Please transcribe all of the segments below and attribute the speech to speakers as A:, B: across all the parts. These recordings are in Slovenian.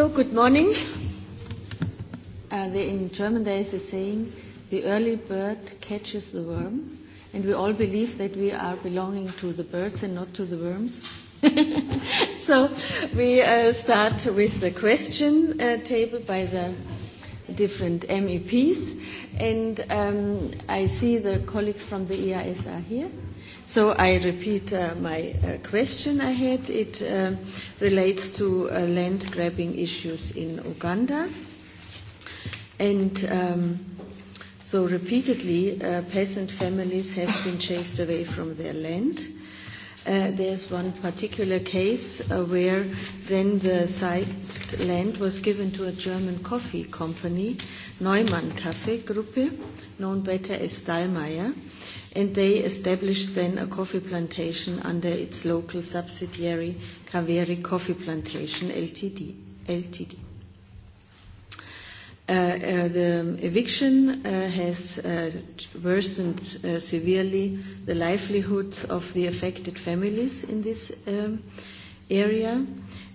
A: Oh, good morning. Uh, the, in German, there is a saying, the early bird catches the worm. And we all believe that we are belonging to the birds and not to the worms. so we uh, start with the question uh, table by the different MEPs. And um, I see the colleagues from the EIS are here. So I repeat uh, my uh, question I had. It uh, relates to uh, land grabbing issues in Uganda. And um, so repeatedly, uh, peasant families have been chased away from their land. Uh, there's one particular case uh, where then the seized land was given to a German coffee company, Neumann Kaffee Gruppe, known better as Stahlmeier and they established then a coffee plantation under its local subsidiary, Kaveri Coffee Plantation Ltd. Ltd. Uh, uh, the eviction uh, has uh, worsened uh, severely the livelihood of the affected families in this um, area,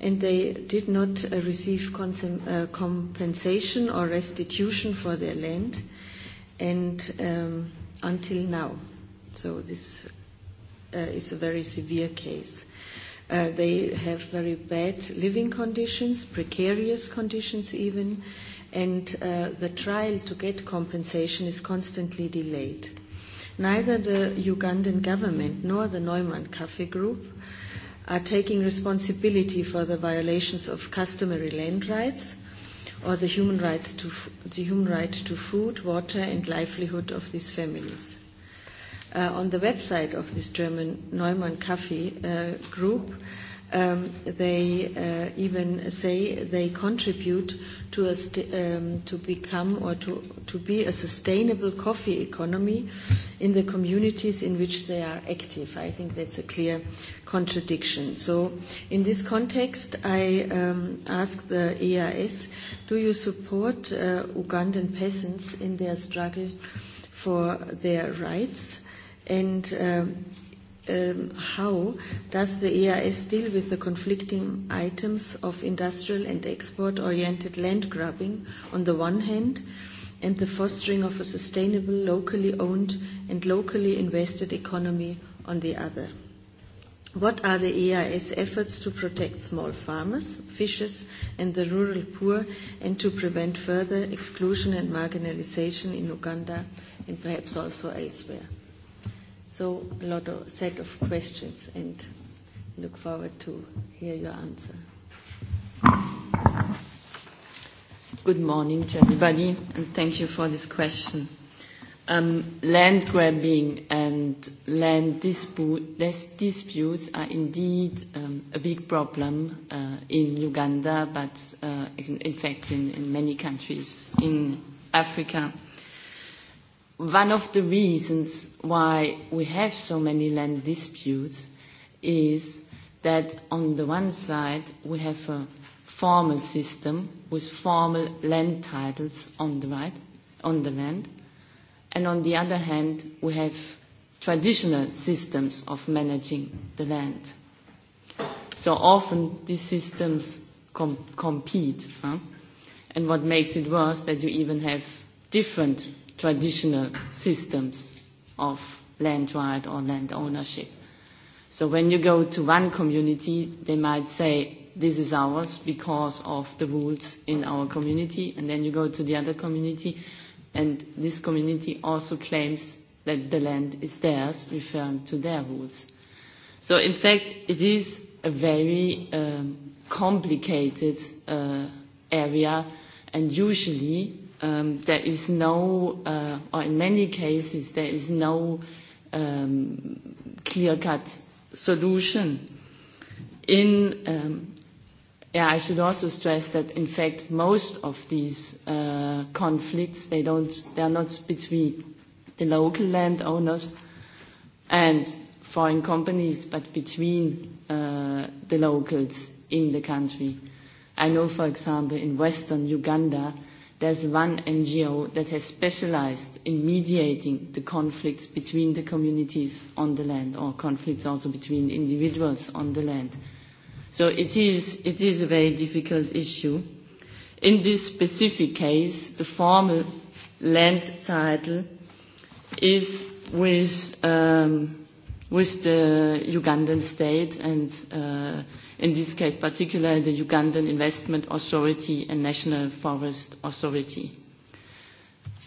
A: and they did not uh, receive cons- uh, compensation or restitution for their land. And um, until now. So this uh, is a very severe case. Uh, they have very bad living conditions, precarious conditions even, and uh, the trial to get compensation is constantly delayed. Neither the Ugandan government nor the Neumann Cafe Group are taking responsibility for the violations of customary land rights, or the human rights to f- the human right to food, water, and livelihood of these families. Uh, on the website of this German Neumann Kaffee uh, group, uh, um, they uh, even say they contribute to, a st- um, to become or to, to be a sustainable coffee economy in the communities in which they are active. I think that's a clear contradiction. So, in this context, I um, ask the EIS do you support uh, Ugandan peasants in their struggle for their rights? And um, um, how does the EIS deal with the conflicting items of industrial and export oriented land grabbing on the one hand and the fostering of a sustainable, locally owned and locally invested economy on the other? What are the EIS efforts to protect small farmers, fishers, and the rural poor, and to prevent further exclusion and marginalization in Uganda and perhaps also elsewhere? So a lot of set
B: of questions and look forward to hear your answer. Good morning to everybody and thank you for this question. Um, land grabbing and land dispu disputes are indeed um, a big problem uh, in Uganda, but uh, in, in fact in, in many countries in Africa. One of the reasons why we have so many land disputes is that on the one side we have a formal system with formal land titles on the right, on the land, and on the other hand we have traditional systems of managing the land. So often these systems com- compete, huh? and what makes it worse that you even have different traditional systems of land right or land ownership. So when you go to one community, they might say, this is ours because of the rules in our community. And then you go to the other community, and this community also claims that the land is theirs, referring to their rules. So in fact, it is a very um, complicated uh, area, and usually um, there is no, uh, or in many cases, there is no um, clear cut solution. In, um, yeah, I should also stress that in fact most of these uh, conflicts, they, don't, they are not between the local landowners and foreign companies, but between uh, the locals in the country. I know, for example, in western Uganda, there's one NGO that has specialized in mediating the conflicts between the communities on the land or conflicts also between individuals on the land. So it is, it is a very difficult issue. In this specific case, the formal land title is with, um, with the Ugandan state and uh, in this case particularly the Ugandan Investment Authority and National Forest Authority.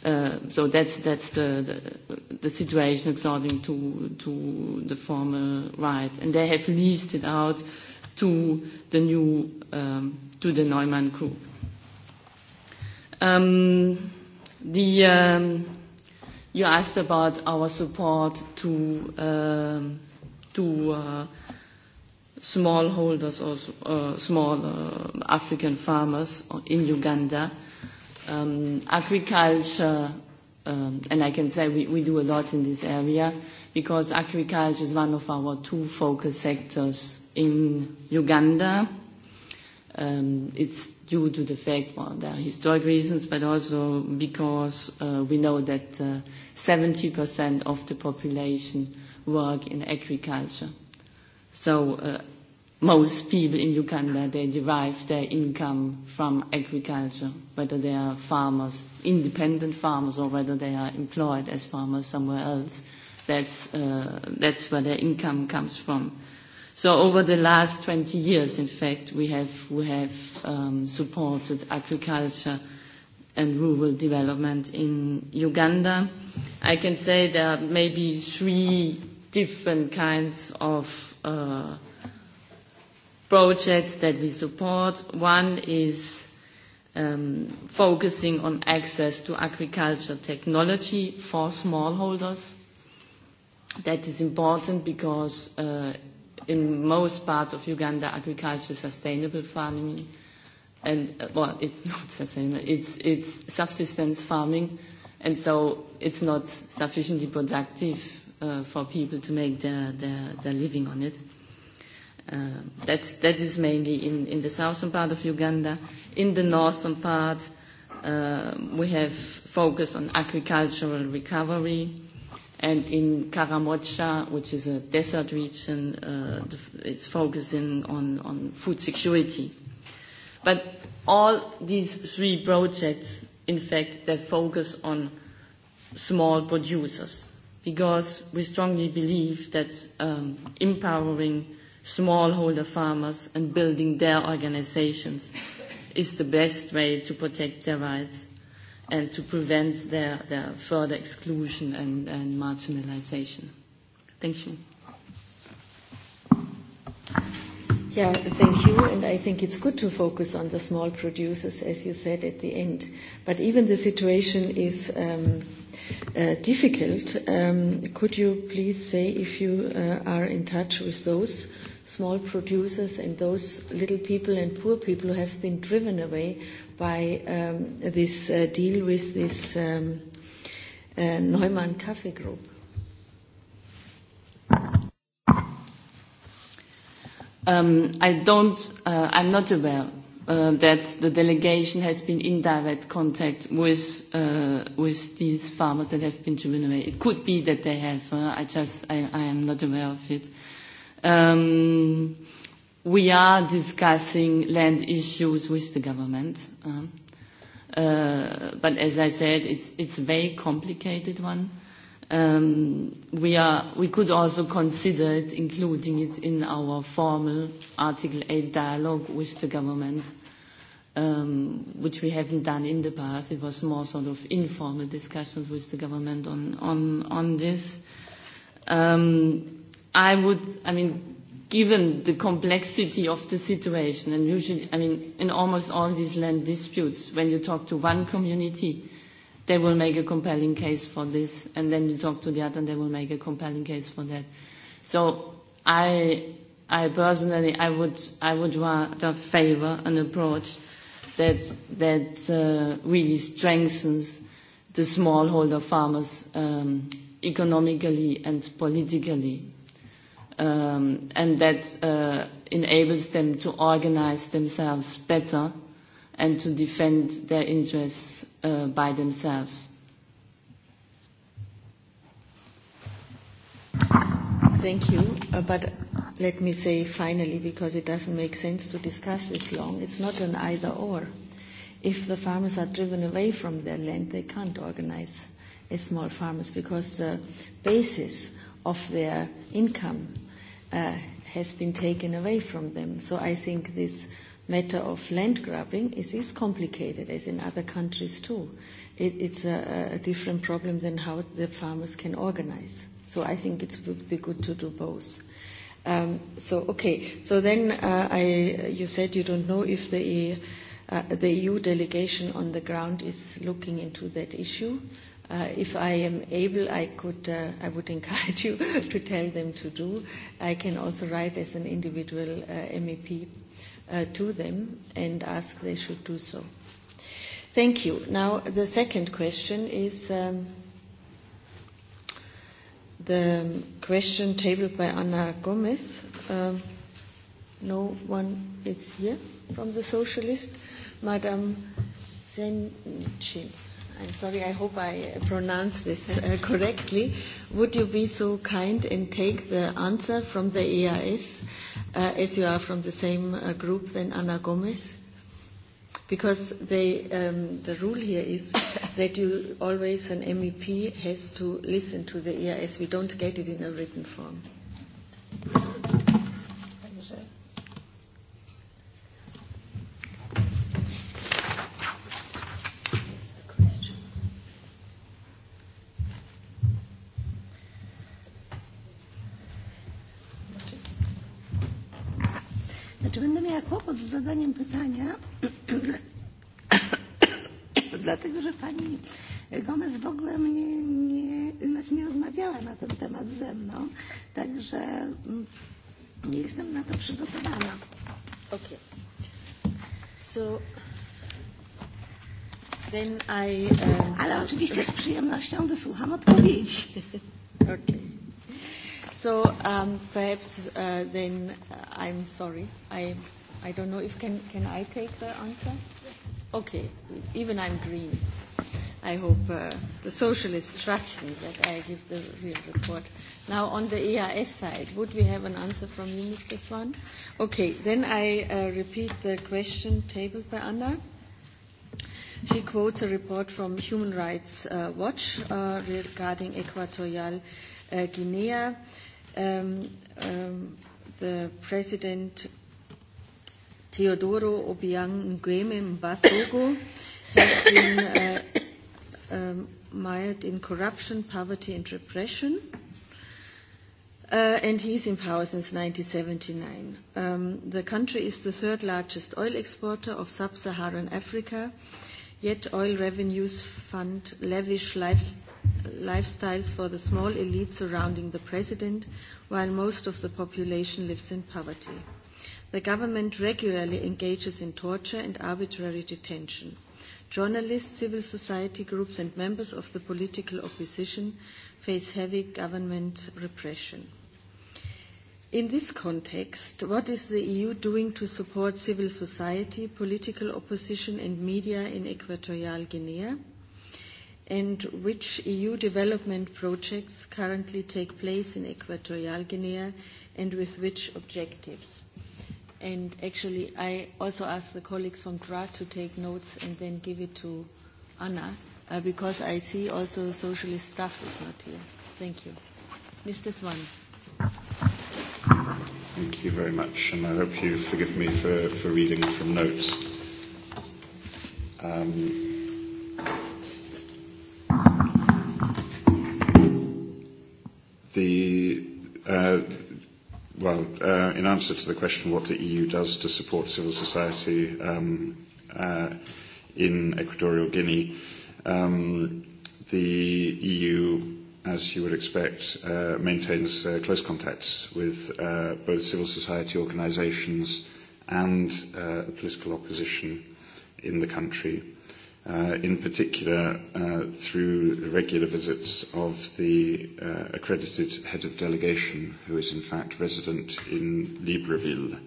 B: Uh, so that's, that's the, the, the situation according to, to the former right. And they have leased it out to the new, um, to the Neumann Group. Um, the, um, you asked about our support to, uh, to uh, smallholders or uh, small uh, African farmers in Uganda. Um, agriculture, um, and I can say we, we do a lot in this area, because agriculture is one of our two focus sectors in Uganda. Um, it's due to the fact, well, there are historic reasons, but also because uh, we know that uh, 70% of the population work in agriculture. So uh, most people in Uganda, they derive their income from agriculture, whether they are farmers, independent farmers, or whether they are employed as farmers somewhere else. That's, uh, that's where their income comes from. So over the last 20 years, in fact, we have, we have um, supported agriculture and rural development in Uganda. I can say there are maybe three different kinds of uh, projects that we support. One is um, focusing on access to agriculture technology for smallholders. That is important because uh, in most parts of Uganda, agriculture is sustainable farming. Uh, well, it's not sustainable. It's subsistence farming, and so it's not sufficiently productive uh, for people to make their, their, their living on it. Uh, that's, that is mainly in, in the southern part of Uganda. In the northern part, uh, we have focus on agricultural recovery. And in Karamocha, which is a desert region, uh, it's focusing on, on food security. But all these three projects, in fact, they focus on small producers because we strongly believe that um, empowering smallholder farmers and building their organizations is the best way to protect their rights and to prevent their, their further exclusion and, and marginalization. Thank you. Thank you. Yeah, thank you. And I think it's good to focus
A: on the small producers, as you said at the end. But even the situation is um, uh, difficult. Um, could you please say if you uh, are in touch with those small producers and those little people and poor people who have been driven away by um, this uh, deal with this um,
B: uh, Neumann
A: Cafe Group?
B: Um, I don't, uh, I'm not aware uh, that the delegation has been in direct contact with, uh, with these farmers that have been driven away. It could be that they have, uh, I just, I, I am not aware of it. Um, we are discussing land issues with the government. Uh, uh, but as I said, it's, it's a very complicated one um, we, are, we could also consider it, including it in our formal Article 8 dialogue with the government, um, which we haven't done in the past. It was more sort of informal discussions with the government on, on, on this. Um, I would, I mean, given the complexity of the situation, and usually, I mean, in almost all these land disputes, when you talk to one community, they will make a compelling case for this and then you talk to the other and they will make a compelling case for that so i i personally i would i would rather favor an approach that that uh, really strengthens the smallholder farmers um, economically and politically um, and that uh, enables them to organize themselves better and to defend their interests uh, by themselves. Thank you.
A: Uh, but let me say finally, because it doesn't make sense to discuss this long, it's not an either or. If the farmers are driven away from their land, they can't organize as small farmers because the basis of their income uh, has been taken away from them. So I think this matter of land grabbing, it is complicated, as in other countries too. It, it's a, a different problem than how the farmers can organize. So I think it would be good to do both. Um, so okay. So then uh, I, you said you don't know if the, uh, the EU delegation on the ground is looking into that issue. Uh, if I am able, I could, uh, I would encourage you to tell them to do. I can also write as an individual uh, MEP uh, to them and ask they should do so. Thank you. Now, the second question is um, the question tabled by Anna Gomez. Um, no one is here from the socialist. Madame Senchin. I'm sorry, I hope I uh, pronounced this uh, correctly. Would you be so kind and take the answer from the EIS, uh, as you are from the same uh, group than Anna Gomez? Because they, um, the rule here is that you always, an MEP, has to listen to the EIS. We don't get it in a written form. Thank you.
C: kłopot z zadaniem pytania, dlatego że pani Gomez w ogóle mnie nie, znaczy nie rozmawiała na ten temat ze mną, także mm, nie jestem na to przygotowana. Okay.
A: So, then I, um... Ale oczywiście z
C: przyjemnością wysłucham odpowiedzi. okay.
A: So um, perhaps uh, then uh, I'm sorry. I'm... I don't know if can can I take the answer? Okay, even I'm green. I hope uh, the socialists trust me that I give the real report. Now on the EIS side, would we have an answer from you, Mr. Swan? Okay, then I uh, repeat the question tabled by Anna. She quotes a report from Human Rights uh, Watch uh, regarding Equatorial uh, Guinea. Um, um, the president Theodoro Obiang Nguema Mbasogo has been uh, um, mired in corruption, poverty, and repression. Uh, and he's in power since 1979. Um, the country is the third largest oil exporter of sub Saharan Africa, yet, oil revenues fund lavish life, lifestyles for the small elite surrounding the president, while most of the population lives in poverty. The government regularly engages in torture and arbitrary detention. Journalists, civil society groups, and members of the political opposition face heavy government repression. In this context, what is the EU doing to support civil society, political opposition, and media in Equatorial Guinea? And which EU development projects currently take place in Equatorial Guinea and with which objectives? and actually I also asked the colleagues from GRA to take notes and then give it to Anna uh, because I see also socialist staff is not here. Thank you. Mr. Swan.
D: Thank you very much and I hope you forgive me for, for reading from notes. Um, the uh, Well, uh, in answer to the question what the EU does to support civil society um, uh, in Equatorial Guinea, um, the EU, as you would expect, uh, maintains uh, close contacts with uh, both civil society organizations and uh, the political opposition in the country uh, in particular uh, through the regular visits of the uh, accredited head of delegation, who is in fact resident in Libreville.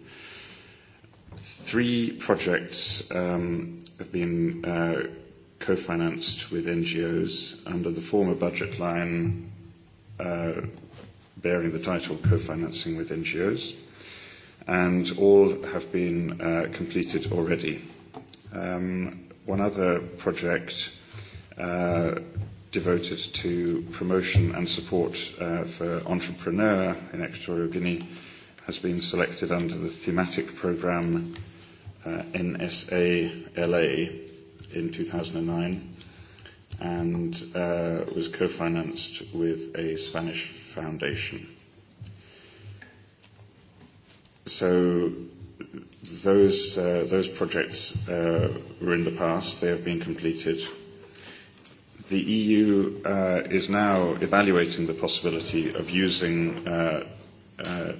D: Three projects um, have been uh, co-financed with NGOs under the former budget line uh, bearing the title Co-Financing with NGOs, and all have been uh, completed already. Um, one other project uh, devoted to promotion and support uh, for entrepreneur in Equatorial Guinea has been selected under the thematic program uh, NSA LA in 2009 and uh, was co financed with a Spanish foundation. So those, uh, those projects uh, were in the past. They have been completed. The EU uh, is now evaluating the possibility of using uh, uh,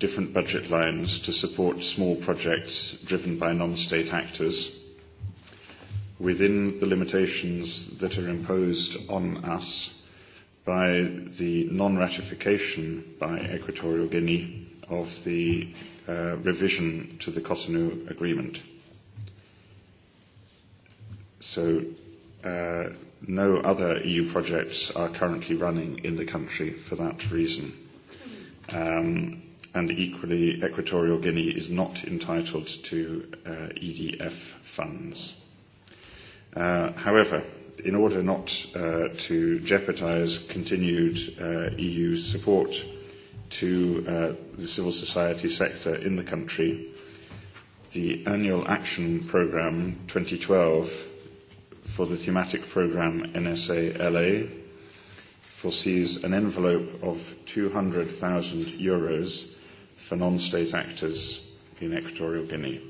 D: different budget lines to support small projects driven by non-state actors within the limitations that are imposed on us by the non-ratification by Equatorial Guinea of the uh, revision to the Cotonou Agreement. So, uh, no other EU projects are currently running in the country for that reason. Um, and equally, Equatorial Guinea is not entitled to uh, EDF funds. Uh, however, in order not uh, to jeopardize continued uh, EU support to uh, the civil society sector in the country. The annual action program 2012 for the thematic program NSA LA foresees an envelope of 200,000 euros for non-state actors in Equatorial Guinea.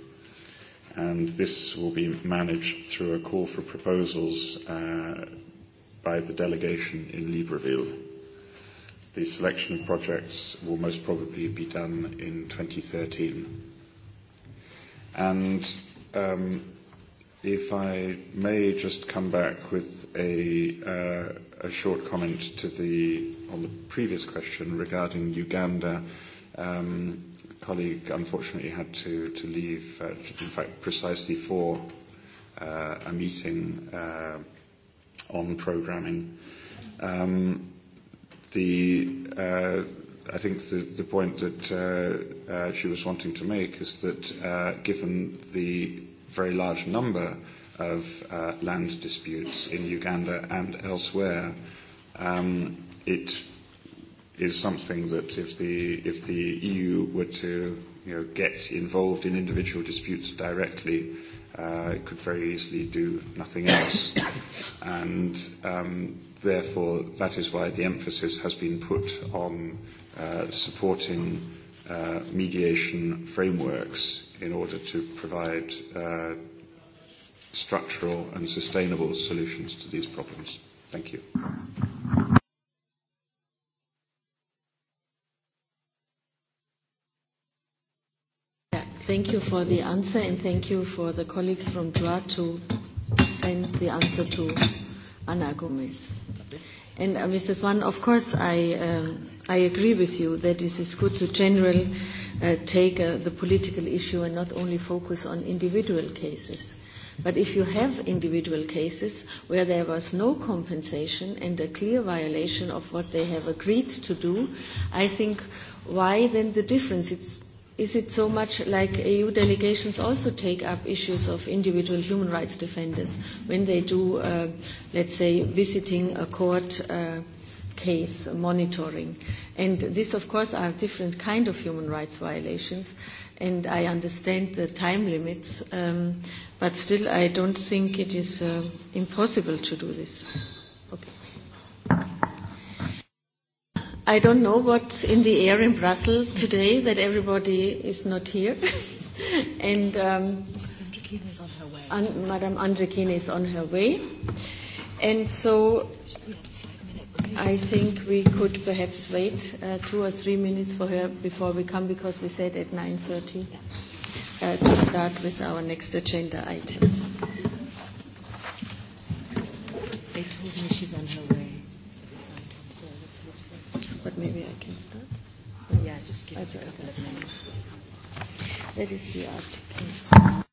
D: And this will be managed through a call for proposals uh, by the delegation in Libreville the selection of projects will most probably be done in 2013. Um, if I may just come back with a uh, short comment on the previous question regarding Uganda. Um, a colleague unfortunately had to leave, uh, in fact, precisely for uh, a meeting on programming. Um, the uh, I think the, the point that uh, uh, she was wanting to make is that uh, given the very large number of uh, land disputes in Uganda and elsewhere, um, it is something that if the if the EU were to you know, get involved in individual disputes directly, uh, it could very easily do nothing else. and um, therefore, that is why the emphasis has been put on uh, supporting uh, mediation frameworks in order to provide uh, structural and sustainable solutions to these problems. Thank you.
A: Thank you for the answer and thank you for the colleagues from DRA to send the answer to Ana Gomez. And uh, Mr. Swan, of course, I, uh, I agree with you that it is good to generally uh, take uh, the political issue and not only focus on individual cases. But if you have individual cases where there was no compensation and a clear violation of what they have agreed to do, I think why then the difference? It's Is it so much like EU delegations also take up issues of individual human rights defenders when they do, uh, let's say, visiting a court uh, case monitoring? And this, of course, are different kind of human rights violations. And I understand the time limits, um, but still, I don't think it is uh, impossible to do this. I don't know what's in the air in Brussels today that everybody is not here. and um, is on her way. An- Madame Andrekin is on her way. And so I think we could perhaps wait uh, two or three minutes for her before we come because we said at 9.30 uh, to start with our next agenda item. They told me she's on her way but maybe I can start. Yeah, just give it a couple of minutes. That is the art.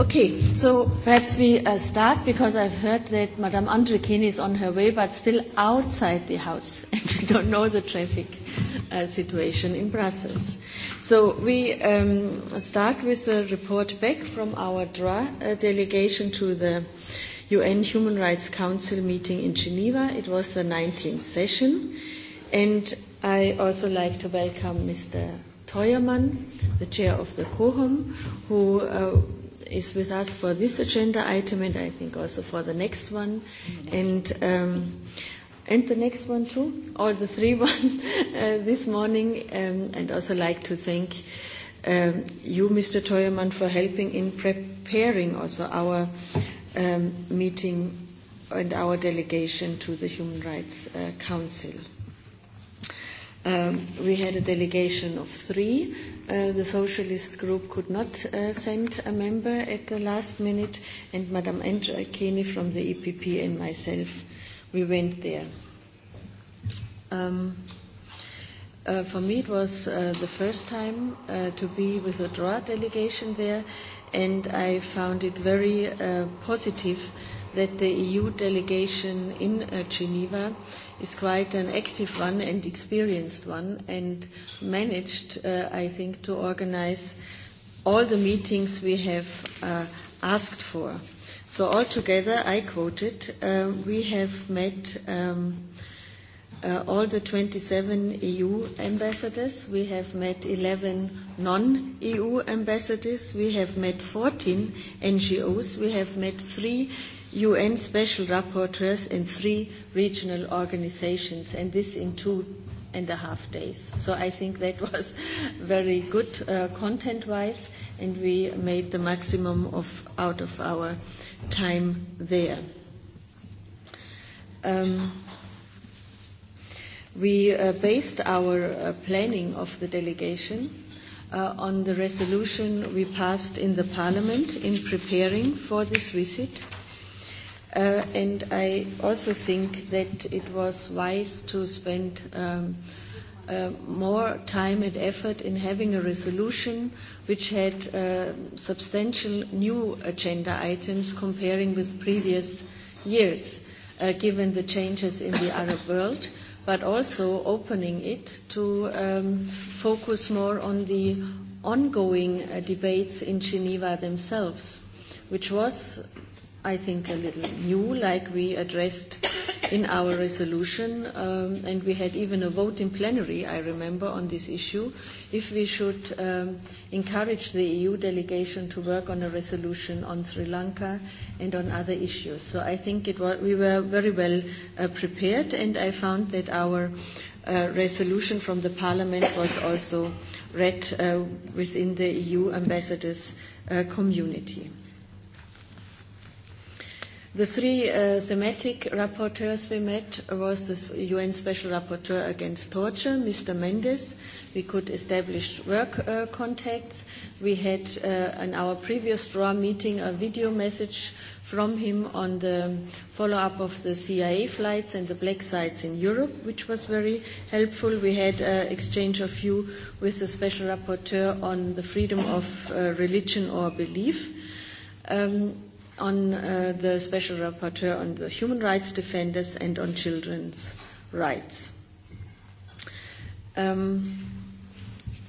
A: Okay, so perhaps we uh, start because I've heard that Madame Andrekin is on her way, but still outside the house, and we don't know the traffic uh, situation in Brussels. So we um, start with a report back from our DRA uh, delegation to the UN Human Rights Council meeting in Geneva. It was the 19th session, and I also like to welcome Mr. Teuermann, the chair of the COHOM, who uh, is with us for this agenda item and I think also for the next one. And, um, and the next one too, all the three ones uh, this morning. Um, and also like to thank um, you, Mr. Teuermann, for helping in preparing also our um, meeting and our delegation to the Human Rights uh, Council. Um, we had a delegation of three. Uh, the socialist group could not uh, send a member at the last minute, and Madame Andrea Kini from the EPP and myself, we went there. Um, uh, for me, it was uh, the first time uh, to be with a Droit delegation there and I found it very uh, positive that the EU delegation in uh, Geneva is quite an active one and experienced one and managed, uh, I think, to organize all the meetings we have uh, asked for. So altogether, I quoted, uh, we have met um, uh, all the 27 EU ambassadors. We have met 11 non EU ambassadors. We have met 14 NGOs. We have met three UN special rapporteurs and three regional organizations, and this in two and a half days. So I think that was very good uh, content wise, and we made the maximum of, out of our time there. Um, we uh, based our uh, planning of the delegation uh, on the resolution we passed in the parliament in preparing for this visit. Uh, and I also think that it was wise to spend um, uh, more time and effort in having a resolution which had uh, substantial new agenda items comparing with previous years, uh, given the changes in the Arab world but also opening it to um, focus more on the ongoing uh, debates in Geneva themselves, which was I think, a little new, like we addressed in our resolution, um, and we had even a vote in plenary, I remember, on this issue, if we should um, encourage the EU delegation to work on a resolution on Sri Lanka and on other issues. So I think it was, we were very well uh, prepared, and I found that our uh, resolution from the Parliament was also read uh, within the EU ambassadors' uh, community. The three uh, thematic rapporteurs we met was the UN Special Rapporteur Against Torture, Mr. Mendes. We could establish work uh, contacts. We had uh, in our previous draw meeting a video message from him on the follow-up of the CIA flights and the black sites in Europe, which was very helpful. We had an uh, exchange of view with the Special Rapporteur on the freedom of uh, religion or belief. Um, on uh, the special rapporteur on the human rights defenders and on children's rights. Um,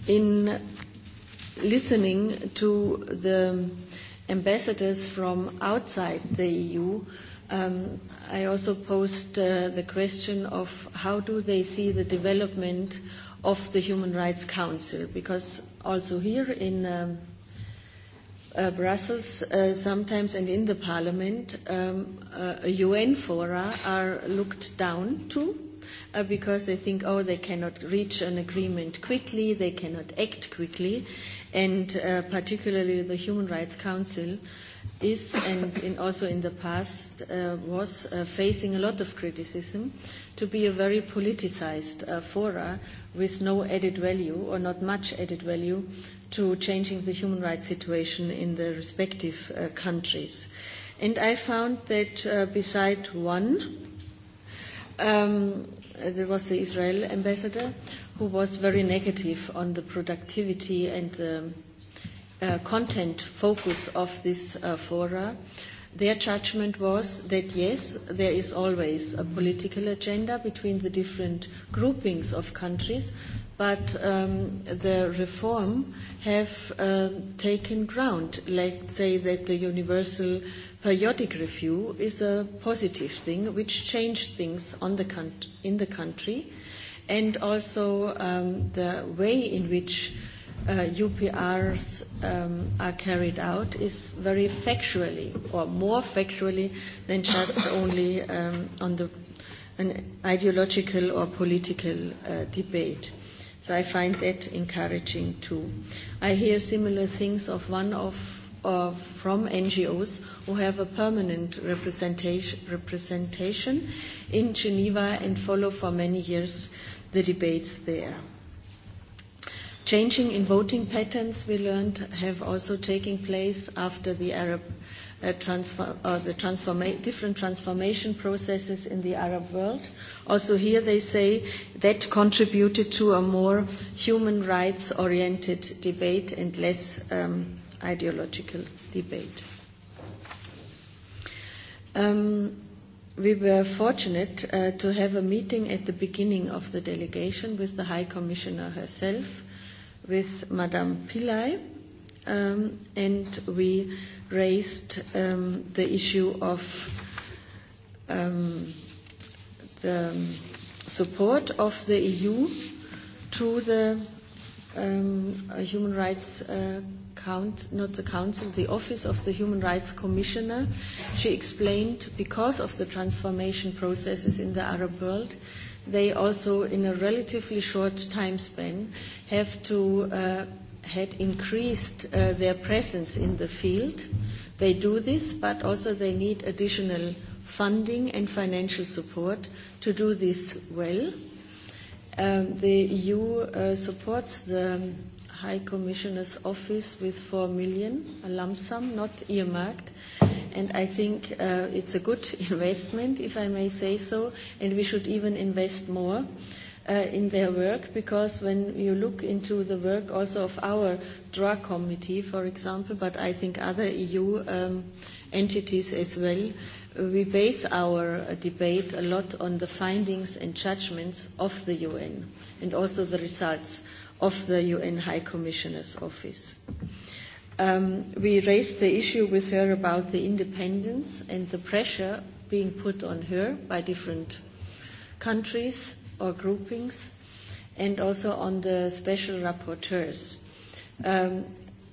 A: in listening to the ambassadors from outside the EU, um, I also posed uh, the question of how do they see the development of the Human Rights Council, because also here in um, uh, Brussels uh, sometimes and in the parliament, um, uh, UN fora are looked down to uh, because they think, oh, they cannot reach an agreement quickly, they cannot act quickly, and uh, particularly the Human Rights Council is and in also in the past uh, was uh, facing a lot of criticism to be a very politicized uh, fora with no added value or not much added value to changing the human rights situation in the respective uh, countries. And I found that uh, beside one, um, there was the Israel ambassador, who was very negative on the productivity and the uh, content focus of this uh, fora. Their judgment was that yes, there is always a political agenda between the different groupings of countries, but um, the reform have uh, taken ground. Let's say that the universal periodic review is a positive thing, which changed things on the con- in the country, and also um, the way in which uh, UPRs um, are carried out is very factually, or more factually than just only um, on the an ideological or political uh, debate. So I find that encouraging too. I hear similar things of one of, of from NGOs who have a permanent representation, representation in Geneva and follow for many years the debates there. Changing in voting patterns, we learned, have also taken place after the Arab. Uh, the transforma different transformation processes in the Arab world. Also here they say that contributed to a more human rights oriented debate and less um, ideological debate. Um, we were fortunate uh, to have a meeting at the beginning of the delegation with the High Commissioner herself, with Madame Pillai um, and we raised um, the issue of um, the support of the EU to the um, uh, Human Rights uh, count, not the Council, the Office of the Human Rights Commissioner. She explained because of the transformation processes in the Arab world, they also, in a relatively short time span, have to uh, had increased uh, their presence in the field. They do this, but also they need additional funding and financial support to do this well. Um, the EU uh, supports the um, High Commissioner's Office with 4 million, a lump sum, not earmarked. And I think uh, it's a good investment, if I may say so, and we should even invest more. Uh, uh, in their work because when you look into the work also of our drug committee, for example, but I think other EU um, entities as well, we base our uh, debate a lot on the findings and judgments of the UN and also the results of the UN High Commissioner's Office. Um, we raised the issue with her about the independence and the pressure being put on her by different countries or groupings, and also on the special rapporteurs. Um,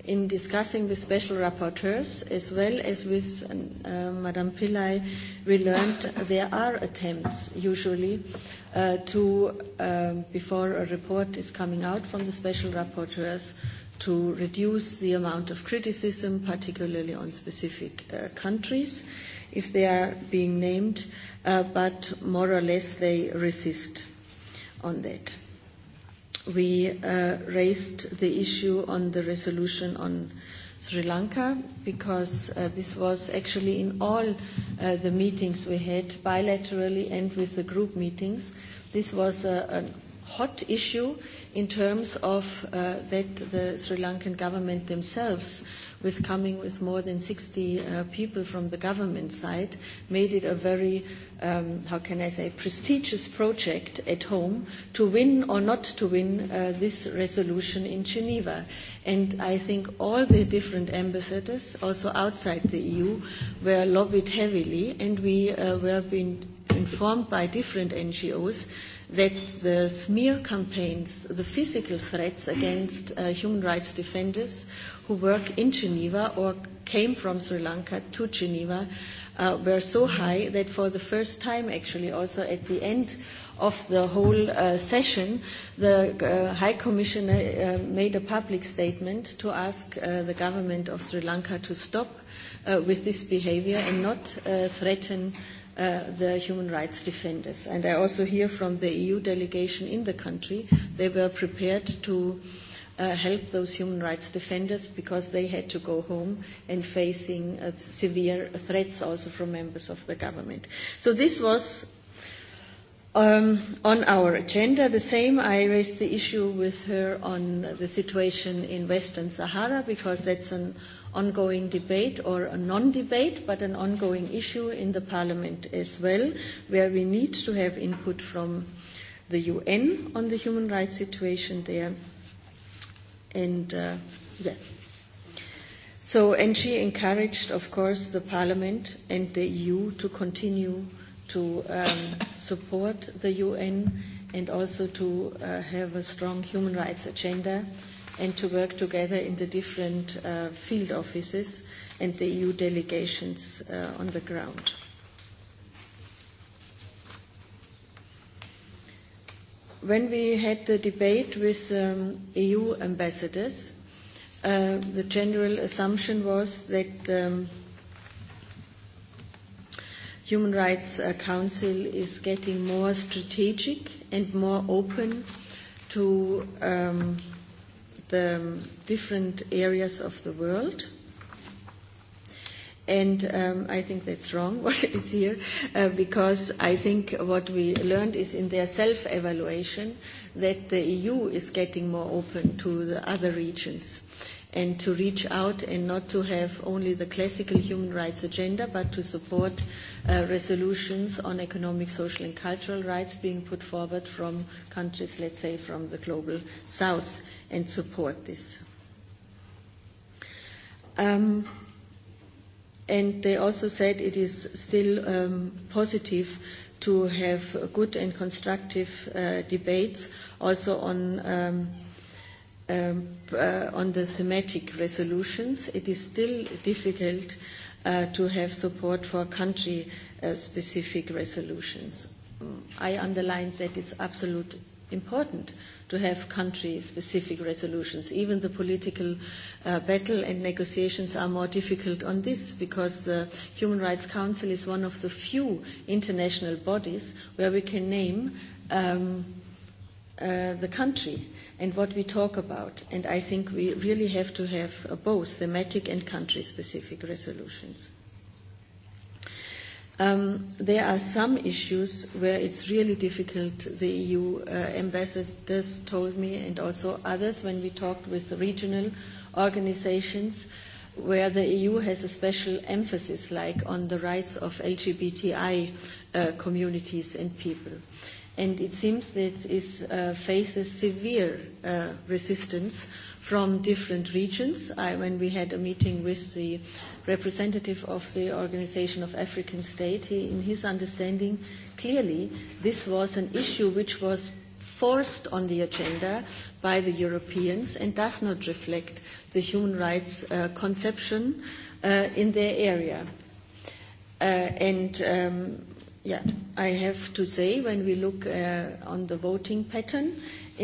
A: in discussing the special rapporteurs, as well as with uh, Madame Pillay, we learned there are attempts usually uh, to, uh, before a report is coming out from the special rapporteurs, to reduce the amount of criticism, particularly on specific uh, countries, if they are being named, uh, but more or less they resist on that. We uh, raised the issue on the resolution on Sri Lanka because uh, this was actually in all uh, the meetings we had, bilaterally and with the group meetings. This was a, a hot issue in terms of uh, that the Sri Lankan government themselves with coming with more than 60 uh, people from the government side made it a very, um, how can I say, prestigious project at home to win or not to win uh, this resolution in Geneva. And I think all the different ambassadors, also outside the EU, were lobbied heavily and we uh, were being informed by different NGOs that the smear campaigns, the physical threats against uh, human rights defenders who work in Geneva or came from Sri Lanka to Geneva uh, were so high that for the first time, actually, also at the end of the whole uh, session, the uh, High Commissioner uh, made a public statement to ask uh, the government of Sri Lanka to stop uh, with this behavior and not uh, threaten. Uh, the human rights defenders. And I also hear from the EU delegation in the country, they were prepared to uh, help those human rights defenders because they had to go home and facing uh, severe threats also from members of the government. So this was Um, on our agenda, the same. I raised the issue with her on the situation in Western Sahara because that's an ongoing debate or a non debate, but an ongoing issue in the parliament as well, where we need to have input from the UN on the human rights situation there. And uh, yeah. So, and she encouraged, of course, the parliament and the EU to continue to um, support the UN and also to uh, have a strong human rights agenda and to work together in the different uh, field offices and the EU delegations uh, on the ground. When we had the debate with um, EU ambassadors, uh, the general assumption was that um, Human Rights uh, Council is getting more strategic and more open to um, the um, different areas of the world. And um, I think that's wrong what it is here, uh, because I think what we learned is in their self evaluation that the EU is getting more open to the other regions and to reach out and not to have only the classical human rights agenda, but to support uh, resolutions on economic, social, and cultural rights being put forward from countries, let's say, from the global south, and support this. Um, and they also said it is still um, positive to have good and constructive uh, debates also on. Um, um, uh, on the thematic resolutions, it is still difficult uh, to have support for country uh, specific resolutions. Mm, I underlined that it's absolutely important to have country specific resolutions. Even the political uh, battle and negotiations are more difficult on this because the Human Rights Council is one of the few international bodies where we can name um, uh, the country. Uh, and what we talk about. And I think we really have to have uh, both thematic and country specific resolutions. Um, there are some issues where it's really difficult. The EU uh, ambassadors told me, and also others when we talked with the regional organizations, where the EU has a special emphasis, like on the rights of LGBTI uh, communities and people. Uh, and it seems that it is, uh, faces severe uh, resistance from different regions. I, when we had a meeting with the representative of the Organization of African States, in his understanding, clearly this was an issue which was forced on the agenda by the Europeans and does not reflect the human rights uh, conception uh, in their area. Uh, and um, yet. I have to say, when we look uh, on the voting pattern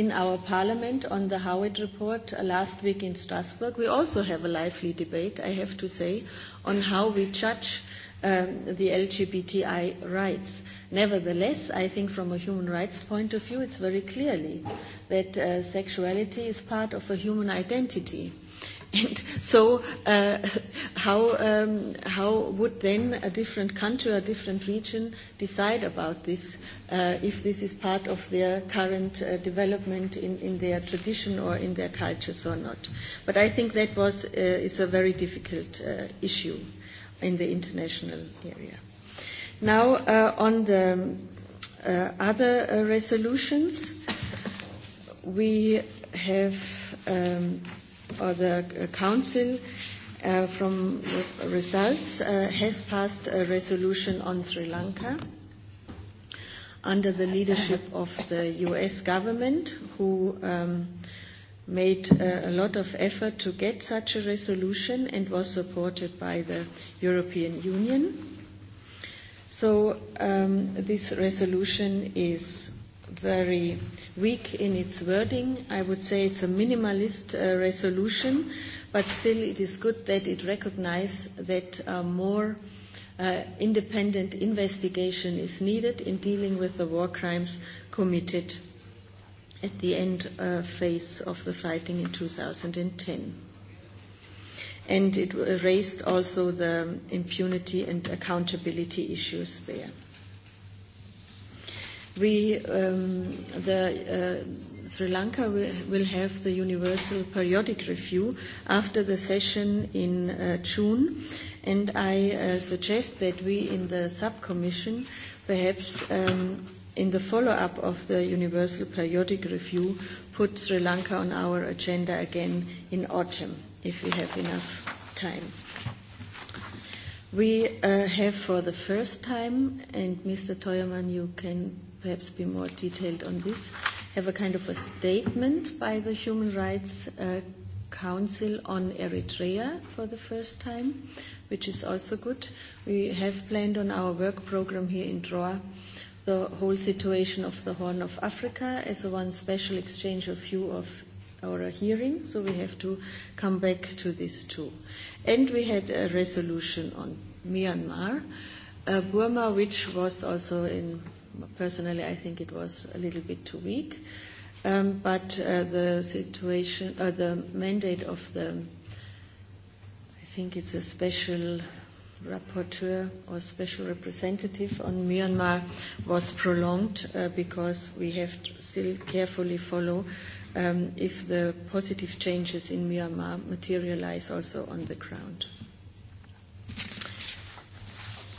A: in our parliament on the Howard report uh, last week in Strasbourg, we also have a lively debate, I have to say, on how we judge um, the LGBTI rights. Nevertheless, I think from a human rights point of view, it's very clearly that uh, sexuality is part of a human identity. And so, uh, how, um, how would then a different country or a different region decide about this uh, if this is part of their current uh, development in, in their tradition or in their cultures or not? But I think that was, uh, is a very difficult uh, issue in the international area. Now, uh, on the uh, other uh, resolutions, we have. Um, or the uh, council uh, from results uh, has passed a resolution on Sri Lanka under the leadership of the US government who um, made uh, a lot of effort to get such a resolution and was supported by the European Union. So um, this resolution is very weak in its wording. I would say it's a minimalist uh, resolution, but still it is good that it recognizes that uh, more uh, independent investigation is needed in dealing with the war crimes committed at the end uh, phase of the fighting in 2010. And it raised also the impunity and accountability issues there we um, the uh, sri lanka will have the universal periodic review after the session in uh, june and i uh, suggest that we in the subcommission perhaps um, in the follow up of the universal periodic review put sri lanka on our agenda again in autumn if we have enough time we uh, have for the first time and mr toyaman you can perhaps be more detailed on this, have a kind of a statement by the Human Rights uh, Council on Eritrea for the first time, which is also good. We have planned on our work program here in Droa the whole situation of the Horn of Africa as a one special exchange of view of our hearing, so we have to come back to this too. And we had a resolution on Myanmar, uh, Burma, which was also in personally, I think it was a little bit too weak. Um, but uh, the situation, uh, the mandate of the, I think it's a special rapporteur or special representative on Myanmar was prolonged uh, because we have to still carefully follow um, if the positive changes in Myanmar materialize also on the ground.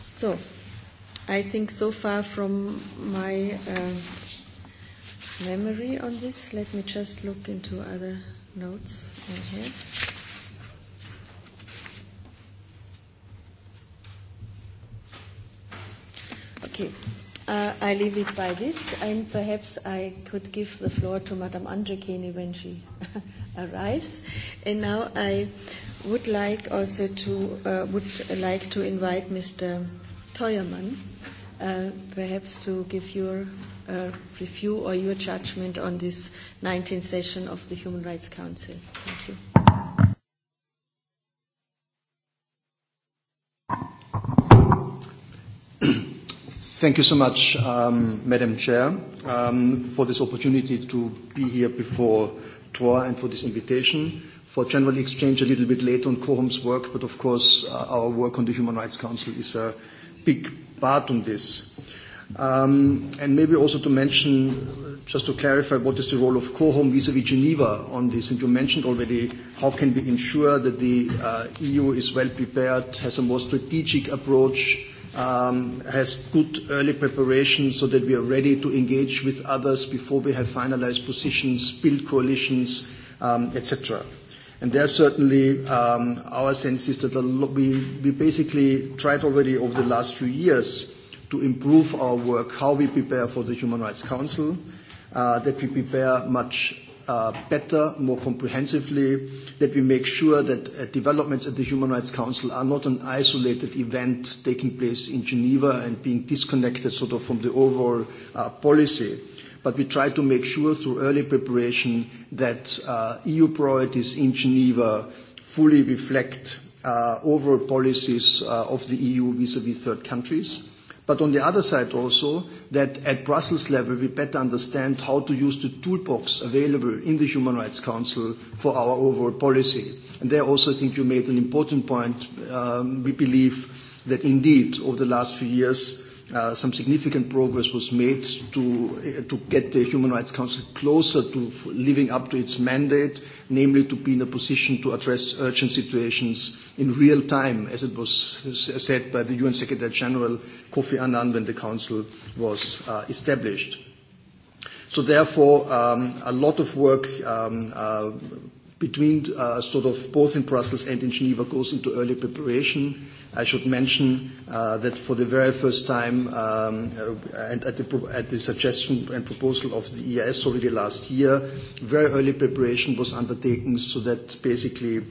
A: So, I think so far from my uh, memory on this, let me just look into other notes I have. Okay, uh, I leave it by this, and perhaps I could give the floor to Madame Andrekeni when she arrives. And now I would like also to uh, would like to invite Mr. Teuermann. Uh, perhaps to give your uh, review or your judgment on this 19th session of the Human Rights
E: Council. Thank you. Thank you so much, um, Madam Chair, um, for this opportunity to be here before Tor and for this invitation. For general exchange a little bit later on Quorum's work, but of course uh, our work on the Human Rights Council is a big Batum this. Um, and maybe also to mention, uh, just to clarify, what is the role of COHOM vis-à-vis Geneva on this? And you mentioned already how can we ensure that the uh, EU is well prepared, has a more strategic approach, um, has good early preparation so that we are ready to engage with others before we have finalized positions, build coalitions, um, etc. cetera. And there certainly, um, our sense is that the, we, we basically tried already over the last few years to improve our work, how we prepare for the Human Rights Council, uh, that we prepare much Uh, better, more comprehensively, that we make sure that uh, developments at the Human Rights Council are not an isolated event taking place in Geneva and being disconnected sort of from the overall uh, policy. But we try to make sure through early preparation that uh, EU priorities in Geneva fully reflect uh, overall policies uh, of the EU vis-à-vis third countries. But on the other side also, that at Brussels level we better understand how to use the toolbox available in the Human Rights Council for our overall policy. And there also I think you made an important point. Um, we believe that indeed over the last few years uh, some significant progress was made to, uh, to get the Human Rights Council closer to f living up to its mandate namely to be in a position to address urgent situations in real time, as it was said by the UN Secretary General Kofi Annan when the Council was uh, established. So therefore, um, a lot of work um, uh, between uh, sort of both in Brussels and in Geneva goes into early preparation. Uh, I should mention uh, that for the very first time, um, uh, and at the, at the suggestion and proposal of the EIS already last year, very early preparation was undertaken so that basically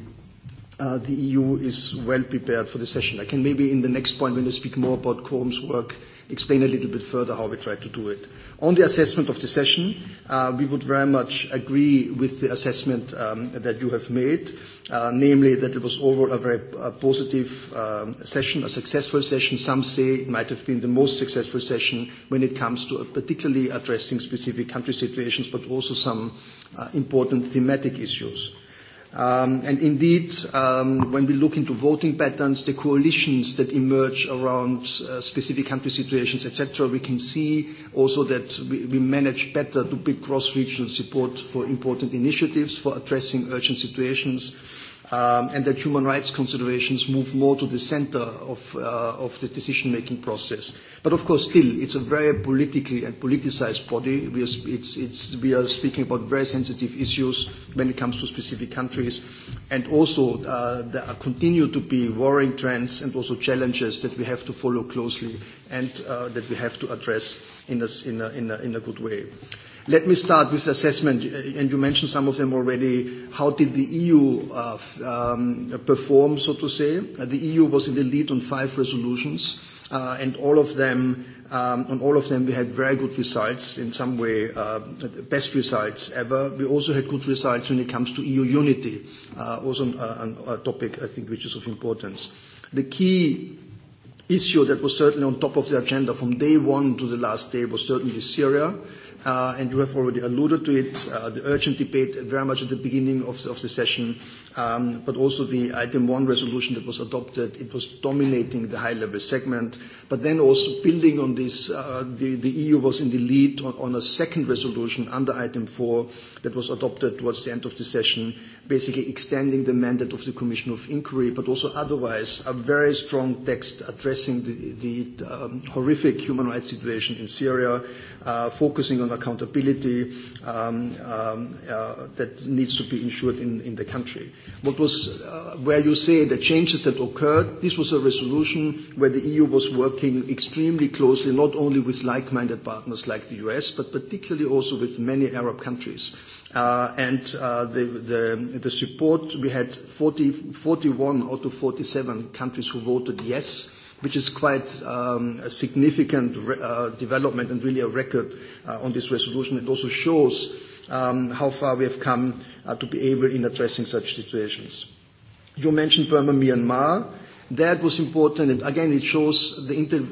E: uh, the EU is well prepared for the session. I can maybe in the next point, when I speak more about Quorum's work, explain a little bit further how we try to do it. On the assessment of the session, uh, we would very much agree with the assessment um, that you have made, uh, namely that it was overall a very positive um, session, a successful session. Some say it might have been the most successful session when it comes to uh, particularly addressing specific country situations, but also some important thematic issues. Um, and indeed, um, when we look into voting patterns, the coalitions that emerge around uh, specific country situations, etc., we can see also that we, we manage better to build cross-regional support for important initiatives for addressing urgent situations um, and that human rights considerations move more to the center of, uh, of the decision-making process. But of course, still, it's a very politically and politicized body. We are, it's, it's, we are speaking about very sensitive issues when it comes to specific countries. And also, uh, there are continue to be worrying trends and also challenges that we have to follow closely and uh, that we have to address in a, in a, in a, in a good way. Uh, Let me start with assessment, and you mentioned some of them already. How did the EU uh, f- um, perform, so to say? Uh, the EU was in the lead on five resolutions, uh, and all of them, um, on all of them, we had very good results. In some way, uh, the best results ever. We also had good results when it comes to EU unity, uh, also a, uh, a topic I think which is of importance. The key issue that was certainly on top of the agenda from day one to the last day was certainly Syria uh, and you have already alluded to it, uh, the urgent debate very much at the beginning of the, of the session, um, but also the item one resolution that was adopted, it was dominating the high level segment. But then also building on this, uh, the, the EU was in the lead on, on a second resolution under item four that was adopted towards the end of the session, basically extending the mandate of the Commission of Inquiry, but also otherwise a very strong text addressing the, the um, horrific human rights situation in Syria, uh, focusing on accountability um, um, uh, that needs to be ensured in, in the country. Country what was uh, where you say the changes that occurred this was a resolution where the eu was working extremely closely not only with like-minded partners like the us but particularly also with many arab countries uh, and uh, the, the, the support we had 40, 41 out of 47 countries who voted yes which is quite um, a significant re- uh, development and really a record uh, on this resolution it also shows um, how far we have come uh, to be able in addressing such situations. You mentioned Burma, Myanmar. That was important, and again, it shows the inter-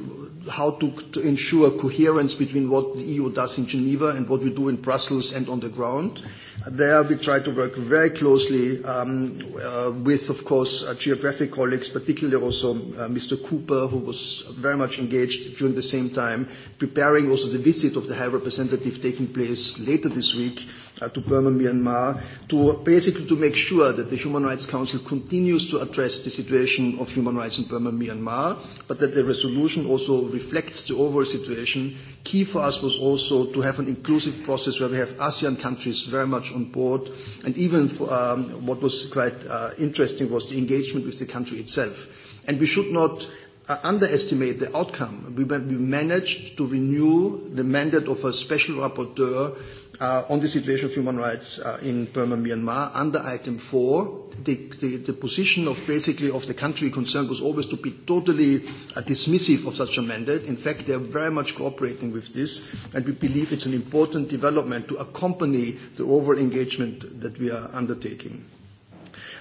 E: how to, to ensure coherence between what the EU does in Geneva and what we do in Brussels and on the ground. There, we try to work very closely um, uh, with, of course, uh, geographic colleagues, particularly also uh, Mr. Cooper, who was very much engaged during the same time, preparing also the visit of the High Representative taking place later this week Uh, to Burma, Myanmar, to basically to make sure that the Human Rights Council continues to address the situation of human rights in Burma, Myanmar, but that the resolution also reflects the overall situation. Key for us was also to have an inclusive process where we have ASEAN countries very much on board, and even for, um, what was quite uh, interesting was the engagement with the country itself. And we should not uh, underestimate the outcome. We, we managed to renew the mandate of a special rapporteur uh, on the situation of human rights uh, in Burma, Myanmar, under item four, the, the, the position of basically of the country concerned was always to be totally uh, dismissive of such a mandate. In fact, they are very much cooperating with this, and we believe it's an important development to accompany the overall engagement that we are undertaking.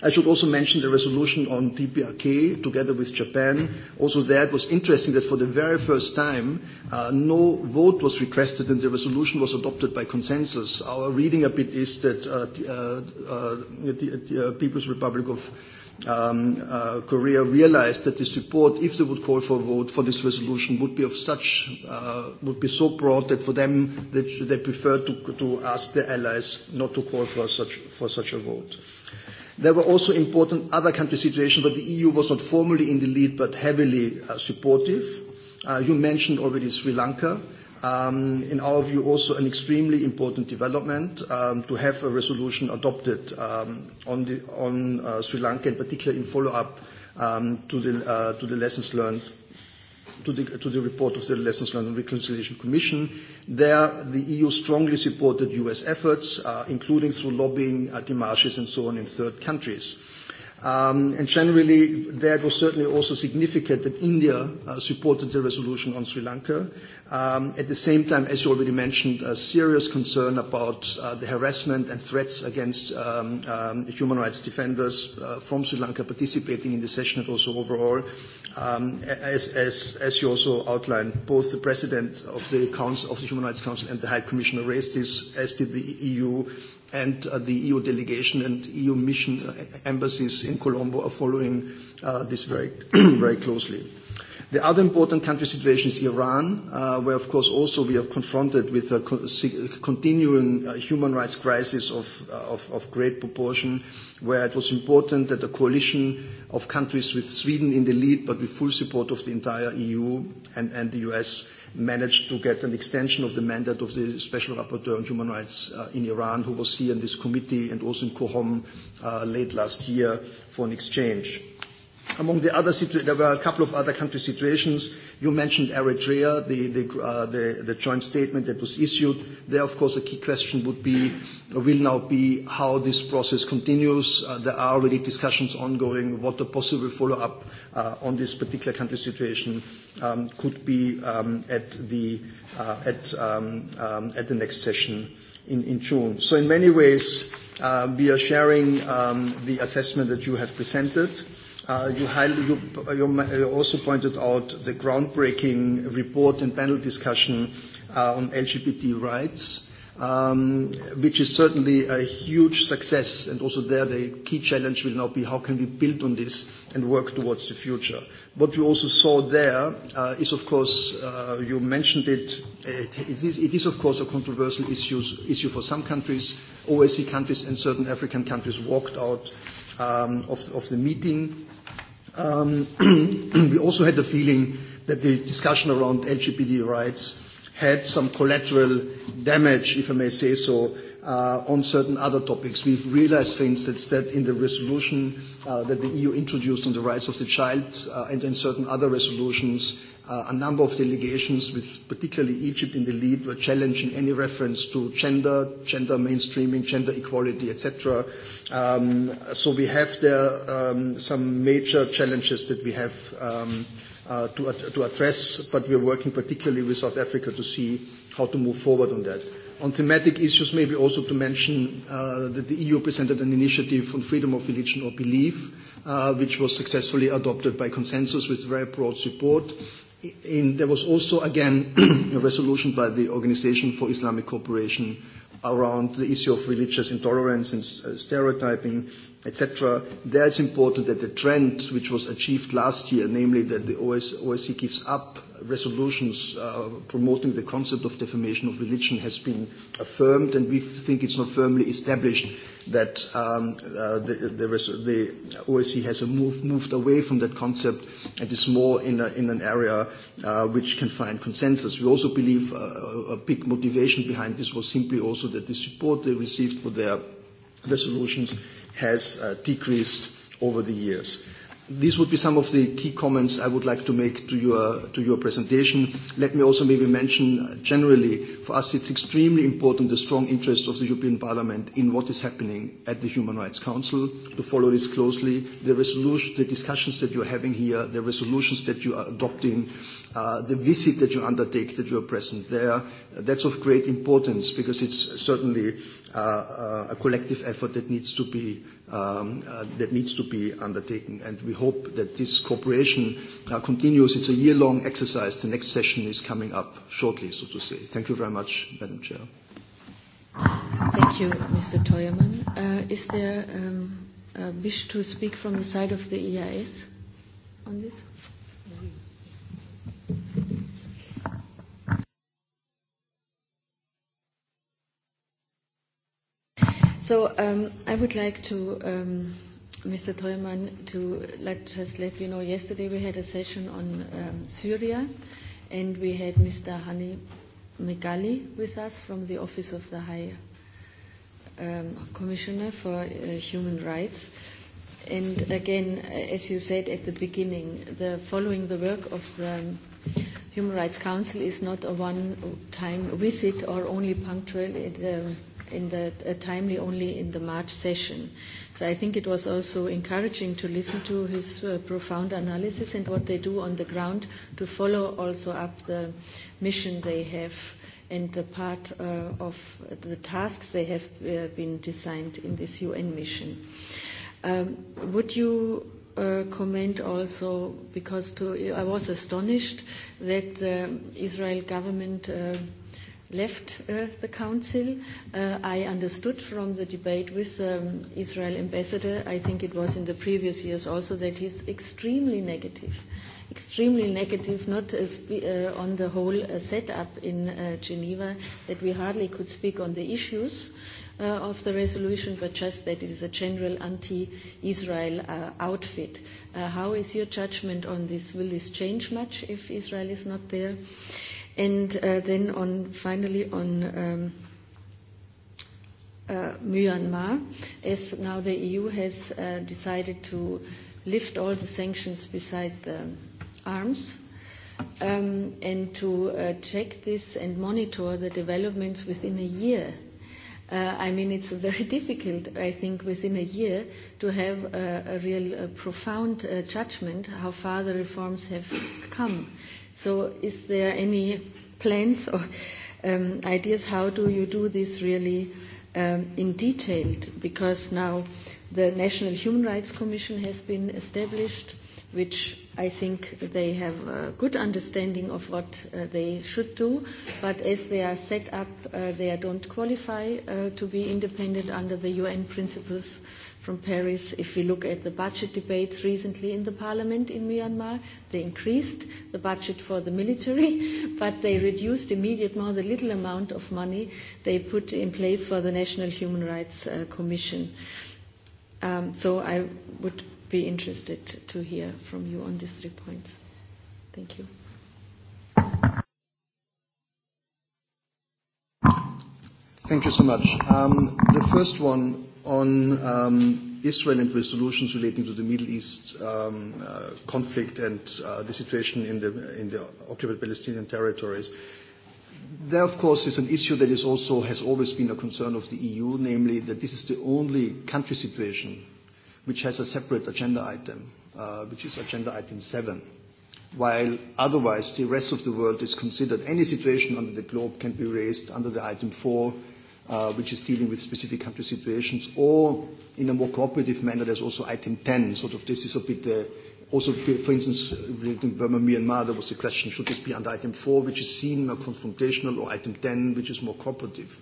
E: I should also mention the resolution on TPRK together with Japan. Also there it was interesting that for the very first time uh, no vote was requested and the resolution was adopted by consensus. Our reading a bit is that uh, uh, uh, the, the uh, People's Republic of um, uh, Korea realized that the support, if they would call for a vote for this resolution, would be of such, uh, would be so broad that for them they, they prefer to, to ask their allies not to call for such, for such a vote. There were also important other country situations where the EU was not formally in the lead but heavily uh, supportive. Uh, you mentioned already Sri Lanka. Um, in our view, also an extremely important development um, to have a resolution adopted um, on, the, on uh, Sri Lanka, in particular in follow-up um, to, uh, to the lessons learned to the, to the report of the Lessons Learned and Reconciliation Commission. There, the EU strongly supported US efforts, uh, including through lobbying, uh, demarches, and so on in third countries. Um, and generally, there was certainly also significant that India uh, supported the resolution on Sri Lanka. Um, at the same time, as you already mentioned, a serious concern about uh, the harassment and threats against um, um, human rights defenders uh, from Sri Lanka participating in the session and also overall, um, as, as, as you also outlined, both the President of the, Council, of the Human Rights Council and the High Commissioner raised this, as did the EU and uh, the EU delegation and EU mission uh, embassies in Colombo are following uh, this very, very closely. The other important country situation is Iran, uh, where of course also we are confronted with a co- continuing uh, human rights crisis of, uh, of, of great proportion, where it was important that a coalition of countries with Sweden in the lead, but with full support of the entire EU and, and the US, managed to get an extension of the mandate of the Special Rapporteur on Human Rights uh, in Iran, who was here in this committee and also in Kohom uh, late last year for an exchange. Among the other situations, there were a couple of other country situations. You mentioned Eritrea, uh, the joint statement that was issued. There, of course, a key question would be, or will now be, how this process continues. Uh, there are already discussions ongoing. What the possible follow-up uh, on this particular country situation um, could be um, um, at the next session in June. In many ways, we are sharing the assessment that you have presented. Uh, you also pointed out the groundbreaking report and panel discussion uh, on LGBT rights um, which is certainly a huge success. And also there, the key challenge will now be how can we build on this and work towards the future. What we also saw there uh, is, of course, uh, you mentioned it. It, it, is, it is, of course, a controversial issues, issue for some countries. OSCE countries and certain African countries walked out um, of, of the meeting. Um, we also had the feeling that the discussion around LGBT rights had some collateral damage, if I may say so, uh, on certain other topics. We've realized, for instance, that in the resolution uh, that the EU introduced on the rights of the child, uh, and in certain other resolutions, a number of delegations, with particularly Egypt in the lead, were challenging any reference to gender mainstreaming, gender equality, et cetera. Um, so we have there um, some major challenges that we have um, Uh, to, to address, but we are working particularly with South Africa to see how to move forward on that. On thematic issues, maybe also to mention uh, that the EU presented an initiative on freedom of religion or belief, uh, which was successfully adopted by consensus with very broad support. And there was also, again, a resolution by the Organization for Islamic Cooperation around the issue of religious intolerance and uh, stereotyping, etc. There it's important that the trend which was achieved last year, namely that the OSCE gives up resolutions uh, promoting the concept of defamation of religion, has been affirmed, and we think it's not firmly established that um, uh, the, the, the OSCE has a move, moved away from that concept and is more in, a, in an area uh, which can find consensus. We also believe uh, a big motivation behind this was simply also that the support they received for their resolutions has uh, decreased over the years. Uh, These would be some of the key comments I would like to make to your presentation. Let me also maybe mention uh, generally, for us, it's extremely important, the strong interest of the European Parliament in what is happening at the Human Rights Council, to follow this closely. The discussions that you're having here, the resolutions that you are adopting, uh, the visit that you undertake, that you are present there, that's of great importance because it's certainly uh, a collective effort that needs to be Um, uh, that needs to be undertaken. We hope that this cooperation uh, continues. It's a year-long exercise. The next session is coming up shortly, so to say. Thank you very much, Madam Chair.
A: Thank you, Mr. Theuermann. Uh, is there a um, wish to speak from the side of the EIS on this? So um, I would like to, um, Mr. Treumann, to let, just let you know, yesterday we had a session on um, Syria, and we had Mr. Hani Megali with us from the Office of the High um, Commissioner for uh, Human Rights. And again, uh, as you said at the beginning, the following the work of the Human Rights Council is not a one-time visit or only punctual. It, um, in the uh, timely only in the March session. So I think it was also encouraging to listen to his uh, profound analysis and what they do on the ground to follow also up the mission they have and the part uh, of the tasks they have uh, been designed in this UN mission. Um, would you uh, comment also, because to, I was astonished that the Israel government uh, left uh, the council. Uh, I understood from the debate with the um, Israel ambassador, I think it was in the previous years also, that he's extremely negative, extremely negative, not as, uh, on the whole uh, setup in uh, Geneva, that we hardly could speak on the issues uh, of the resolution, but just that it is a general anti-Israel uh, outfit. Uh, how is your judgment on this? Will this change much if Israel is not there? Uh, Uh, then finally on um, uh, Myanmar, as now the EU has uh, decided to lift all the sanctions beside the arms, um, and to check this and monitor the developments within a year. I mean, it's very difficult, I think, within a year to have a real profound judgment how far the reforms have come. So, is there any plans or um, ideas how do you do this really um, in detail? Because now the National Human Rights Commission has been established, which I think they have a good understanding of what uh, they should do, but as they are set up, uh, they don't qualify uh, to be independent under the UN principles from Paris, if we look at the budget debates recently in the parliament in Myanmar, they increased the budget for the military, but they reduced immediately the little amount of money they put in place for the National Human Rights uh, Commission. Um, so I would be interested to hear from you on these three points.
D: Thank you.
E: Thank you so much. Um, the first one on um, Israel and resolutions relating to the Middle East um, uh, conflict and uh, the situation in the, in the occupied Palestinian territories. There, of course, is an issue that is also, has always been a concern of the EU, namely that this is the only country situation which has a separate agenda item, uh, which is agenda item 7. While otherwise the rest of the world is considered any situation under the globe can be raised under the item 4, uh, which is dealing with specific country situations, or in a more cooperative manner, there's also item 10, sort of this is a bit the, uh, also for instance, relating to Burma, Myanmar, there was a question, should this be under item 4, which is seen more confrontational, or item 10, which is more cooperative?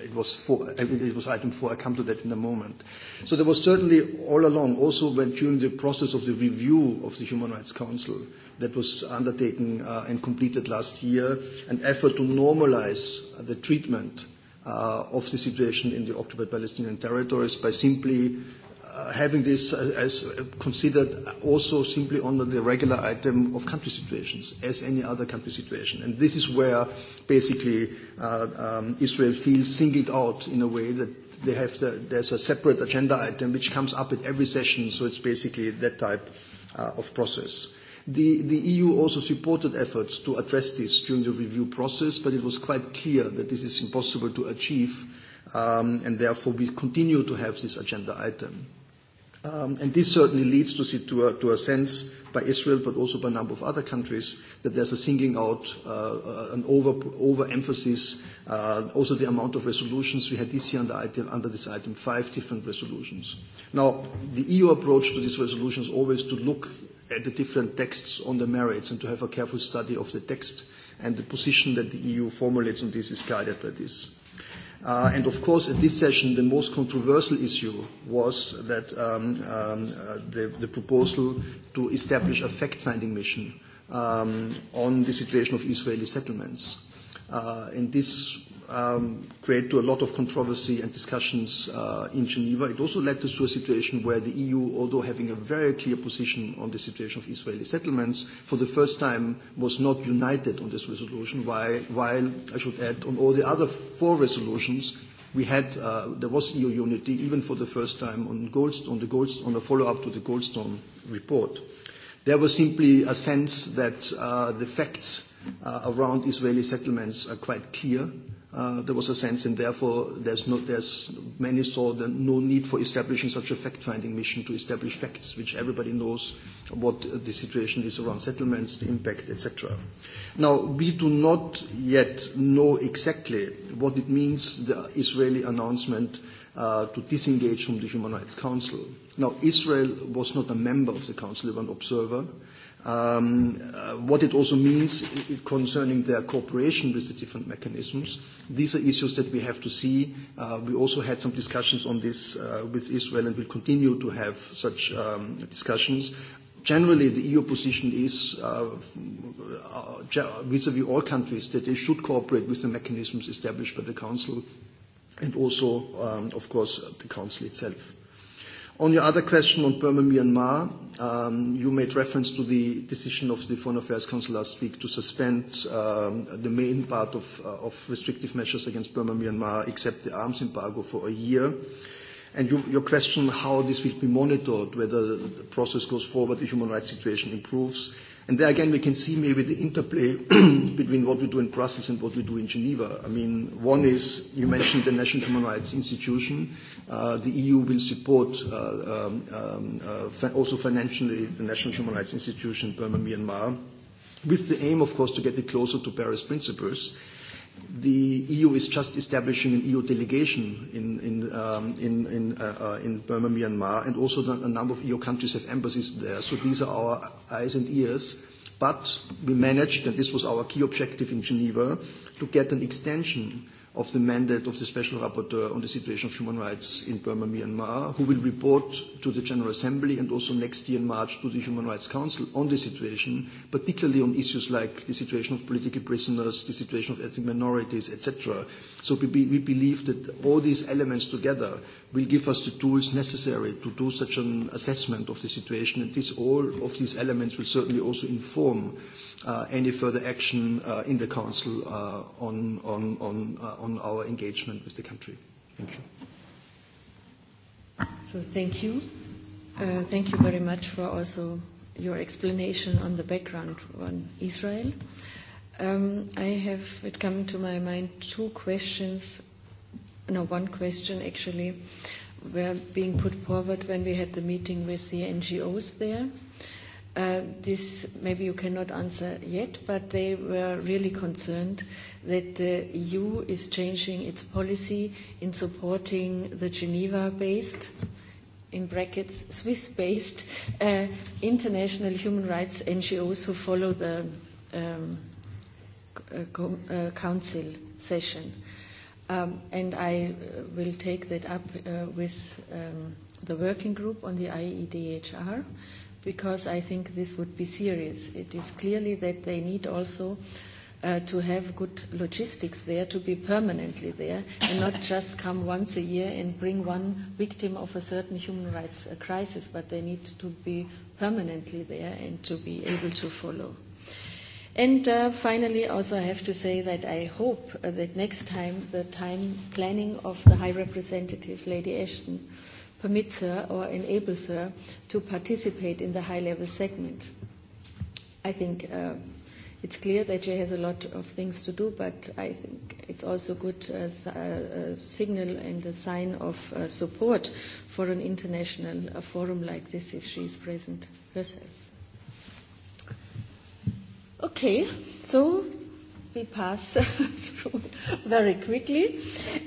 E: It was, four, it was item four. I come to that in a moment. So there was certainly all along, also when during the process of the review of the Human Rights Council that was undertaken uh, and completed last year, an effort to normalize the treatment uh, of the situation in the occupied Palestinian territories by simply uh, having this as considered also simply under the regular item of country situations as any other country situation. And this is where basically uh, um, Israel feels singled out in a way that they have the, there's a separate agenda item which comes up at every session, so it's basically that type uh, of process. Uh, The, the EU also supported efforts to address this during the review process, but it was quite clear that this is impossible to achieve, um, and therefore we continue to have this agenda item. Um, and this certainly leads to, to, a, to a sense by Israel, but also by a number of other countries, that there's a singling out, uh, uh, an over, over-emphasis, uh, also the amount of resolutions we had this year under, item, under this item, five different resolutions. Now, the EU approach to these resolutions always to look at the different texts on the merits and to have a careful study of the text and the position that the EU formulates on this is guided by this. Uh, and of course, at this session, the most controversial issue was that um, um, uh, the, the proposal to establish a fact-finding mission um, on the situation of Israeli settlements. Uh, and this um, created to a lot of controversy and discussions uh, in Geneva. It also led to a situation where the EU, although having a very clear position on the situation of Israeli settlements, for the first time was not united on this resolution, while, while I should add, on all the other four resolutions, we had, uh, there was EU unity, even for the first time on, Goldst- on the Goldst- on a follow-up to the Goldstone report. There was simply a sense that uh, the facts uh, around Israeli settlements are quite clear, uh, uh, there was a sense, and therefore there's no, there's many saw the no need for establishing such a fact-finding mission to establish facts, which everybody knows what the situation is around settlements, the impact, etc. Now we do not yet know exactly what it means the Israeli announcement uh, to disengage from the Human Rights Council. Now Israel was not a member of the council; it was an observer um, uh, what it also means concerning their cooperation with the different mechanisms. These are issues that we have to see. Uh, we also had some discussions on this uh, with Israel and will continue to have such um, discussions. Generally, the EU position is vis a vis all countries that they should cooperate with the mechanisms established by the Council and also, um, of course, the Council itself. On your other question on Burma Myanmar, um, you made reference to the decision of the Foreign Affairs Council last week to suspend um, the main part of, uh, of restrictive measures against Burma Myanmar, except the arms embargo, for a year. And you, your question how this will be monitored, whether the process goes forward, the human rights situation improves. And there again, we can see maybe the interplay between what we do in Brussels and what we do in Geneva. I mean, one is you mentioned the National Human Rights Institution. Uh, the EU will support uh, um, um uh, fa- also financially the National Human Rights Institution in Burma, Myanmar, with the aim, of course, to get it closer to Paris principles. Uh, the EU is just establishing an EU delegation in, in, um, in, in, uh, uh, in Burma, Myanmar, and also the, a number of EU countries have embassies there. So these are our eyes and ears. But we managed, and this was our key objective in Geneva, to get an extension of the mandate of the Special Rapporteur on the situation of human rights in Burma, Myanmar, who will report to the General Assembly and also next year in March to the Human Rights Council on the situation, particularly on issues like the situation of political prisoners, the situation of ethnic minorities, etc. So we, be, we believe that all these elements together will give us the tools necessary to do such an assessment of the situation, and this, all of these elements will certainly also inform uh, Uh, any further action uh, in the Council uh, on, on, on, uh, on our engagement with the country. Thank
B: you. So,
A: thank you. Uh, thank you very much for also your explanation on the background on Israel. Um, I have it come to my mind two questions, no, one question actually, were being put forward when we had the meeting with the NGOs there. Uh, this maybe you cannot answer yet, but they were really concerned that the EU is changing its policy in supporting the Geneva based, in brackets, Swiss based, uh, international human rights NGOs who follow the um, uh, uh, council session. Um, and I uh, will take that up uh, with um, the working group on the IEDHR because I think this would be serious. It is clearly that they need also uh, to have good logistics there, to be permanently there, and not just come once a year and bring one victim of a certain human rights uh, crisis, but they need to be permanently there and to be able to follow. And uh, finally, also I have to say that I hope uh, that next time the time planning of the High Representative, Lady Ashton, permit her or enables her to participate in the high level segment. I think uh, it's clear that she has a lot of things to do, but I think it's also good uh, uh, signal and a sign of uh, support for an international uh, forum like this if she's present herself. Okay, so we pass through very quickly,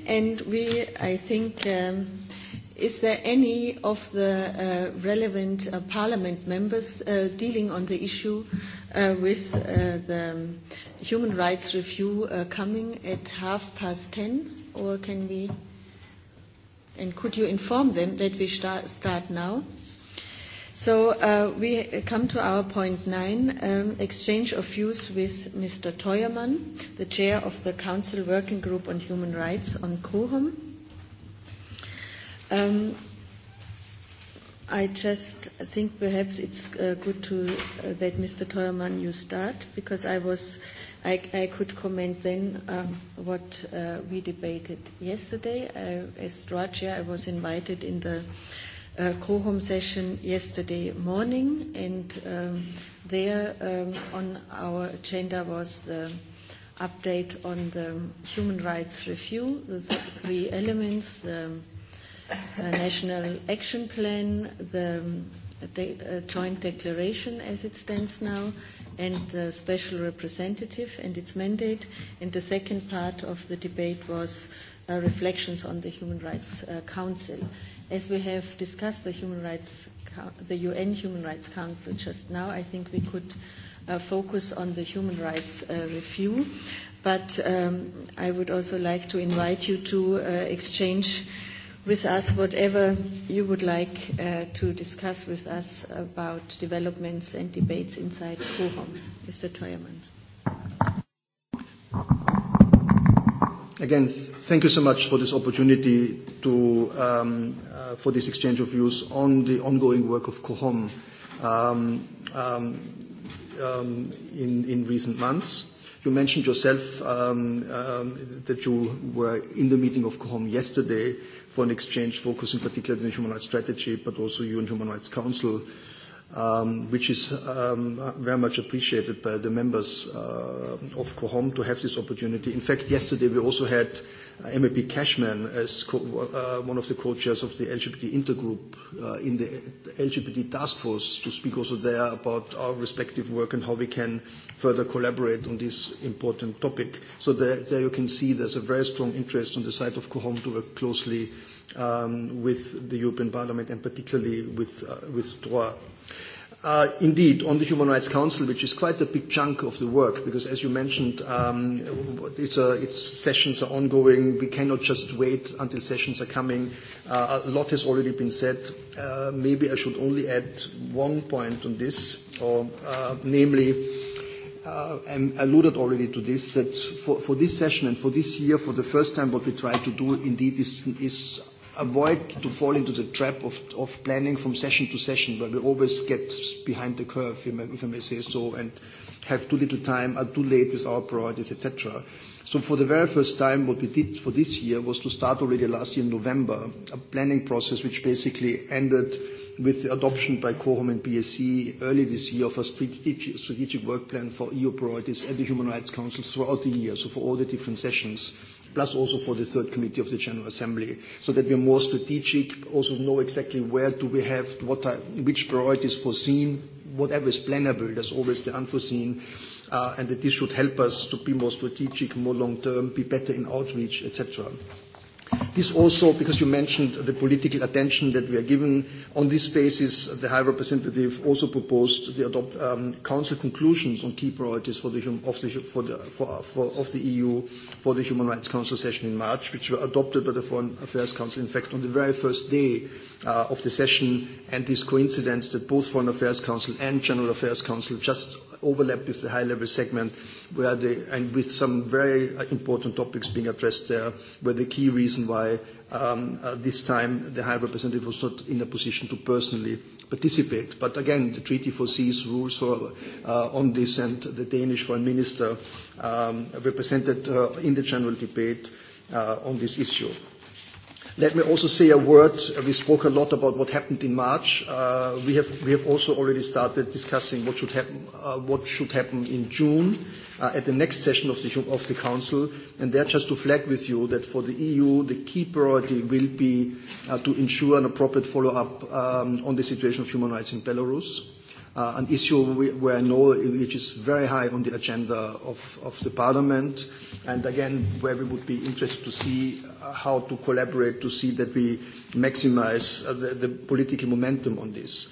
A: and we, I think. Um, Is there any of the uh, relevant uh, parliament members uh, dealing on the issue uh, with uh, the um, human rights review uh, coming at half past ten? Or can we, and could you inform them that we start, start now? So uh, we come to our point nine, um, exchange of views with Mr. Teuermann, the chair of the Council Working Group on Human Rights on COHOM. Um, I just think perhaps it's uh, good to uh, that Mr. Teuermann you start because I was I, I could comment then um, what uh, we debated yesterday. I, as Roger, I was invited in the uh, co-home session yesterday morning, and um, there um, on our agenda was the update on the human rights review, the th- three elements. The, national action plan, the de- uh, joint declaration as it stands now, and the special representative and its mandate. And the second part of the debate was uh, reflections on the Human Rights uh, Council. As we have discussed the Human Rights, the UN Human Rights Council just now, I think we could uh, focus on the human rights uh, review. But um, I would also like to invite you to uh, exchange with us whatever you would like uh, to discuss with us about developments and debates inside Forum. Mr. Teuermann.
E: Again, thank you so much for this opportunity to, um, uh, for this exchange of views on the ongoing work of COHOM um, um, um, in, in recent months. Uh, You mentioned yourself um, um, that you were in the meeting of COHOM yesterday for an exchange focus in particular on the human rights strategy, but also you and Human Rights Council, um, which is um, very much appreciated by the members uh, of COHOM to have this opportunity. In fact, yesterday we also had MAP Cashman as co- uh, one of the co-chairs of the LGBT intergroup uh, in the LGBT task force to speak also there about our respective work and how we can further collaborate on this important topic. So there, there you can see there's a very strong interest on the side of COHOM to work closely um, with the European Parliament and particularly with, uh, with DROIT. Uh, indeed, on the Human Rights Council, which is quite a big chunk of the work, because as you mentioned, um, it's, a, its sessions are ongoing. We cannot just wait until sessions are coming. Uh, a lot has already been said. Uh, maybe I should only add one point on this, or uh, namely, uh, I alluded already to this, that for, for this session and for this year, for the first time, what we try to do indeed is, is avoid to fall into the trap of, of planning from session to session, where we always get behind the curve, if I may say so, and have too little time, are too late with our priorities, etc. So for the very first time, what we did for this year was to start already last year in November, a planning process which basically ended with the adoption by Quorum and BSC early this year of a strategic, strategic work plan for EU priorities at the Human Rights Council throughout the year, so for all the different sessions plus also for the third committee of the General Assembly, so that we're more strategic, also know exactly where do we have, what are, which priorities foreseen, whatever is plannable, there's always the unforeseen, uh, and that this should help us to be more strategic, more long-term, be better in outreach, etc. cetera. This also, because you mentioned the political attention that we are given, on this basis, the High Representative also proposed the adopt, um, Council conclusions on key priorities for the, hum, of, the, for the, for, for, of the EU for the Human Rights Council session in March, which were adopted by the Foreign Affairs Council, in fact, on the very first day uh, of the session, and this coincidence that both Foreign Affairs Council and General Affairs Council just overlap with the high-level segment, where they, and with some very uh, important topics being addressed there, where the key reason why um, uh, this time the high representative was not in a position to personally participate. But again, the treaty foresees rules for, uh, on this, and the Danish foreign minister um, represented uh, in the general debate uh, on this issue. Let me also say a word. We spoke a lot about what happened in March. Uh, we have also already started discussing what should happen uh, in June uh, at the next session of the Council. There, just to flag with you that for the EU, the key priority will be to ensure an appropriate follow-up um, on the situation of human rights in Belarus uh, an issue where I know which is very high on the agenda of, of the Parliament, and again, where we would be interested to see uh, how to collaborate to see that we maximize uh, the, the political momentum on this.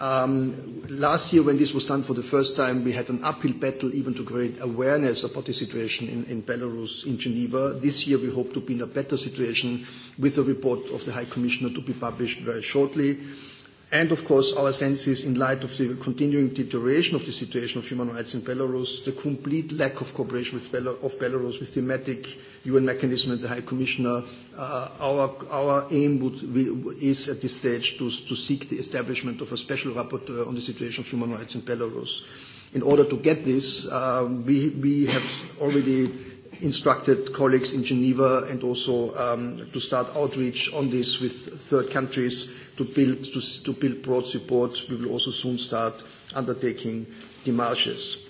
E: Um, last year, when this was done for the first time, we had an uphill battle even to create awareness about the situation in, in Belarus, in Geneva. This year, we hope to be in a better situation with a report of the High Commissioner to be published very shortly. And of course, our sense is, in light of the continuing deterioration of the situation of human rights in Belarus, the complete lack of cooperation with Bel- of Belarus with the MATIC, UN mechanism, and the High Commissioner, uh, our, our aim would, will, is at this stage to, to seek the establishment of a special rapporteur on the situation of human rights in Belarus. In order to get this, uh, we, we have already instructed colleagues in Geneva and also um, to start outreach on this with third countries to build broad support. We will also soon start undertaking demarches.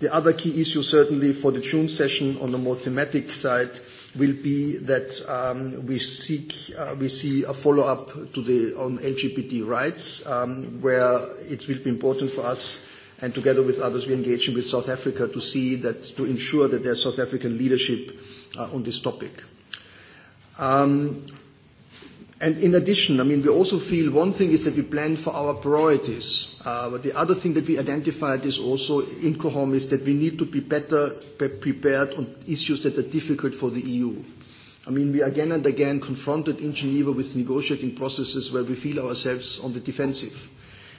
E: The other key issue, certainly for the June session on the more thematic side, will be that um, we seek, uh, we see a follow-up to the, on LGBT rights, um, where it will be important for us, and together with others, we're engaging with South Africa to see that, to ensure that there's South African leadership uh, on this topic. Um, And in addition, I mean, we also feel one thing is that we plan for our priorities. Uh, but the other thing that we identified is also in Cohom is that we need to be better pre- prepared on issues that are difficult for the EU. I mean, we again and again confronted in Geneva with negotiating processes where we feel ourselves on the defensive.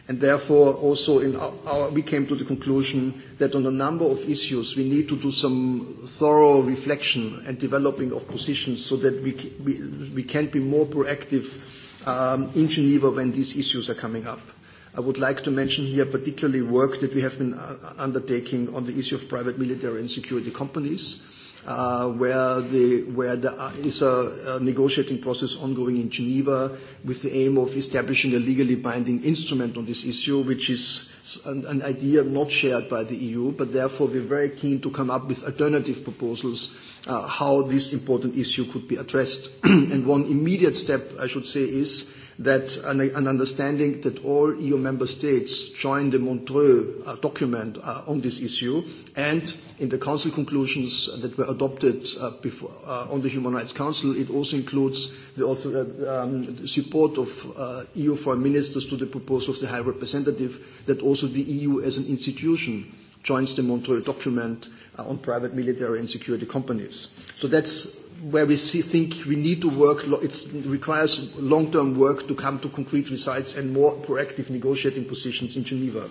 E: Therefore, also in our, we came to the conclusion that on a number of issues, we need to do some thorough reflection and developing of positions so that we can be more proactive um, in Geneva when these issues are coming up. I would like to mention here particularly work that we have been uh, undertaking on the issue of private military and security companies. Uh, where there uh, is a negotiating process ongoing in Geneva with the aim of establishing a legally binding instrument on this issue, which is an idea not shared by the EU, but therefore we're very keen to come up with alternative proposals uh, how this important issue could be addressed. One immediate step, I should say, is that an, an understanding that all EU member states joined the Montreux uh, document uh, on this issue and in the Council conclusions that were adopted uh, before, uh, on the Human Rights Council, it also includes the, author, uh, um, the support of uh, EU foreign ministers to the proposal of the High Representative that also the EU as an institution joins the Montreux document uh, on private military and security companies. So that's where we see, think we need to work, it requires long-term work to come to concrete results and more proactive negotiating positions in Geneva.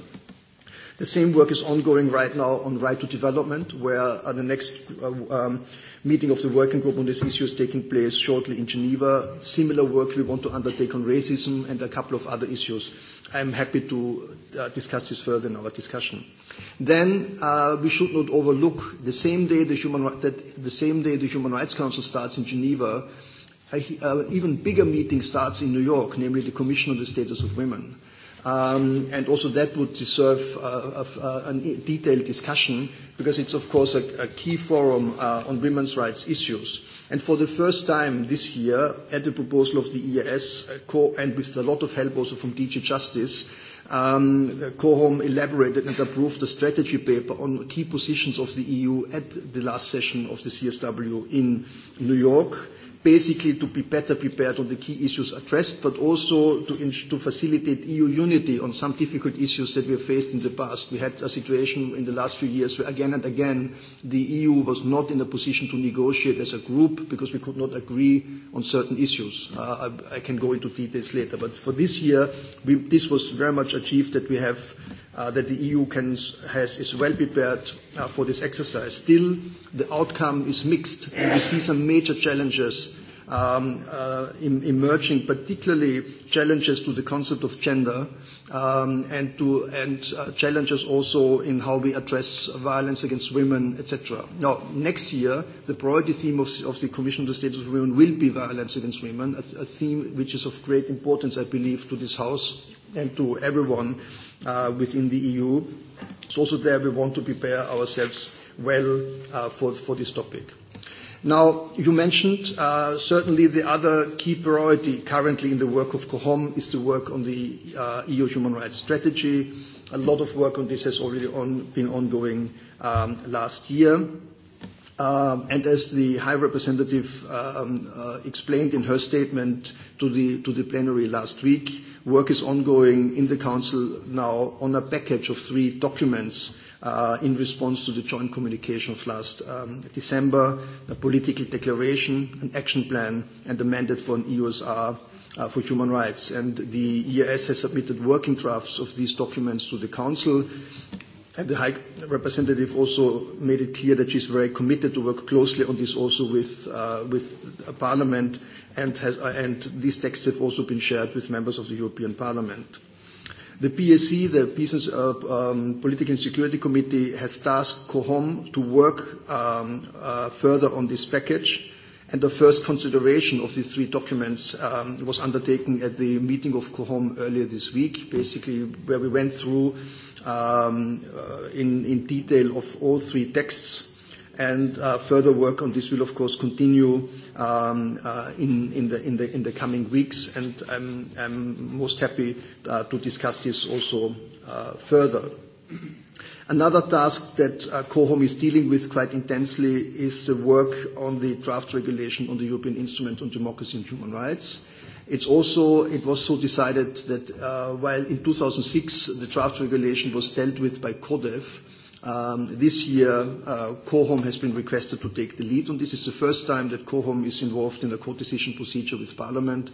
E: The same work is ongoing right now on right to development, where uh, the next uh, um, meeting of the working group on this issue is taking place shortly in Geneva. Similar work we want to undertake on racism and a couple of other issues. I'm happy to uh, discuss this further in our discussion. Then uh, we should not overlook the same day the Human, that the same day the Human Rights Council starts in Geneva, an uh, even bigger meeting starts in New York, namely the Commission on the Status of Women. Um, and also that would deserve uh, of, uh, a detailed discussion because it's of course a, a key forum uh, on women's rights issues. And for the first time this year, at the proposal of the EAS, uh, co- and with a lot of help also from DG Justice, um, Cohom elaborated and approved a strategy paper on key positions of the EU at the last session of the CSW in New York basically to be better prepared on the key issues addressed, but also to, to facilitate EU unity on some difficult issues that we have faced in the past. We had a situation in the last few years where again and again the EU was not in a position to negotiate as a group because we could not agree on certain issues. Uh, I, I can go into details later, but for this year, we, this was very much achieved that we have Uh, that the EU can, has is well prepared uh, for this exercise. Still, the outcome is mixed. And we see some major challenges um, uh, in, emerging, particularly challenges to the concept of gender um, and, to, and uh, challenges also in how we address violence against women, etc. Now, next year, the priority theme of, of the Commission on the Status of Women will be violence against women, a, a theme which is of great importance, I believe, to this House and to everyone uh, within the EU. It's also there we want to prepare ourselves well uh, for, for this topic. Now, you mentioned uh, certainly the other key priority currently in the work of COHOM is the work on the uh, EU human rights strategy. A lot of work on this has already on, been ongoing um, last year. Um, and as the High Representative um, uh, explained in her statement to the, to the plenary last week, uh, work is ongoing in the Council now on a package of three documents uh, in response to the joint communication of last um, December, a political declaration, an action plan, and a mandate for an EUSR uh, for human rights. And the ES has submitted working drafts of these documents to the Council. And the High Representative also made it clear that she's very committed to work closely on this also with, uh, with Parliament and, has, uh, and these texts have also been shared with members of the European Parliament. The PSC, the Peace and uh, um, Political and Security Committee, has tasked COHOM to work um, uh, further on this package and the first consideration of these three documents um, was undertaken at the meeting of COHOM earlier this week, basically where we went through um, uh, in, in detail of all three texts. And uh, further work on this will, of course, continue um, uh, in, in, the, in, the, in the coming weeks. And I'm, I'm most happy uh, to discuss this also uh, further. Another task that uh, COHOM is dealing with quite intensely is the work on the draft regulation on the European Instrument on Democracy and Human Rights. Uh, It's also, it was so decided that uh, while in 2006 the draft regulation was dealt with by CODEF, um, this year uh, COHOM has been requested to take the lead on this. It's the first time that COHOM is involved in a co-decision procedure with Parliament,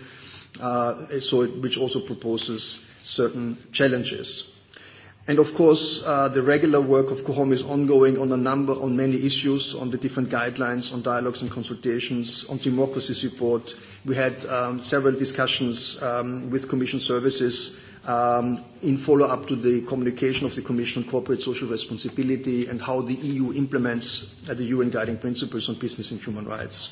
E: uh, so it, which also proposes certain challenges. Of course, uh, the regular work of Cohom is ongoing on a number, on many issues, on the different guidelines, on dialogues and consultations, on democracy support. We had um, several discussions um, with commission services um, in follow-up to the communication of the commission on corporate social responsibility and how the EU implements uh, the UN Guiding Principles on business and human rights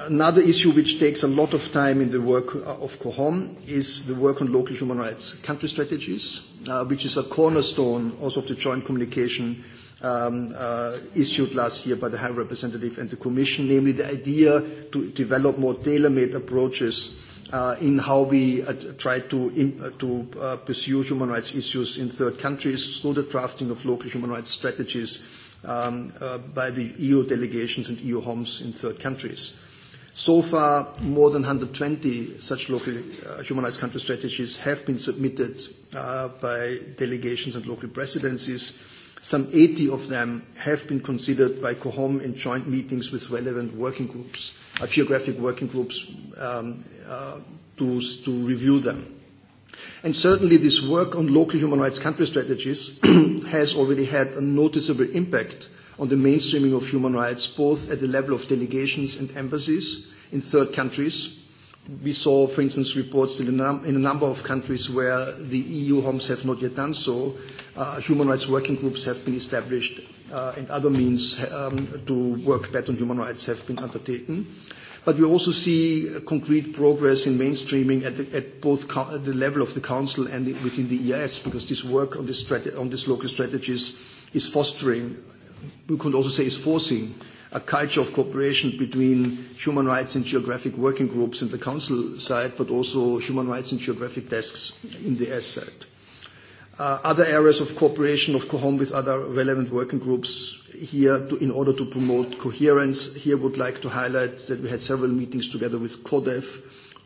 E: another issue which takes a lot of time in the work of COHOM is the work on local human rights country strategies, uh, which is a cornerstone also of the joint communication um, uh, issued last year by the High Representative and the Commission, namely the idea to develop more tailor-made approaches uh, in how we uh, try to, in, uh, to uh, pursue human rights issues in third countries through the drafting of local human rights strategies um, uh, by the EU delegations and EU homes in third countries. Uh, So far, more than 120 such local uh, human rights country strategies have been submitted uh, by delegations and local presidencies. Some 80 of them have been considered by COHOM in joint meetings with relevant working groups, uh, geographic working groups, um, uh, to, to review them. And certainly this work on local human rights country strategies has already had a noticeable impact uh, on the mainstreaming of human rights, both at the level of delegations and embassies in third countries. We saw, for instance, reports that in, a num- in a number of countries where the EU homes have not yet done so, uh, human rights working groups have been established uh, and other means um, to work better on human rights have been undertaken. But we also see uh, concrete progress in mainstreaming at, the, at both co- at the level of the Council and the, within the EIS, because this work on, this strate- on these local strategies is fostering we could also say is forcing a culture of cooperation between human rights and geographic working groups in the council side, but also human rights and geographic desks in the S side. Uh, other areas of cooperation of COHOM with other relevant working groups here to, in order to promote coherence. Here would like to highlight that we had several meetings together with CODEF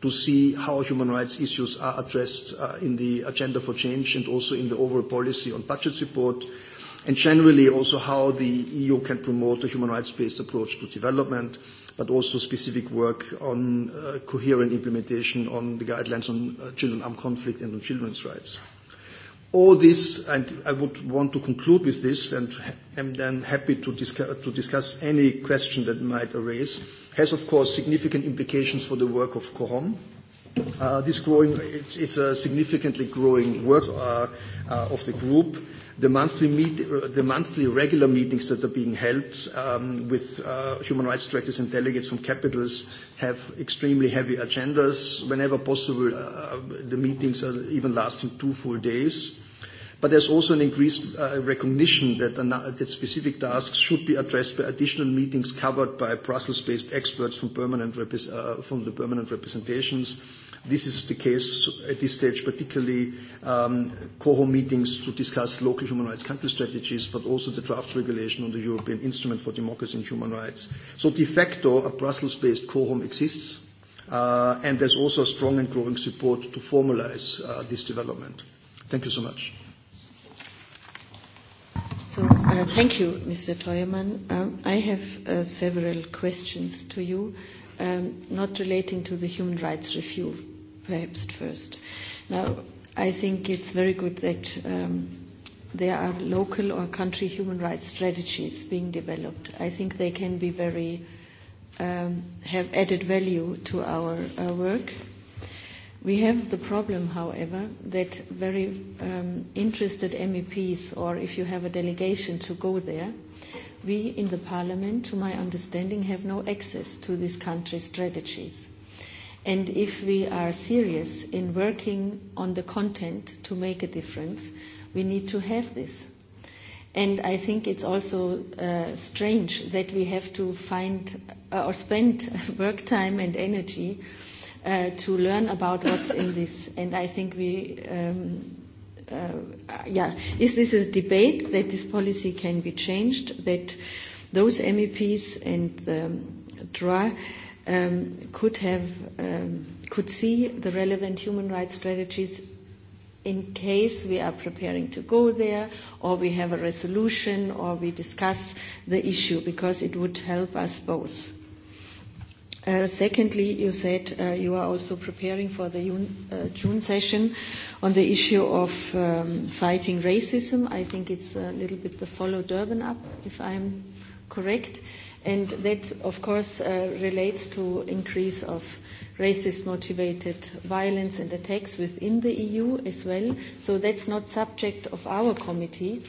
E: to see how human rights issues are addressed uh, in the agenda for change and also in the overall policy on budget support and generally also how the EU can promote a human rights-based approach to development, but also specific work on uh, coherent implementation on the guidelines on uh, children armed conflict and on children's rights. All this, and I would want to conclude with this, and am then happy to, discu- to discuss any question that might arise, has of course significant implications for the work of COHOM. Uh, this growing, it's, it's a significantly growing work uh, uh, of the group. Okay. The monthly, meet, uh, the monthly regular meetings that are being held um, with uh, human rights directors and delegates from capitals have extremely heavy agendas. Whenever possible, uh, the meetings are even lasting two full days. But there's also an increased uh, recognition that, an, that specific tasks should be addressed by additional meetings covered by Brussels-based experts from, permanent repre- uh, from the permanent representations. This is the case at this stage, particularly um, cohort meetings to discuss local human rights country strategies, but also the draft regulation on the European Instrument for Democracy and Human Rights. So de facto, a Brussels-based cohort exists, uh, and there's also a strong and growing support to formalize uh, this development. Thank you so much.
A: So uh, thank you, Mr. Teuermann. Um, I have uh, several questions to you. Um, not relating to the human rights review, perhaps first. Now, I think it's very good that um, there are local or country human rights strategies being developed. I think they can be very, um, have added value to our uh, work. We have the problem, however, that very um, interested MEPs, or if you have a delegation to go there, we in the Parliament, to my understanding, have no access to these country strategies. And if we are serious in working on the content to make a difference, we need to have this. And I think it's also uh, strange that we have to find uh, or spend work time and energy uh, to learn about what's in this. And I think we. Um, uh, yeah, is this a debate that this policy can be changed? That those MEPs and um, DRA uh, um, could have um, could see the relevant human rights strategies in case we are preparing to go there or we have a resolution or we discuss the issue because it would help us both. Uh, secondly, you said uh, you are also preparing for the June uh, session on the issue of um, fighting racism. I think it's a little bit the follow Durban up, if I'm correct. Uh, And that, of course, uh, relates to increase of racist-motivated violence and attacks within the EU as well. So that's not subject of our committee.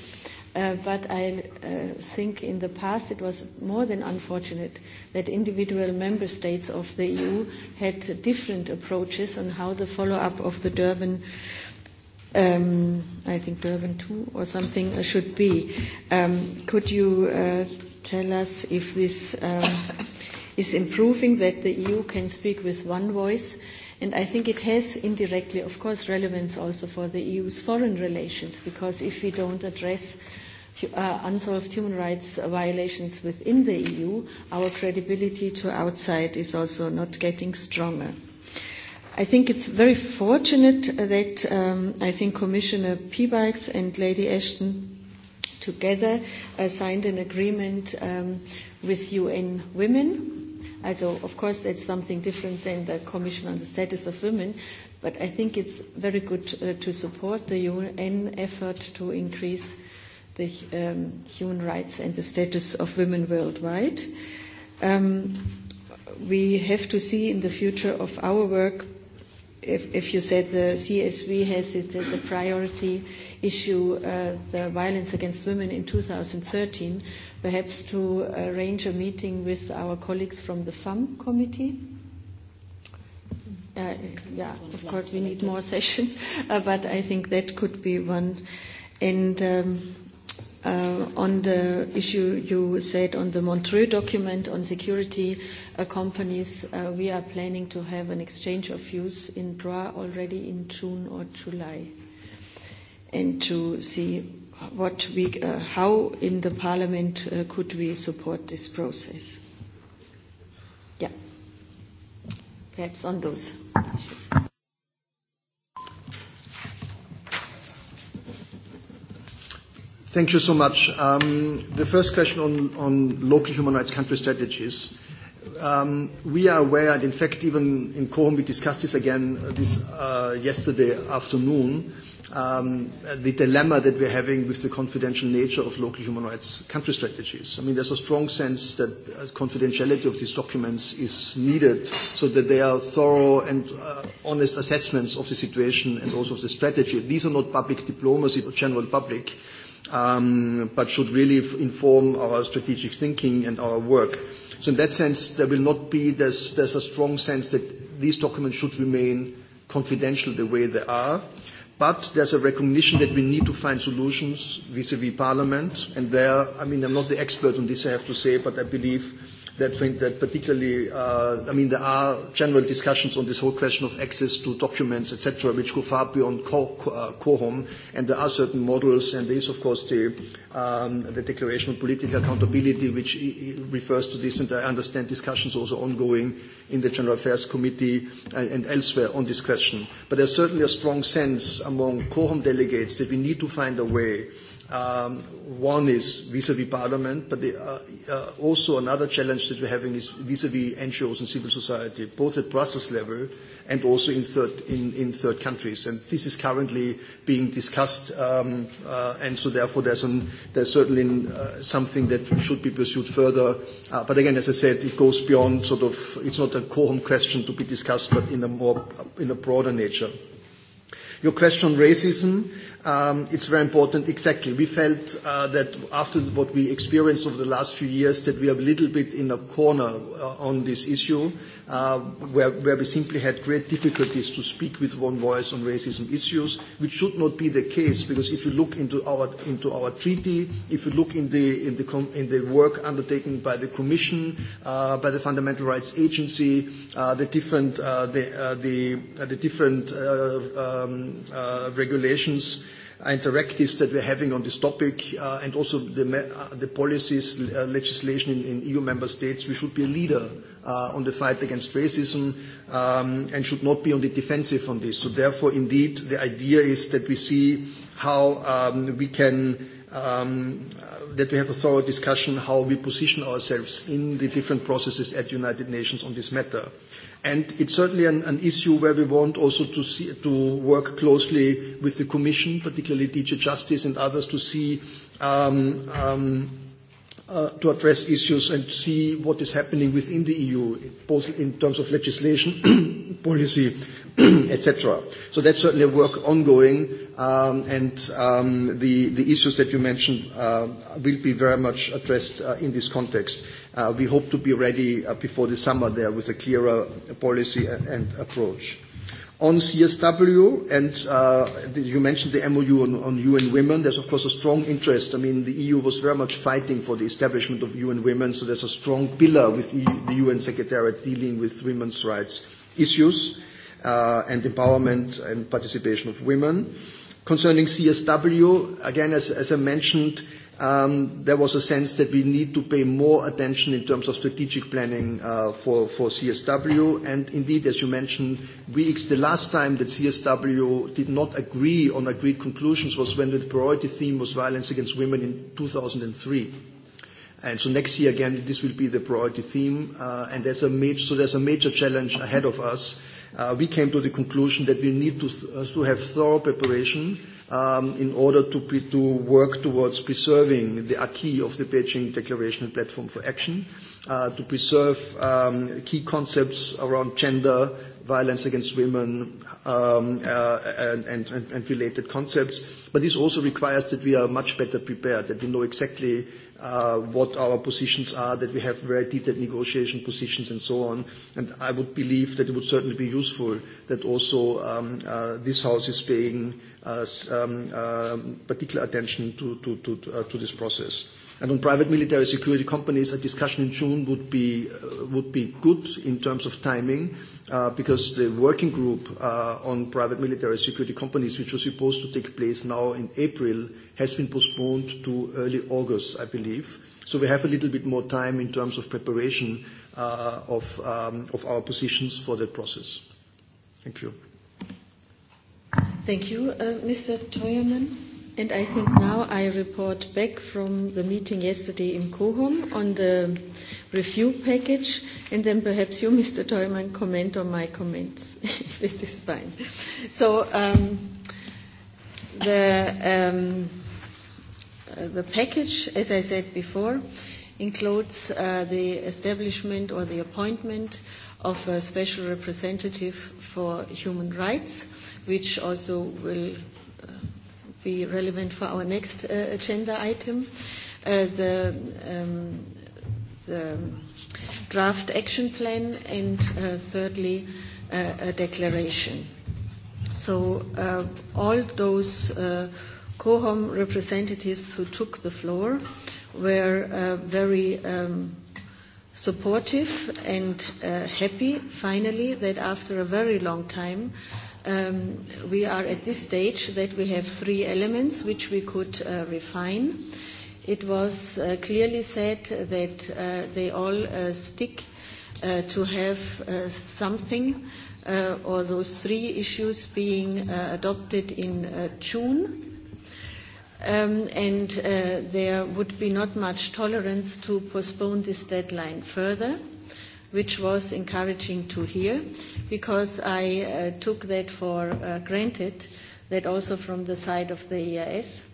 A: Uh, but I uh, think in the past it was more than unfortunate that individual member states of the EU had different approaches on how the follow-up of the Durban uh, um, I think Durban 2 or something uh, should be. Um, could you uh, tell us if this um, is improving, that the EU can speak with one voice? And I think it has indirectly, of course, relevance also for the EU's foreign relations, because if we don't address uh, unsolved human rights violations within the EU, our credibility to outside is also not getting stronger. I think it's very fortunate that um, I think Commissioner Peebikes and Lady Ashton together uh, signed an agreement um, with UN Women. Also, of course, that's something different than the Commission on the Status of Women, but I think it's very good uh, to support the UN effort to increase the um, human rights and the status of women worldwide. Um, we have to see in the future of our work if you said the CSV has it as a priority issue, uh, the violence against women in 2013, perhaps to arrange a meeting with our colleagues from the FAM committee. Uh, yeah, of course, we need more sessions, uh, but I think that could be one. And um, Uh, on the issue you said on the Montreux document on security uh, companies, uh, we are planning to have an exchange of views in DRA already in June or July and to see what we, uh, how in the Parliament uh, could we support this process. Yeah, perhaps on those.
E: Thank you so much. Um, the first question on, on local human rights country strategies. Um, we are aware, and in fact, even in Cohen, we discussed this again uh, this, uh, yesterday afternoon, um, the dilemma that we're having with the confidential nature of local human rights country strategies. I mean, there's a strong sense that uh, confidentiality of these documents is needed so that they are thorough and uh, honest assessments of the situation and also of the strategy. These are not public diplomacy, but general public. Um, but should really inform our strategic thinking and our work. In that sense, there will not be there's a strong sense that these documents should remain confidential the way they are. There's a recognition that we need to find solutions vis-à-vis Parliament. There, I mean, I'm not the expert on this, I have to say, but I believe that think that particularly, uh, I mean, there are general discussions on this whole question of access to documents, etc., which go far beyond uh, quorum, and there are certain models, and there is, of course, the, um, the Declaration of Political Accountability, which I- I refers to this, and I understand discussions also ongoing in the General Affairs Committee and, uh, and elsewhere on this question. But there's certainly a strong sense among quorum delegates that we need to find a way uh, Um, one is vis-à-vis parliament, but the, uh, uh, also another challenge that we're having is vis-à-vis NGOs and civil society, both at Brussels level and also in third, in, in third countries. And this is currently being discussed, um, uh, and so therefore there's, an, there's certainly uh, something that should be pursued further. Uh, but again, as I said, it goes beyond sort of, it's not a quorum question to be discussed, but in a more, in a broader nature. Your question on racism, uh, Um, it's very important. Exactly. We felt uh, that after what we experienced over the last few years, that we are a little bit in a corner uh, on this issue. Uh, where, where we simply had great difficulties to speak with one voice on racism issues, which should not be the case, because if you look into our, into our treaty, if you look in the, in the, com, in the work undertaken by the Commission, uh, by the Fundamental Rights Agency, uh, the different, uh, the, uh, the, uh, the different uh, um, uh, regulations, uh, interactives that we're having on this topic uh, and also the, me- uh, the policies, uh, legislation in, in EU member states, we should be a leader uh, on the fight against racism um, and should not be on the defensive on this. So therefore, indeed, the idea is that we see how um, we can uh, um, that we have a thorough discussion how we position ourselves in the different processes at United Nations on this matter. And it's certainly an, an issue where we want also to, see, to work closely with the Commission, particularly DJ Justice and others, to see, um, um, uh, to address issues and see what is happening within the EU, both in terms of legislation, policy, etc. So that's certainly a work ongoing, Um, um, the issues that you mentioned uh, will be very much addressed uh, in this context. Uh, we hope to be ready before the summer there with a clearer policy and approach. On CSW, and you mentioned the MoU on UN Women, there's of course a strong interest. I mean, the EU was very much fighting for the establishment of UN Women, so there's a strong pillar with e the UN Secretariat dealing with women's rights issues, and empowerment and participation of women. Concerning CSW, again, as I mentioned, um, there was a sense that we need to pay more attention in terms of strategic planning uh, for CSW. Indeed, as you mentioned, the last time that CSW did not agree on agreed conclusions was when the priority theme was violence against women in 2003. Next year, again, this will be the priority theme. Uh, there's a major challenge ahead of us. Uh, we came to the conclusion that we need to uh, have thorough preparation um, in order to work towards preserving the acquis of the Beijing Declaration Platform for Action, to preserve um, key concepts around gender, violence against women, um, and related concepts. This also requires that we are much better prepared, that we know exactly Uh, what our positions are, that we have very detailed negotiation positions and so on. I would believe that it would certainly be useful that also um, uh, this house is paying uh, um, um, particular attention to this process. And on private military security companies, a discussion in June would be, uh, would be good in terms of timing, uh, because the working group uh, on private military security companies, which was supposed to take place now in April, has been postponed to early August, I believe. So we have a little bit more time in terms of preparation uh, of, um, of our positions for that process. Thank you.
A: Thank you. Uh, Mr. Teuermann? And I think now I report back from the meeting yesterday in Cohom on the review package, and then perhaps you, Mr. Teumann, comment on my comments, if it is fine. So um, the, um, uh, the package, as I said before, includes uh, the establishment or the appointment of a special representative for human rights, which also will. Uh, be relevant for our next uh, agenda item. Uh, the, um, the draft action plan and uh, thirdly uh, a declaration. So uh, all those uh, COHOM representatives who took the floor were uh, very um, supportive and uh, happy finally that after a very long time um, we are at this stage that we have three elements which we could uh, refine. It was uh, clearly said that uh, they all uh, stick uh, to have uh, something, uh, or those three issues being uh, adopted in uh, June. Um, and uh, there would be not much tolerance to postpone this deadline further. Uh, which was encouraging to hear because I uh, took that for uh, granted that also from the side of the EIS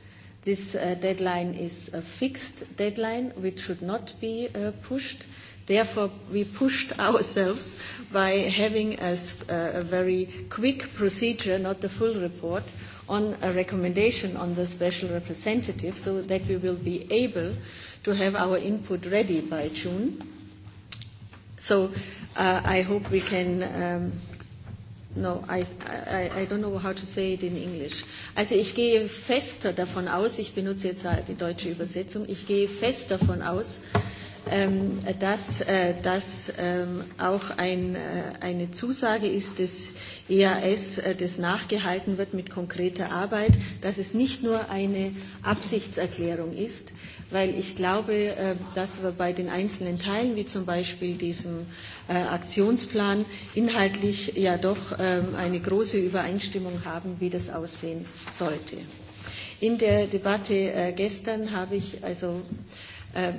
A: this uh, deadline is a fixed deadline which should not be uh, pushed. Therefore, we pushed ourselves by having a, a very quick procedure, not the full report, on a recommendation on the special representative so that we will be able to have our input ready by June. So uh, I hope we can. Um, no, I, I, I don't know how to say it in English. Also ich gehe fester davon aus, ich benutze jetzt die deutsche Übersetzung, ich gehe fest davon aus, ähm, dass äh, das ähm, auch ein, äh, eine Zusage ist des EAS, äh, das nachgehalten wird mit konkreter Arbeit, dass es nicht nur eine Absichtserklärung ist, weil ich glaube, äh, dass wir bei den einzelnen Teilen, wie zum Beispiel diesem äh, Aktionsplan, inhaltlich ja doch äh, eine große Übereinstimmung haben, wie das aussehen sollte. In der Debatte äh, gestern habe ich also äh,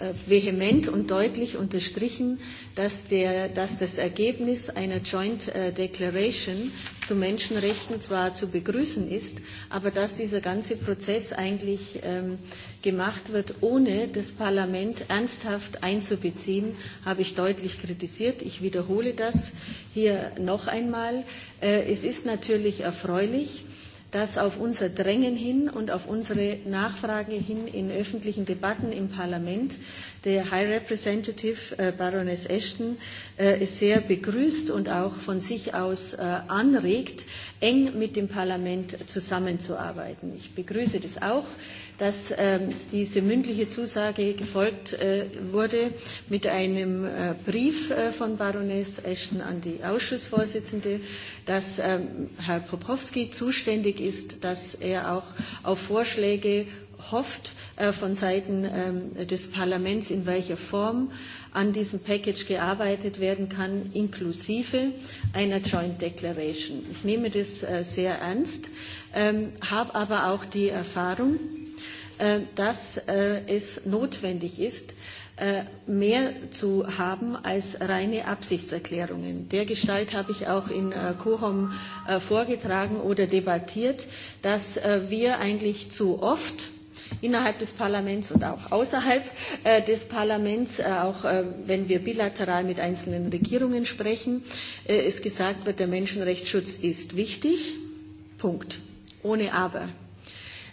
A: Äh, vehement und deutlich unterstrichen, dass, der, dass das Ergebnis einer Joint äh, Declaration zu Menschenrechten zwar zu begrüßen ist, aber dass dieser ganze Prozess eigentlich ähm, gemacht wird, ohne das Parlament ernsthaft einzubeziehen, habe ich deutlich kritisiert. Ich wiederhole das hier noch einmal. Äh, es ist natürlich erfreulich, dass auf unser Drängen hin und auf unsere Nachfrage hin in öffentlichen Debatten im Parlament der High Representative äh, Baroness Ashton es äh, sehr begrüßt und auch von sich aus äh, anregt, eng mit dem Parlament zusammenzuarbeiten. Ich begrüße das auch dass ähm, diese mündliche Zusage gefolgt äh, wurde mit einem äh, Brief äh, von Baroness Ashton an die Ausschussvorsitzende, dass ähm, Herr Popowski zuständig ist, dass er auch auf Vorschläge hofft äh, von Seiten ähm, des Parlaments, in welcher Form an diesem Package gearbeitet werden kann, inklusive einer Joint Declaration. Ich nehme das äh, sehr ernst, ähm, habe aber auch die Erfahrung, Äh, dass äh, es notwendig ist, äh, mehr zu haben als reine Absichtserklärungen. Der Gestalt habe ich auch in Kohom vorgetragen oder debattiert, dass wir eigentlich zu oft innerhalb des Parlaments und auch außerhalb äh, des Parlaments, äh, auch äh, wenn wir bilateral mit einzelnen Regierungen sprechen, äh, es gesagt wird, der Menschenrechtsschutz ist wichtig. Punkt. Ohne Aber.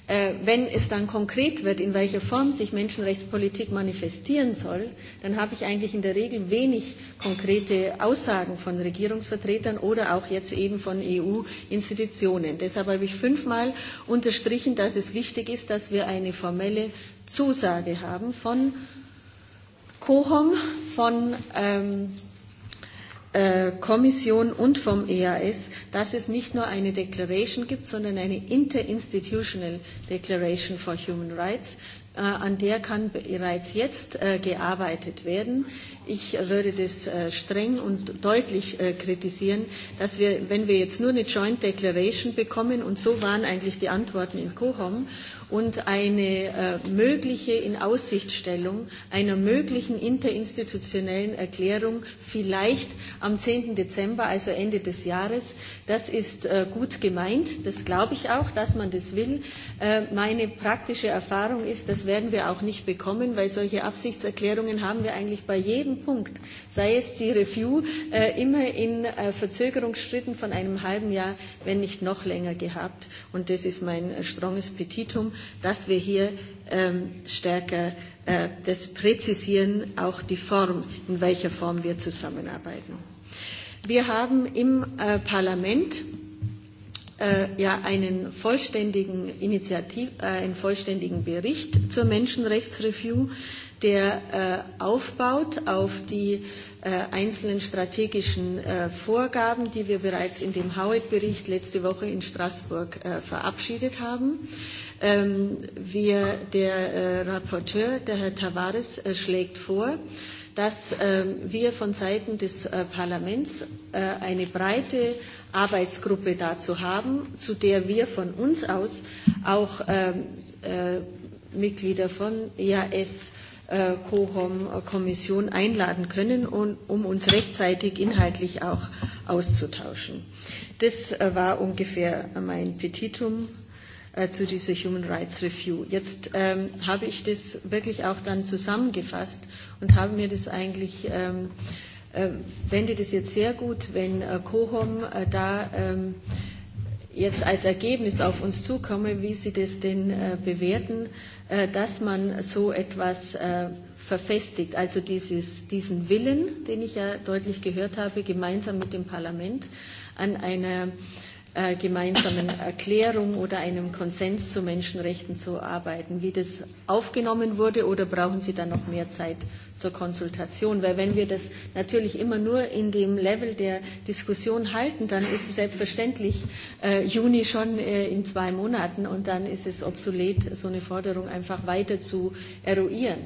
A: Äh, wenn es dann konkret wird, in welcher Form sich Menschenrechtspolitik manifestieren soll, dann habe ich eigentlich in der Regel wenig konkrete Aussagen von Regierungsvertretern oder auch jetzt eben von EU-Institutionen. Deshalb habe ich fünfmal unterstrichen, dass es wichtig ist, dass wir eine formelle Zusage haben von COHOM, von ähm, Äh, Kommission und vom EAS, dass es nicht nur eine Declaration gibt, sondern eine Interinstitutional Declaration for Human Rights, äh, an der kann bereits jetzt äh, gearbeitet werden. Ich würde das äh, streng und deutlich äh, kritisieren, dass wir, wenn wir jetzt nur eine Joint Declaration bekommen, und so waren eigentlich die Antworten in Kochom, und eine äh, mögliche Inaussichtstellung einer möglichen interinstitutionellen Erklärung vielleicht am 10. Dezember, also Ende des Jahres. Das ist äh, gut gemeint. Das glaube ich auch, dass man das will. Äh, meine praktische Erfahrung ist, das werden wir auch nicht bekommen, weil solche Absichtserklärungen haben wir eigentlich bei jedem Punkt, sei es die Review, äh, immer in äh, Verzögerungsschritten von einem halben Jahr, wenn nicht noch länger gehabt. Und das ist mein äh, stronges Petitum, dass wir hier ähm, stärker äh, das präzisieren, auch die Form, in welcher Form wir zusammenarbeiten. Wir haben im äh, Parlament äh, ja einen vollständigen, Initiativ, äh, einen vollständigen Bericht zur Menschenrechtsreview der äh, aufbaut auf die äh, einzelnen strategischen äh, Vorgaben, die wir bereits in dem Howitt-Bericht letzte Woche in Straßburg verabschiedet haben. Ähm, wir, der Rapporteur, der Herr Tavares, schlägt vor, dass ähm, wir von Seiten des Parlaments eine breite Arbeitsgruppe dazu haben, zu der wir von uns aus auch ähm, Mitglieder von EAS COHOM äh, äh, Kommission einladen können, um uns rechtzeitig inhaltlich auch auszutauschen. Das äh, war ungefähr mein Petitum zu dieser Human Rights Review. Jetzt ähm, habe ich das wirklich auch dann zusammengefasst und habe mir das eigentlich, ähm, äh, fände das jetzt sehr gut, wenn äh, COHOM äh, da äh, jetzt als Ergebnis auf uns zukomme, wie Sie das denn äh, bewerten, äh, dass man so etwas äh, verfestigt, also dieses, diesen Willen, den ich ja deutlich gehört habe, gemeinsam mit dem Parlament an einer Äh, gemeinsamen Erklärung oder einem Konsens zu Menschenrechten zu arbeiten, wie das aufgenommen wurde oder brauchen Sie dann noch mehr Zeit zur Konsultation? Weil wenn wir das natürlich immer nur in dem Level der Diskussion halten, dann ist es selbstverständlich äh, Juni schon äh, in zwei Monaten und dann ist es obsolet, so eine Forderung einfach weiter zu eruieren.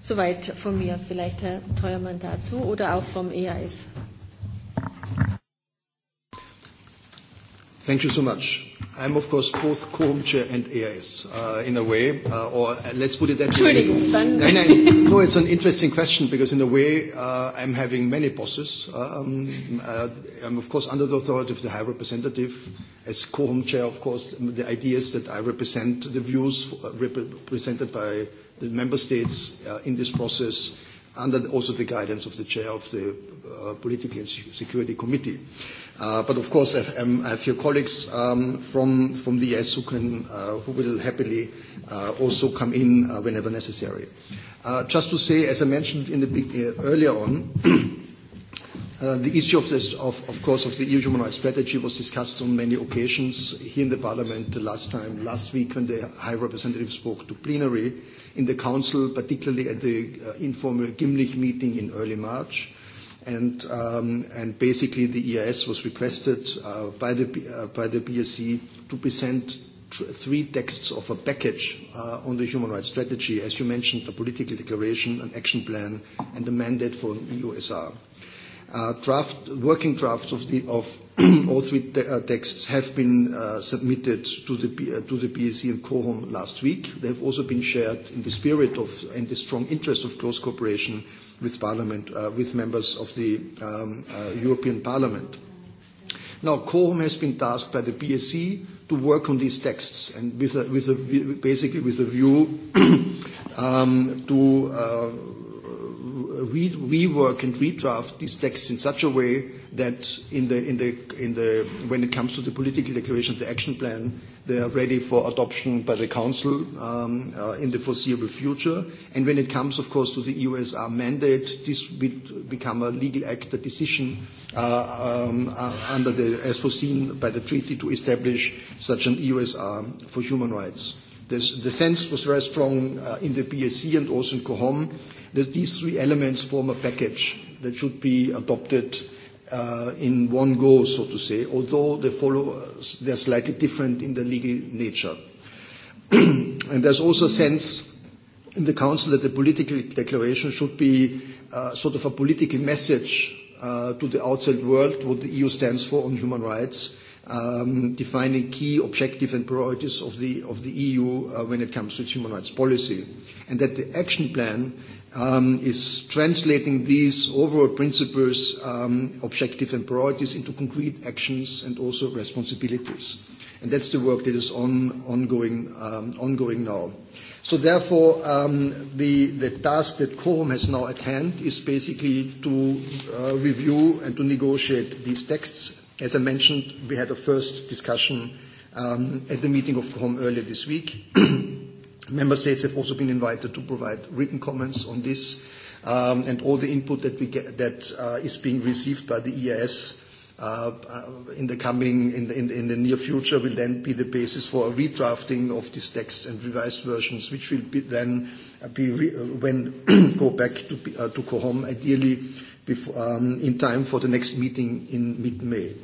A: Soweit von mir, vielleicht Herr Theuermann dazu oder auch vom EAS.
E: Thank you so much. I'm, of course, both co-chair and AIS, uh, in a way, uh, or uh, let's put it that way. Entschuldigung, dann. Nein, no, nein. No, no, it's an interesting question because, in a way, I'm having many bosses. Um, I'm, of course, under the authority of the High Representative. As co-chair, of course, the idea is that I represent the views represented by the member states in this process, under also the guidance of the chair of the Political and Security Committee. Uh, of course, I have um, your colleagues um, from the U.S. Uh, who will happily uh, also come in whenever necessary. Just to say, as I mentioned earlier on, the issue of this, of course, of the EU human rights strategy was discussed on many occasions here in the parliament the last time, last week when the High Representative spoke to plenary in the council, particularly at the informal Gymnich meeting in early March and um, and basically the EIS was requested uh, by the uh, by the BSC to be sent three texts of a package uh, on the human rights strategy, as you mentioned, a political declaration, an action plan, and a mandate for an EUSR. Uh, draft, working drafts of, the, of all three te- uh, texts have been uh, submitted to the, B- uh, to the BSC and COHOM last week. They have also been shared in the spirit of and the strong interest of close cooperation with Parliament, uh, with members of the um, uh, European Parliament. Now, Quorum has been tasked by the BSE to work on these texts, and with a, with a, basically with a view um, to uh, re- rework and redraft these texts in such a way that in the, in the, in the, when it comes to the political declaration, the action plan, They are ready for adoption by the Council um, uh, in the foreseeable future. When it comes, of course, to the EUSR mandate, this will become a legal act, the decision uh, um, uh, under the, as foreseen by the treaty, to establish such an EUSR for human rights. The sense was very strong in the BSC and also in Cohom, that these three elements form a package that should be adopted uh, in one go, so to say, although they follow, they're slightly different in the legal nature. and there's also a sense in the Council that the political declaration should be uh, sort of a political message uh, to the outside world, what the EU stands for on human rights, uh, um, defining key objectives and priorities of the, of the EU uh, when it comes to human rights policy, and that the action plan um, is translating these overall principles, um, objectives and priorities into concrete actions and also responsibilities. And that's the work that is on, ongoing, um, ongoing now. So therefore, um, the, the task that Quorum has now at hand is basically to uh, review and to negotiate these texts As I mentioned, we had a first discussion um, at the meeting of COHOM earlier this week. Member states have also been invited to provide written comments on this, um, and all the input that uh, is being received by the EIS uh, uh, in the coming, in the near future, will then be the basis for a redrafting of these texts and revised versions, which will then go back to COHOM, ideally before, um, in time for the next meeting in mid-May.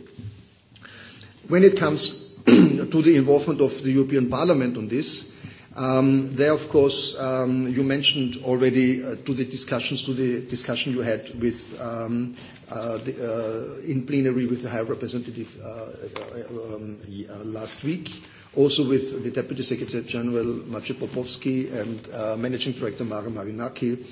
E: When it comes to the involvement of the European Parliament on this, um, there, of course, um, you mentioned already uh, to the discussions, to the discussion you had with um, uh, the, uh, in plenary with the High Representative uh, uh um, uh, last week, also with the Deputy Secretary General Maciej Popovsky and uh, Managing Director Mara Marinaki. Uh,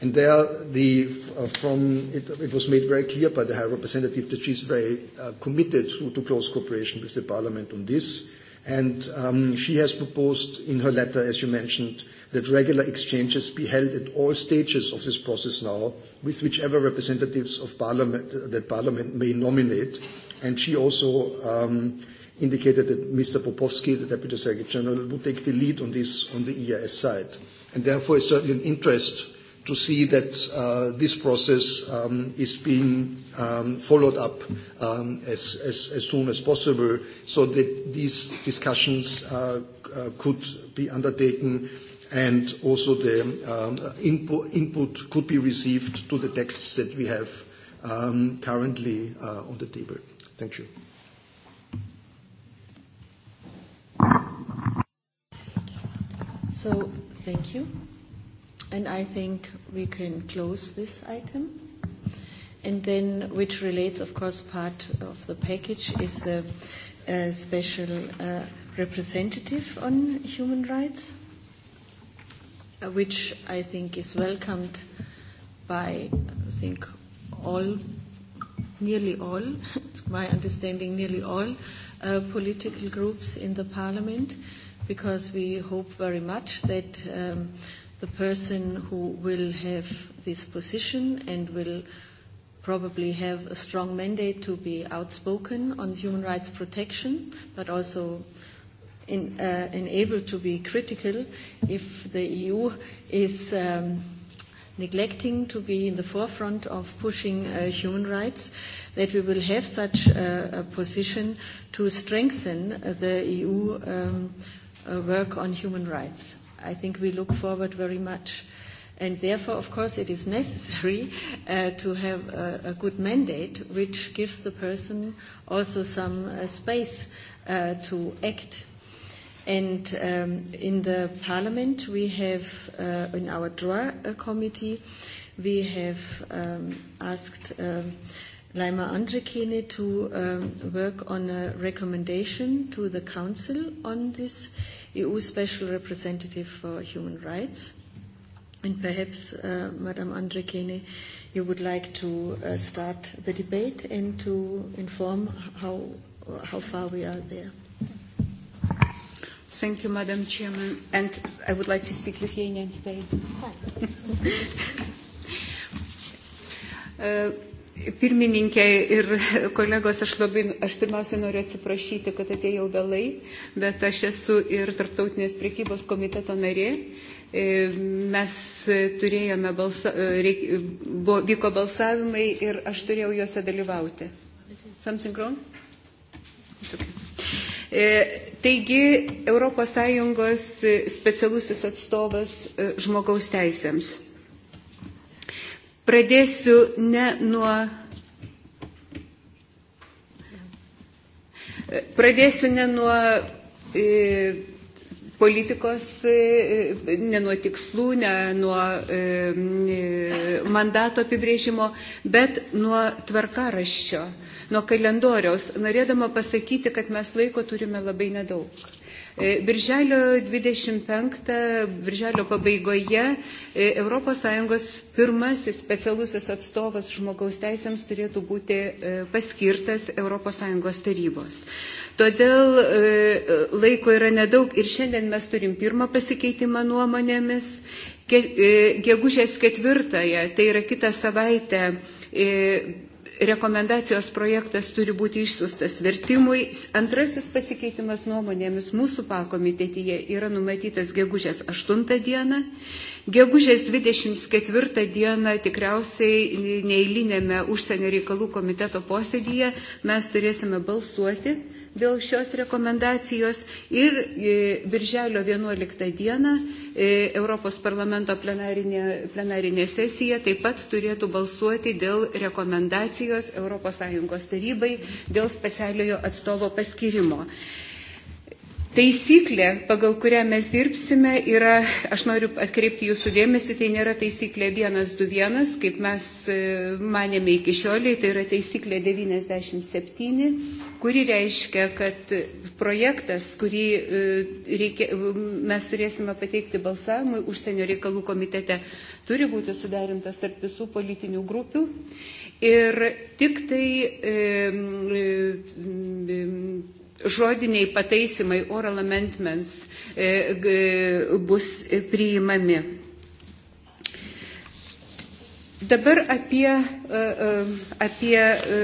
E: And there, the, uh, from, it, it was made very clear by the High Representative that she's very uh, committed to, to close cooperation with the Parliament on this. And um, she has proposed in her letter, as you mentioned, that regular exchanges be held at all stages of this process now with whichever representatives of Parliament, that Parliament may nominate. And she also um, indicated that Mr. Popovsky, the Deputy Secretary General, would take the lead on this on the EIS side. And therefore, it's certainly an interest to see that uh, this process um, is being um, followed up um, as, as, as soon as possible so that these discussions uh, uh, could be undertaken and also the um, input, input could be received to the texts that we have um, currently uh, on the table. Thank you.
A: So, thank you. I think we can close this item. Which relates, of course, part of the package is the uh, special uh, representative on human rights, uh, which I think is welcomed by, I think, all, nearly all, it's my understanding, nearly all political groups in the parliament, because we hope very much that um, the person who will have this position and will probably have a strong mandate to be outspoken on human rights protection, but also in, uh, and able to be critical if the EU is um, neglecting to be in the forefront of pushing uh, human rights, that we will have such uh, a position to strengthen uh, the EU um, uh, work on human rights. I think we look forward very much. And therefore, of course, it is necessary uh, to have a, a good mandate which gives the person also some uh, space uh, to act. And um, in the parliament, we have, uh, in our drawer uh, committee, we have um, asked um, Laima Andrekene to um, work on a recommendation to the council on this issue. EU Special Representative for Human Rights. And perhaps, uh, Madame Andrekene, you would like to uh, start the debate and to inform how,
C: how far we are there. Thank you, Madam Chairman. And I would like to speak Lithuanian today. Hi. uh, Pirmininkė ir kolegos, aš, labai, aš pirmiausia noriu atsiprašyti, kad atėjau vėlai, bet aš esu ir Tartautinės priekybos komiteto narė. E, mes turėjome balsą, e, reik, buvo, vyko balsavimai ir aš turėjau juose dalyvauti. Samsung Room? E, taigi, ES specialusis atstovas žmogaus teisėms. Pradėsiu ne nuo. Pradėsiu ne nuo e, politikos, e, e, ne nuo tikslų, ne nuo mandato apibrėžimo, bet nuo tvarkaraščio, nuo kalendoriaus, norėdama pasakyti, kad mes laiko turime labai nedaug. E, birželio 25, birželio pabaigoje ES pirmasis specialusis atstovas žmogaus teisėms turėtų būti e, paskirtas ES tarybos. Todėl e, laiko yra nedaug ir šiandien mes turim pirmą pasikeitimą nuomonėmis. Gegužės ketvirtąją, tai yra kitą savaitę, rekomendacijos projektas turi būti išsiustas vertimui. Antrasis pasikeitimas nuomonėmis mūsų pakomitetyje yra numatytas gegužės 8 dieną. Gegužės 24 dieną tikriausiai neįlinėme užsienio reikalų komiteto posėdyje mes turėsime balsuoti dėl šios rekomendacijos ir e, birželio 11 dieną e, Europos parlamento plenarinė, plenarinė sesija taip pat turėtų balsuoti dėl rekomendacijos ES tarybai dėl specialiojo atstovo paskirimo. Taisyklė, pagal kurią mes dirbsime, yra, aš noriu atkreipti jūsų dėmesį, tai nėra taisyklė 121, kaip mes e, manėme iki šioliai, tai yra taisyklė 97, kuri reiškia, kad projektas, kurį e, reikia, mes turėsime pateikti balsavimui užsienio reikalų komitete, turi būti sudarintas tarp visų politinių grupių. Ir tik tai e, e, e, žodiniai pataisimai, oral amendments e, bus priimami. Dabar apie E, e, apie e,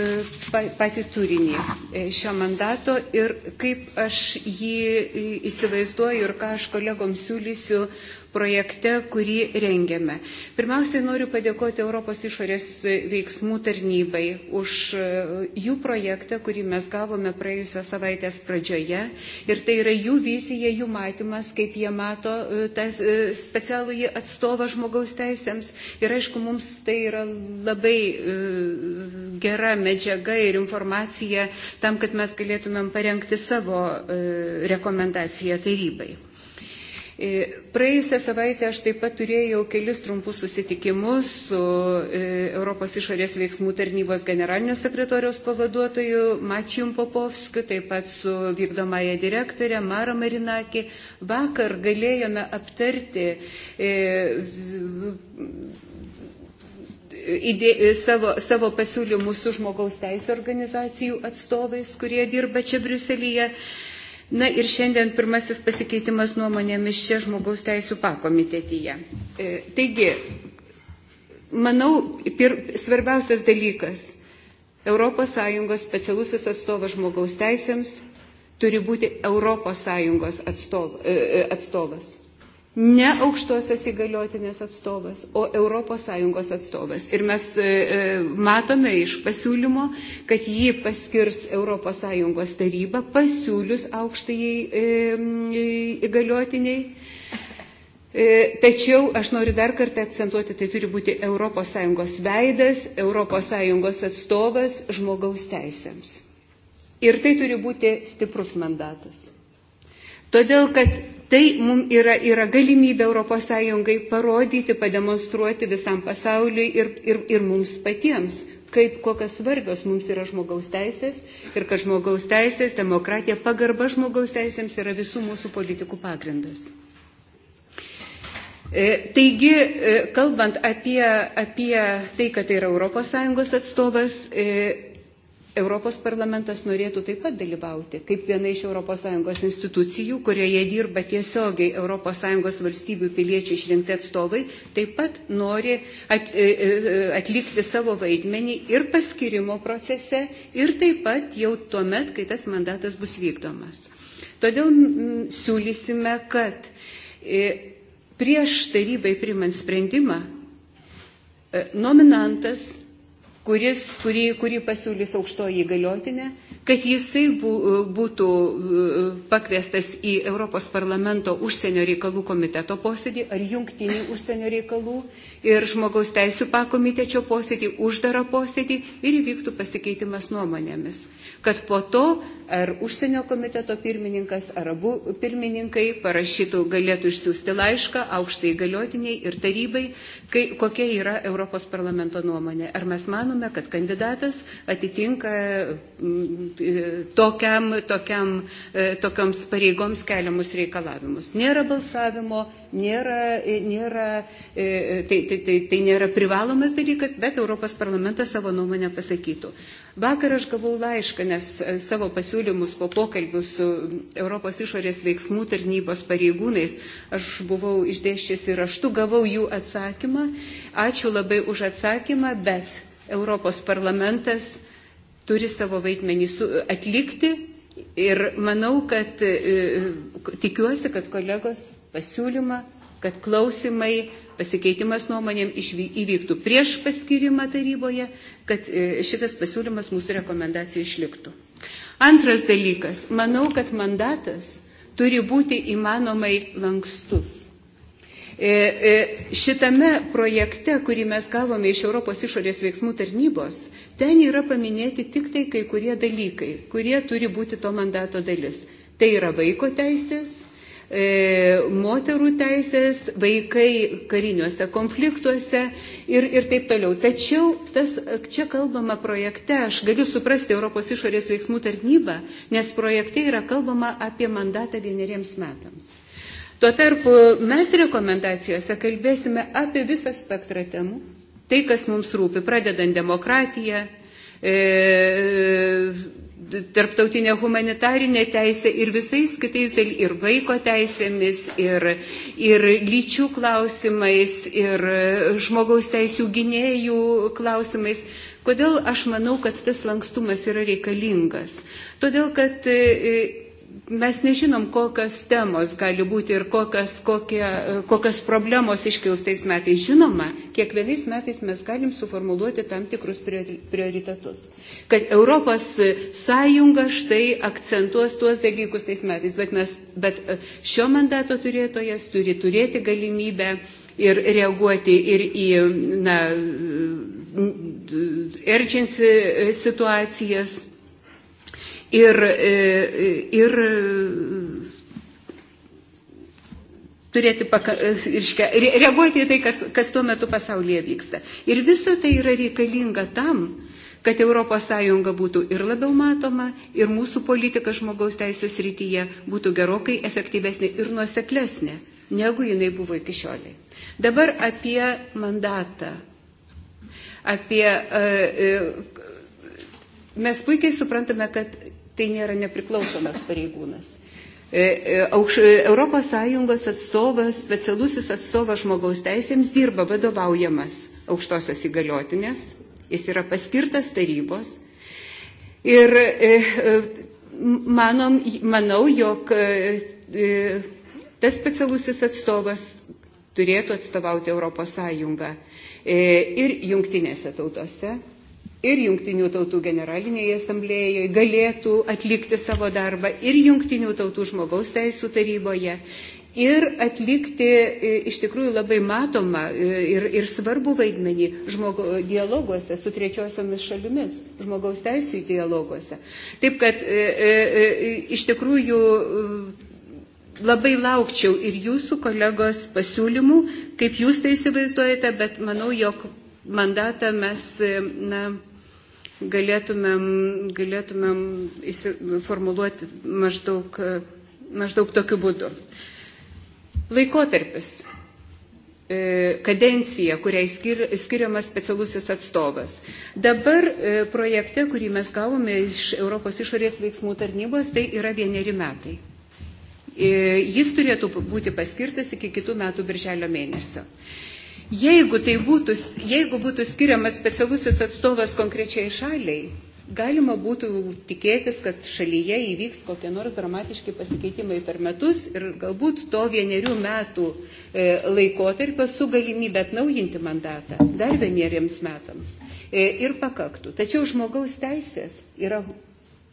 C: patį turinį šio mandato ir kaip aš jį įsivaizduoju ir ką aš kolegoms siūlysiu projekte, kurį rengiame. Pirmiausiai noriu padėkoti Europos išorės veiksmų tarnybai už jų projektą, kurį mes gavome praėjusią savaitės pradžioje. Ir tai yra jų vizija, jų matymas, kaip jie mato tas specialųjį atstovą žmogaus teisėms. Ir aišku, mums tai yra labai E, gera medžiaga ir informacija tam, kad mes galėtumėm parengti savo e, rekomendaciją tarybai. E, praėjusią savaitę aš taip pat turėjau kelis trumpus susitikimus su Europos išorės veiksmų tarnybos generalinio sekretoriaus pavaduotoju Mačium Popovskiu, taip pat su vykdomąją direktorę Mara Marinakį. Vakar galėjome aptarti įdė, e, savo, savo pasiūlymus su žmogaus teisų organizacijų atstovais, kurie dirba čia Briuselyje. Na ir šiandien pirmasis pasikeitimas nuomonėmis čia žmogaus teisų pakomitetyje. E, taigi, manau, pir, svarbiausias dalykas - ES specialusis atstovas žmogaus teisėms turi būti ES e, atstovas. atstovas ne aukštosios įgaliotinės atstovas, o ES atstovas. Ir mes e, e, matome iš pasiūlymo, kad jį paskirs ES taryba, pasiūlius aukštai e, įgaliotiniai. E, tačiau aš noriu dar kartą akcentuoti, tai turi būti ES veidas, ES atstovas žmogaus teisėms. Ir tai turi būti stiprus mandatas. Todėl, kad Tai mums yra, yra galimybė ES parodyti, pademonstruoti visam pasauliui ir, ir, ir mums patiems, kaip kokios svarbios mums yra žmogaus teisės ir kad žmogaus teisės, demokratija, pagarba žmogaus teisėms yra visų mūsų politikų pagrindas. E, taigi, e, kalbant apie, apie tai, kad tai yra ES atstovas, e, Europos parlamentas norėtų taip pat dalyvauti, kaip viena iš ES institucijų, kurioje dirba tiesiogiai ES valstybių piliečių išrinkti atstovai, taip pat nori at, e, e, atlikti savo vaidmenį ir paskirimo procese, ir taip pat jau tuo met, kai tas mandatas bus vykdomas. Todėl siūlysime, kad e, prieš tarybai primant sprendimą nominantas kuris, kurį, kurį pasiūlys aukštoji įgaliotinė, kad jisai būtų e, pakviestas į Europos parlamento užsienio reikalų komiteto posėdį ar jungtinį užsienio reikalų ir žmogaus teisų pakomitečio posėdį, uždarą posėdį ir įvyktų pasikeitimas nuomonėmis. Kad po to ar užsienio komiteto pirmininkas, ar abu pirmininkai parašytų, galėtų išsiųsti laišką aukštai galiotiniai ir tarybai, kai, kokia yra Europos parlamento nuomonė. Ar mes manome, kad kandidatas atitinka mm, tokiam, tokiam, e, tokiams pareigoms keliamus reikalavimus. Nėra balsavimo, nėra, nėra, e, tai, tai, tai, tai nėra privalomas dalykas, bet Europos parlamentas savo nuomonę pasakytų. Vakar aš gavau laišką, nes e, savo pasiūlymus po pokalbių su Europos išorės veiksmų tarnybos pareigūnais aš buvau išdėšęs ir raštu, gavau jų atsakymą. Ačiū labai už atsakymą, bet Europos parlamentas turi savo vaidmenį atlikti ir manau, kad e, tikiuosi, kad kolegos pasiūlymą, kad klausimai, pasikeitimas nuomonėm įvyktų prieš paskirimą taryboje, kad e, šitas pasiūlymas mūsų rekomendacijai išliktų. Antras dalykas. Manau, kad mandatas turi būti įmanomai lankstus. E, e, šitame projekte, kurį mes gavome iš Europos išorės veiksmų tarnybos, ten yra paminėti tik tai kai kurie dalykai, kurie turi būti to mandato dalis. Tai yra vaiko teisės, E, moterų teisės, vaikai kariniuose konfliktuose ir, ir taip toliau. Tačiau tas, čia kalbama projekte, aš galiu suprasti Europos išorės veiksmų tarnybą, nes projekte yra kalbama apie mandatą vieneriems metams. Tuo tarpu mes rekomendacijose kalbėsime apie visą spektrą temų, tai kas mums rūpi, pradedant demokratiją. E, tarptautinė humanitarinė teisė ir visais kitais dėl ir vaiko teisėmis, ir, ir lyčių klausimais, ir žmogaus teisų gynėjų klausimais. Kodėl aš manau, kad tas lankstumas yra reikalingas? Todėl, kad e, mes nežinom, kokios temos gali būti ir kokios, kokie, kokios problemos iškils tais metais. Žinoma, kiekvienais metais mes galim suformuluoti tam tikrus prioritetus. Kad Europos sąjunga štai akcentuos tuos dalykus tais metais, bet, mes, bet e, šio mandato turėtojas turi turėti galimybę. Ir reaguoti ir į na, erdžiansi situacijas, Ir, e, ir e, turėti, paka, e, irškia, reaguoti į tai, kas, kas tuo metu pasaulyje vyksta. Ir visa tai yra reikalinga tam, kad ES būtų ir labiau matoma, ir mūsų politika žmogaus teisės rytyje būtų gerokai efektyvesnė ir nuoseklesnė, negu jinai buvo iki šioliai. Dabar apie mandatą. Apie, e, e, mes puikiai suprantame, kad tai nėra nepriklausomas pareigūnas. E, e, e, Europos Sąjungos atstovas, specialusis atstovas žmogaus teisėms dirba vadovaujamas aukštosios įgaliotinės, jis yra paskirtas tarybos. Ir manom, manau, jog tas specialusis atstovas turėtų atstovauti Europos Sąjungą ir jungtinėse tautose, ir jungtinių tautų generalinėje asamblėjoje galėtų atlikti savo darbą ir jungtinių tautų žmogaus teisų taryboje. Ir atlikti e, iš tikrųjų labai matomą e, ir, ir svarbų vaidmenį žmogu, dialoguose su trečiosiomis šalimis, žmogaus teisų dialoguose. Taip kad e, iš tikrųjų labai laukčiau ir jūsų kolegos pasiūlymų, kaip jūs tai įsivaizduojate, bet manau, jog mandatą mes e, na, galėtumėm, galėtumėm formuluoti maždaug, e, maždaug tokiu būdu. Laikotarpis e, kadencija, kuriai skiriamas specialusis atstovas. Dabar projekte, kurį mes gavome iš Europos išorės veiksmų tarnybos, tai yra vieneri metai. Jis turėtų būti paskirtas iki kitų metų birželio mėnesio. Jeigu, tai būtų, jeigu būtų skiriamas specialusis atstovas konkrečiai šaliai, galima būtų tikėtis, kad šalyje įvyks kokie nors dramatiški pasikeitimai per metus ir galbūt to vienerių metų e, laikotarpio su galimybė atnaujinti mandatą dar vieneriems metams e, ir pakaktų. Tačiau žmogaus teisės yra,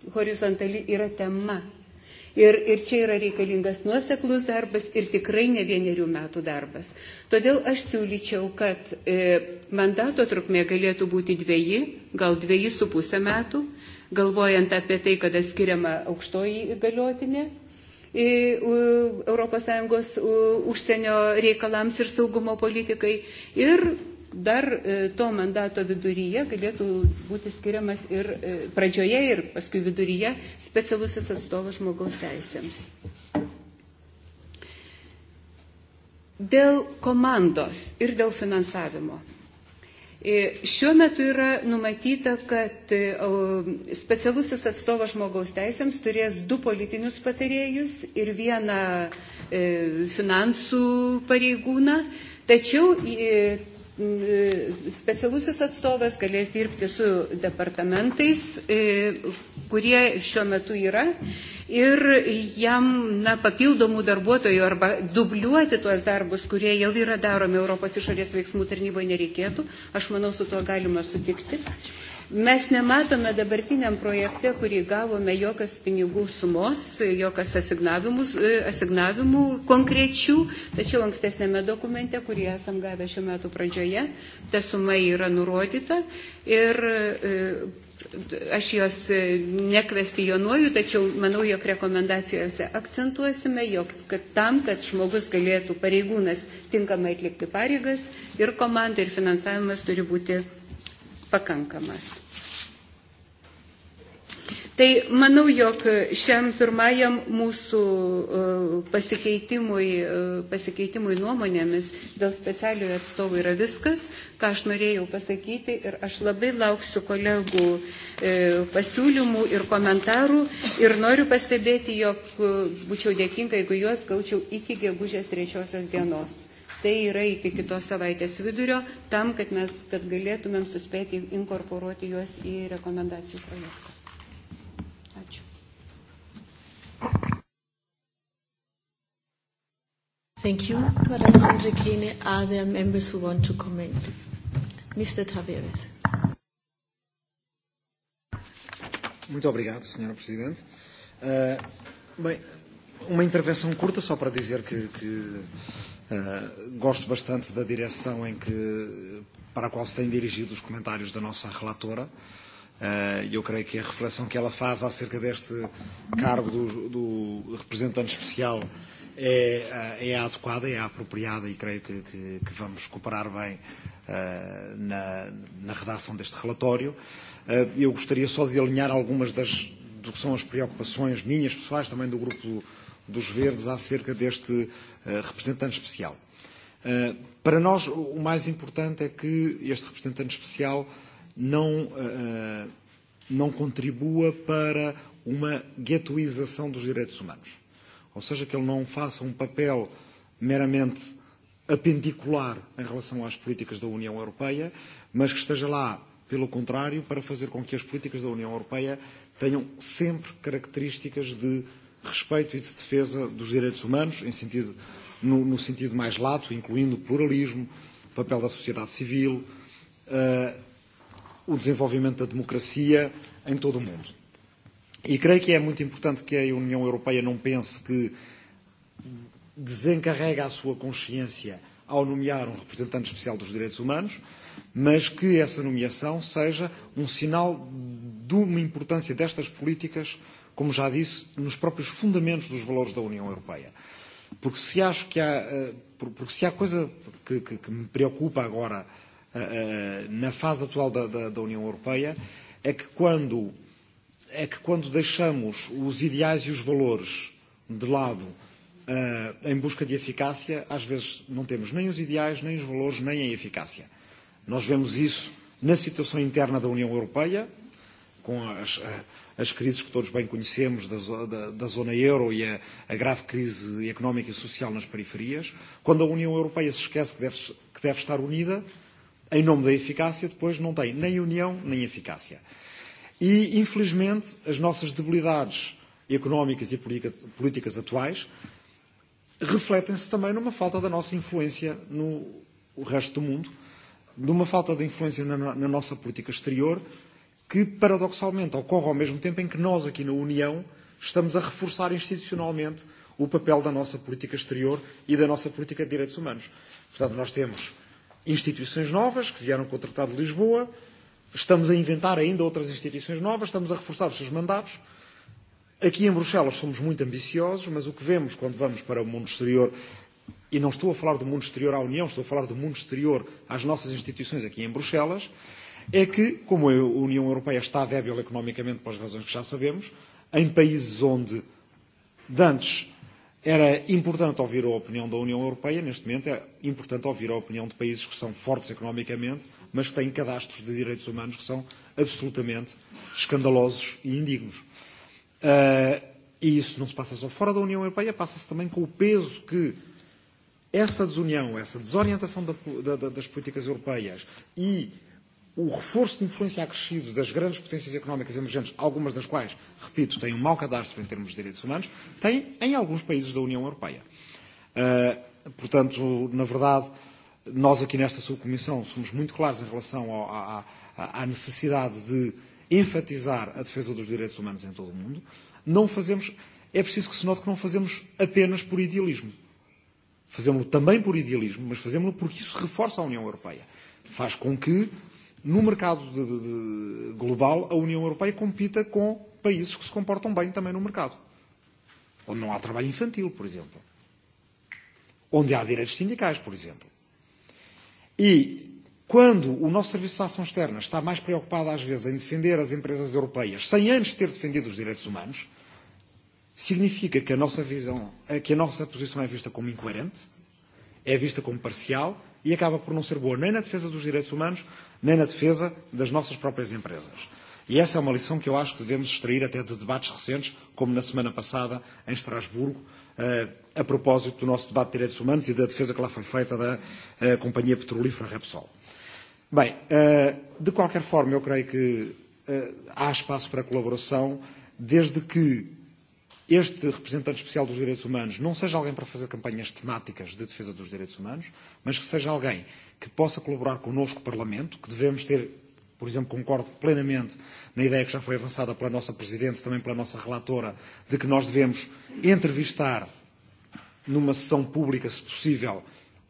C: yra tema, Ir, ir čia yra reikalingas nuoseklus darbas ir tikrai ne vienerių metų darbas. Todėl aš siūlyčiau, kad e, mandato trukmė galėtų būti dviejį, gal dviejį su pusę metų, galvojant apie tai, kada skiriama aukštoji galiotinė e, Europos Sąjungos užsienio reikalams ir saugumo politikai. Ir dar e, to mandato viduryje galėtų būti skiriamas ir e, pradžioje, ir paskui viduryje specialusis atstovas žmogaus teisėms. Dėl komandos ir dėl finansavimo. E, šiuo metu yra numatyta, kad specialusis atstovas žmogaus teisėms turės du politinius patarėjus ir vieną finansų pareigūną, tačiau Mm, specialusis atstovas galės dirbti su departamentais, e, kurie šiuo metu yra ir jam na, papildomų darbuotojų arba dubliuoti tuos darbus, kurie jau yra daromi Europos išorės veiksmų tarnyboje nereikėtų. Aš manau, su tuo galima sutikti. Ačiū. Mes nematome dabartiniam projekte, kurį gavome jokios pinigų sumos, jokios e, asignavimų konkrečių, tačiau ankstesnėme dokumente, kurį esam gavę šiuo metu pradžioje, ta suma yra nurodyta ir e, aš jos e, nekvestijonuoju, tačiau manau, jog rekomendacijose akcentuosime, jog kad tam, kad žmogus galėtų pareigūnas tinkamai atlikti pareigas ir komanda ir finansavimas turi būti pakankamas. Tai manau, jog šiam pirmajam mūsų e, pasikeitimui, e, pasikeitimui nuomonėmis dėl specialiųjų atstovų yra viskas, ką aš norėjau pasakyti ir aš labai lauksiu kolegų e, pasiūlymų ir komentarų ir noriu pastebėti, jog būčiau dėkinga, jeigu juos gaučiau iki gegužės trečiosios dienos. Tai yra iki kitos savaitės vidurio, tam, kad mes kad galėtumėm suspėti inkorporuoti juos į rekomendacijų projektą.
A: Thank you, Madam Andrikien. Are there members who want to comment? Mr. Taveras.
F: Muito obrigado, Senhora Presidente. Eh, uma intervenção curta só para dizer que eh, gosto bastante da direção em que para a qual se têm dirigido os comentários da nossa relatora. Eh, e eu creio que a reflexão que ela faz acerca deste cargo do, do representante especial é, eh, é adequada, é apropriada e creio que, que, que vamos cooperar bem é, eh, na, na redação deste relatório. É, eu gostaria só de alinhar algumas das do que são as preocupações minhas pessoais, também do grupo dos Verdes, acerca deste é, representante especial. É, para nós, o mais importante é que este representante especial não, uh, não contribua para uma guetoização dos direitos humanos. Ou seja, que ele não faça um papel meramente apendicular em relação às políticas da União Europeia, mas que esteja lá, pelo contrário, para fazer com que as políticas da União Europeia tenham sempre características de respeito e de defesa dos direitos humanos, em sentido, no, no sentido mais lato, incluindo o pluralismo, o papel da sociedade civil, uh, o desenvolvimento da democracia em todo o mundo. E creio que é muito importante que a União Europeia não pense que desencarrega a sua consciência ao nomear um representante especial dos direitos humanos, mas que essa nomeação seja um sinal de uma importância destas políticas, como já disse, nos próprios fundamentos dos valores da União Europeia. Porque se, acho que há, eh, porque se há coisa que, que, que me preocupa agora uh, Eh, eh, na fase atual da, da, da União Europeia é que, quando, é que quando deixamos os ideais e os valores de lado uh, em busca de eficácia, às vezes não temos nem os ideais, nem os valores, nem a eficácia. Nós vemos isso na situação interna da União Europeia, com as, as crises que todos bem conhecemos da, da, da zona euro e a, a grave crise económica e social nas periferias, quando a União Europeia se esquece que deve, que deve estar unida em nome da eficácia, depois não tem nem união nem eficácia. E, infelizmente, as nossas debilidades económicas e políticas atuais refletem-se também numa falta da nossa influência no resto do mundo, numa falta de influência na, na nossa política exterior, que, paradoxalmente, ocorre ao mesmo tempo em que nós, aqui na União, estamos a reforçar institucionalmente o papel da nossa política exterior e da nossa política de direitos humanos. Portanto, nós temos instituições novas que vieram com o Tratado de Lisboa, estamos a inventar ainda outras instituições novas, estamos a reforçar os seus mandatos. Aqui em Bruxelas somos muito ambiciosos, mas o que vemos quando vamos para o mundo exterior, e não estou a falar do mundo exterior à União, estou a falar do mundo exterior às nossas instituições aqui em Bruxelas, é que, como a União Europeia está débil economicamente, pelas razões que já sabemos, em países onde, dantes, Era importante ouvir a opinião da União Europeia, neste momento é importante ouvir a opinião de países que são fortes economicamente, mas que têm cadastros de direitos humanos que são absolutamente escandalosos e indignos. Uh, e isso não se passa só fora da União Europeia, passa-se também com o peso que essa desunião, essa desorientação da, da, das políticas europeias e o reforço de influência acrescido das grandes potências económicas emergentes, algumas das quais, repito, têm um mau cadastro em termos de direitos humanos, tem em alguns países da União Europeia. Uh, portanto, na verdade, nós aqui nesta subcomissão somos muito claros em relação ao, à, à necessidade de enfatizar a defesa dos direitos humanos em todo o mundo. Não fazemos, é preciso que se note que não fazemos apenas por idealismo. Fazemos-lo também por idealismo, mas fazemos-lo porque isso reforça a União Europeia. Faz com que no mercado de, de, de global, a União Europeia compita com países que se comportam bem também no mercado. Onde não há trabalho infantil, por exemplo. Onde há direitos sindicais, por exemplo. E quando o nosso Serviço de Ação Externa está mais preocupado, às vezes, em defender as empresas europeias sem antes ter defendido os direitos humanos, significa que a nossa visão, que a nossa posição é vista como incoerente, é vista como parcial e acaba por não ser boa nem na defesa dos direitos humanos, nem na defesa das nossas próprias empresas. E essa é uma lição que eu acho que devemos extrair até de debates recentes, como na semana passada em Estrasburgo, eh, a propósito do nosso debate de direitos humanos e da defesa que lá foi feita da eh, Companhia Petrolífera Repsol. Bem, eh, de qualquer forma, eu creio que há espaço para colaboração, desde que este representante especial dos direitos humanos não seja alguém para fazer campanhas temáticas de defesa dos direitos humanos, mas que seja alguém que possa colaborar connosco, Parlamento, que devemos ter, por exemplo, concordo plenamente na ideia que já foi avançada pela nossa Presidente, também pela nossa Relatora, de que nós devemos entrevistar, numa sessão pública, se possível,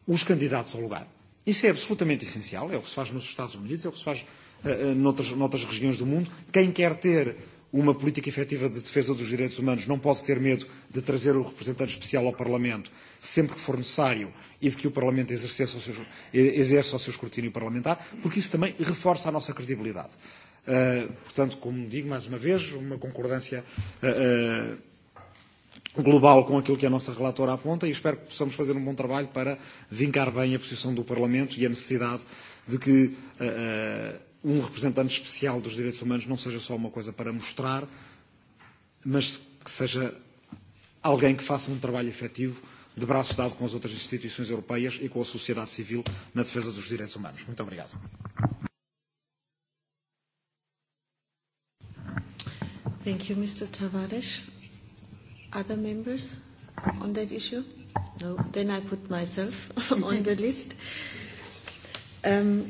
F: os candidatos ao lugar. Isso é absolutamente essencial, é o que se faz nos Estados Unidos, é o que se faz uh, noutras, noutras regiões do mundo. Quem quer ter uma política efetiva de defesa dos direitos humanos não pode ter medo de trazer o representante especial ao Parlamento sempre que for necessário e de que o Parlamento exerça o seu, exerça o seu escrutínio parlamentar, porque isso também reforça a nossa credibilidade. Uh, portanto, como digo mais uma vez, uma concordância uh, global com aquilo que a nossa relatora aponta e espero que possamos fazer um bom trabalho para vincar bem a posição do Parlamento e a necessidade de que. Uh, uh, um representante especial dos direitos humanos não seja só uma coisa para mostrar, mas que seja alguém que faça um trabalho efetivo de braço dado com as outras instituições europeias e com a sociedade civil na defesa dos direitos humanos. Muito obrigado.
A: Thank you, Mr. Tavares. Other members on that issue? No. Then I put myself on the list. Um,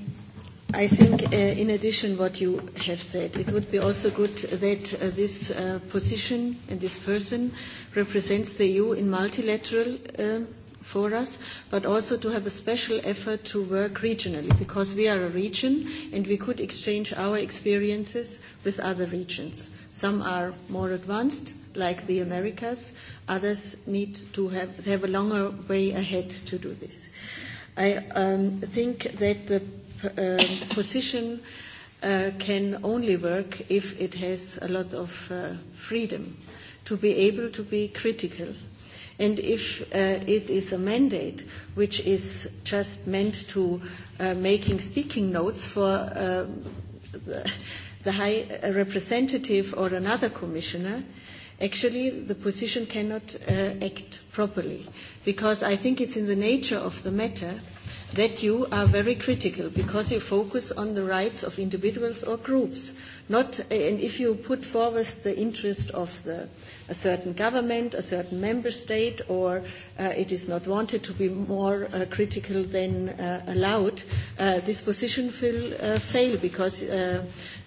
A: I think, uh, in addition to what you have said, it would be also good that uh, this uh, position and this person represents the EU in multilateral uh, for us, but also to have a special effort to work regionally, because we are a region and we could exchange our experiences with other regions. Some are more advanced, like the Americas. Others need to have, have a longer way ahead to do this. I um, think that the Um, position uh, can only work if it has a lot of uh, freedom to be able to be critical. And if uh, it is a mandate which is just meant to uh, making speaking notes for uh, the high uh, representative or another commissioner, actually the position cannot uh, act properly. Because I think it's in the nature of the matter that you are very critical because you focus on the rights of individuals or groups. Not, and if you put forward the interest of the, a certain government, a certain member state, or uh, it is not wanted to be more uh, critical than uh, allowed, uh, this position will uh, fail because uh,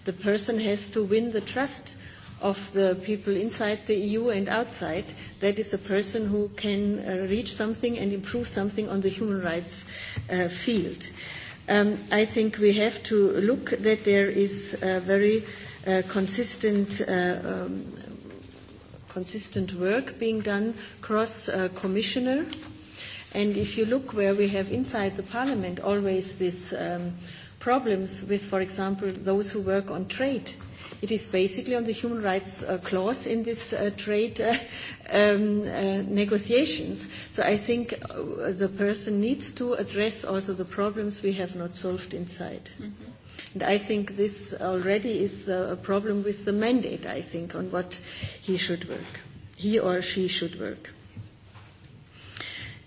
A: the person has to win the trust uh, of the people inside the EU and outside, that is a person who can uh, reach something and improve something on the human rights uh, field. Um, I think we have to look that there is a very uh, consistent, uh, um, consistent work being done across uh, commissioner. And if you look where we have inside the parliament always these um, problems with, for example, those who work on trade – it is basically on the human rights uh, clause in this uh, trade uh, um, uh, negotiations. So I think uh, the person needs to address also the problems we have not solved inside. Mm-hmm. And I think this already is uh, a problem with the mandate, I think, on what he should work, he or she should work.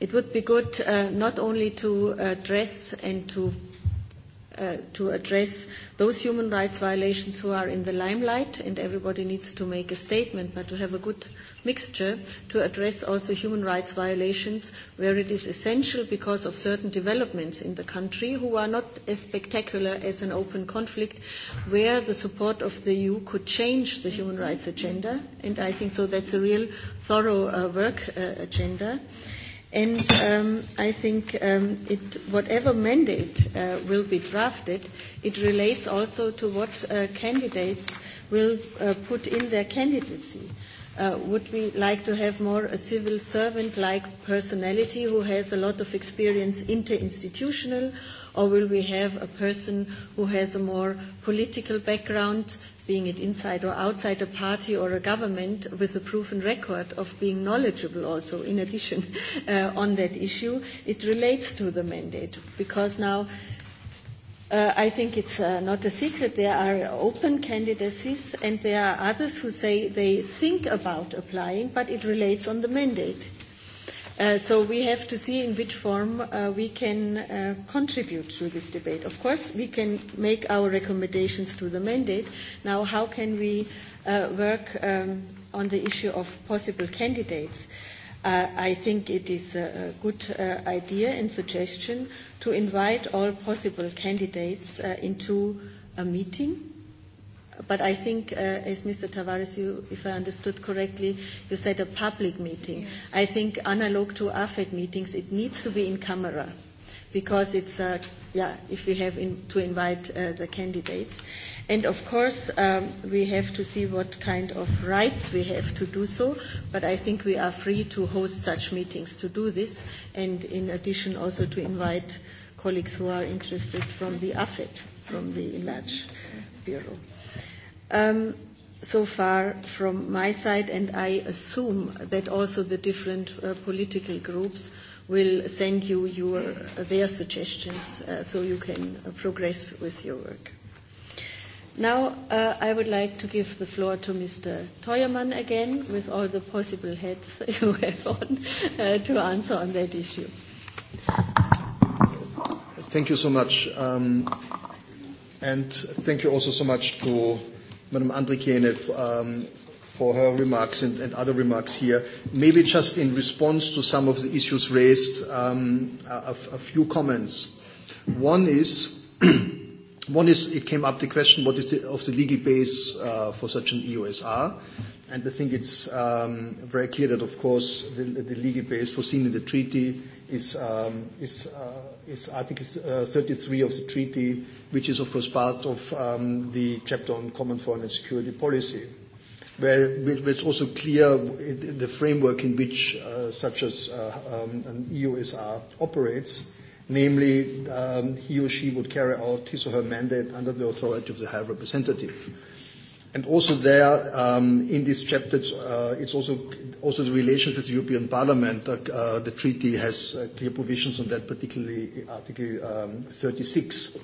A: It would be good uh, not only to address and to uh, to address those human rights violations who are in the limelight, and everybody needs to make a statement, but to have a good mixture to address also human rights violations where it is essential because of certain developments in the country who are not as spectacular as an open conflict where the support of the EU could change the human rights agenda. And I think so that's a real thorough uh, work uh, agenda. Uh, And um, I think um, it, whatever mandate uh, will be drafted, it relates also to what uh, candidates will uh, put in their candidacy. Uh, would we like to have more a civil servant-like personality who has a lot of experience inter-institutional, or will we have a person who has a more political background being it inside or outside a party or a government with a proven record of being knowledgeable also in addition uh, on that issue, it relates to the mandate because now uh, I think it's uh, not a secret. There are open candidacies and there are others who say they think about applying, but it relates on the mandate. Uh, so we have to see in which form uh, we can uh, contribute to this debate. Of course, we can make our recommendations to the mandate. Now, how can we uh, work um, on the issue of possible candidates? Uh, I think it is a good uh, idea and suggestion to invite all possible candidates uh, into a meeting but I think, uh, as Mr. Tavares, you, if I understood correctly, you said a public meeting. Yes. I think analog to AFED meetings, it needs to be in camera because it's, uh, yeah, if we have in, to invite uh, the candidates. And of course, um, we have to see what kind of rights we have to do so, but I think we are free to host such meetings to do this, and in addition also to invite colleagues who are interested from the AFED, from the Enlarge Bureau. Um, so far from my side, and I assume that also the different uh, political groups will send you your, uh, their suggestions, uh, so you can uh, progress with your work. Now, I would like to give the floor to Mr. Teuermann again, with all the possible hats you have on, to answer on that issue.
E: Thank you so much. Um, thank you also so much to Madam Andrikien, um, for her remarks and other remarks here. Maybe just in response to some of the issues raised, um, a few comments. One is, it came up the question, what is of the legal base uh, for such an EOSR? I think it's um, very clear that, of course, the legal base foreseen in the treaty is uh, is Article uh, 33 of the treaty, which is of course part of um, the chapter on common foreign and security policy, where, where it's also clear the framework in which uh, such as uh, um, an EUSR operates, namely um, he or she would carry out his or her mandate under the authority of the High Representative. Mm-hmm. And also there, um, in this chapter, it's, uh, it's also also the relations with the European Parliament. Uh, uh, the treaty has uh, clear provisions on that, particularly Article um, 36.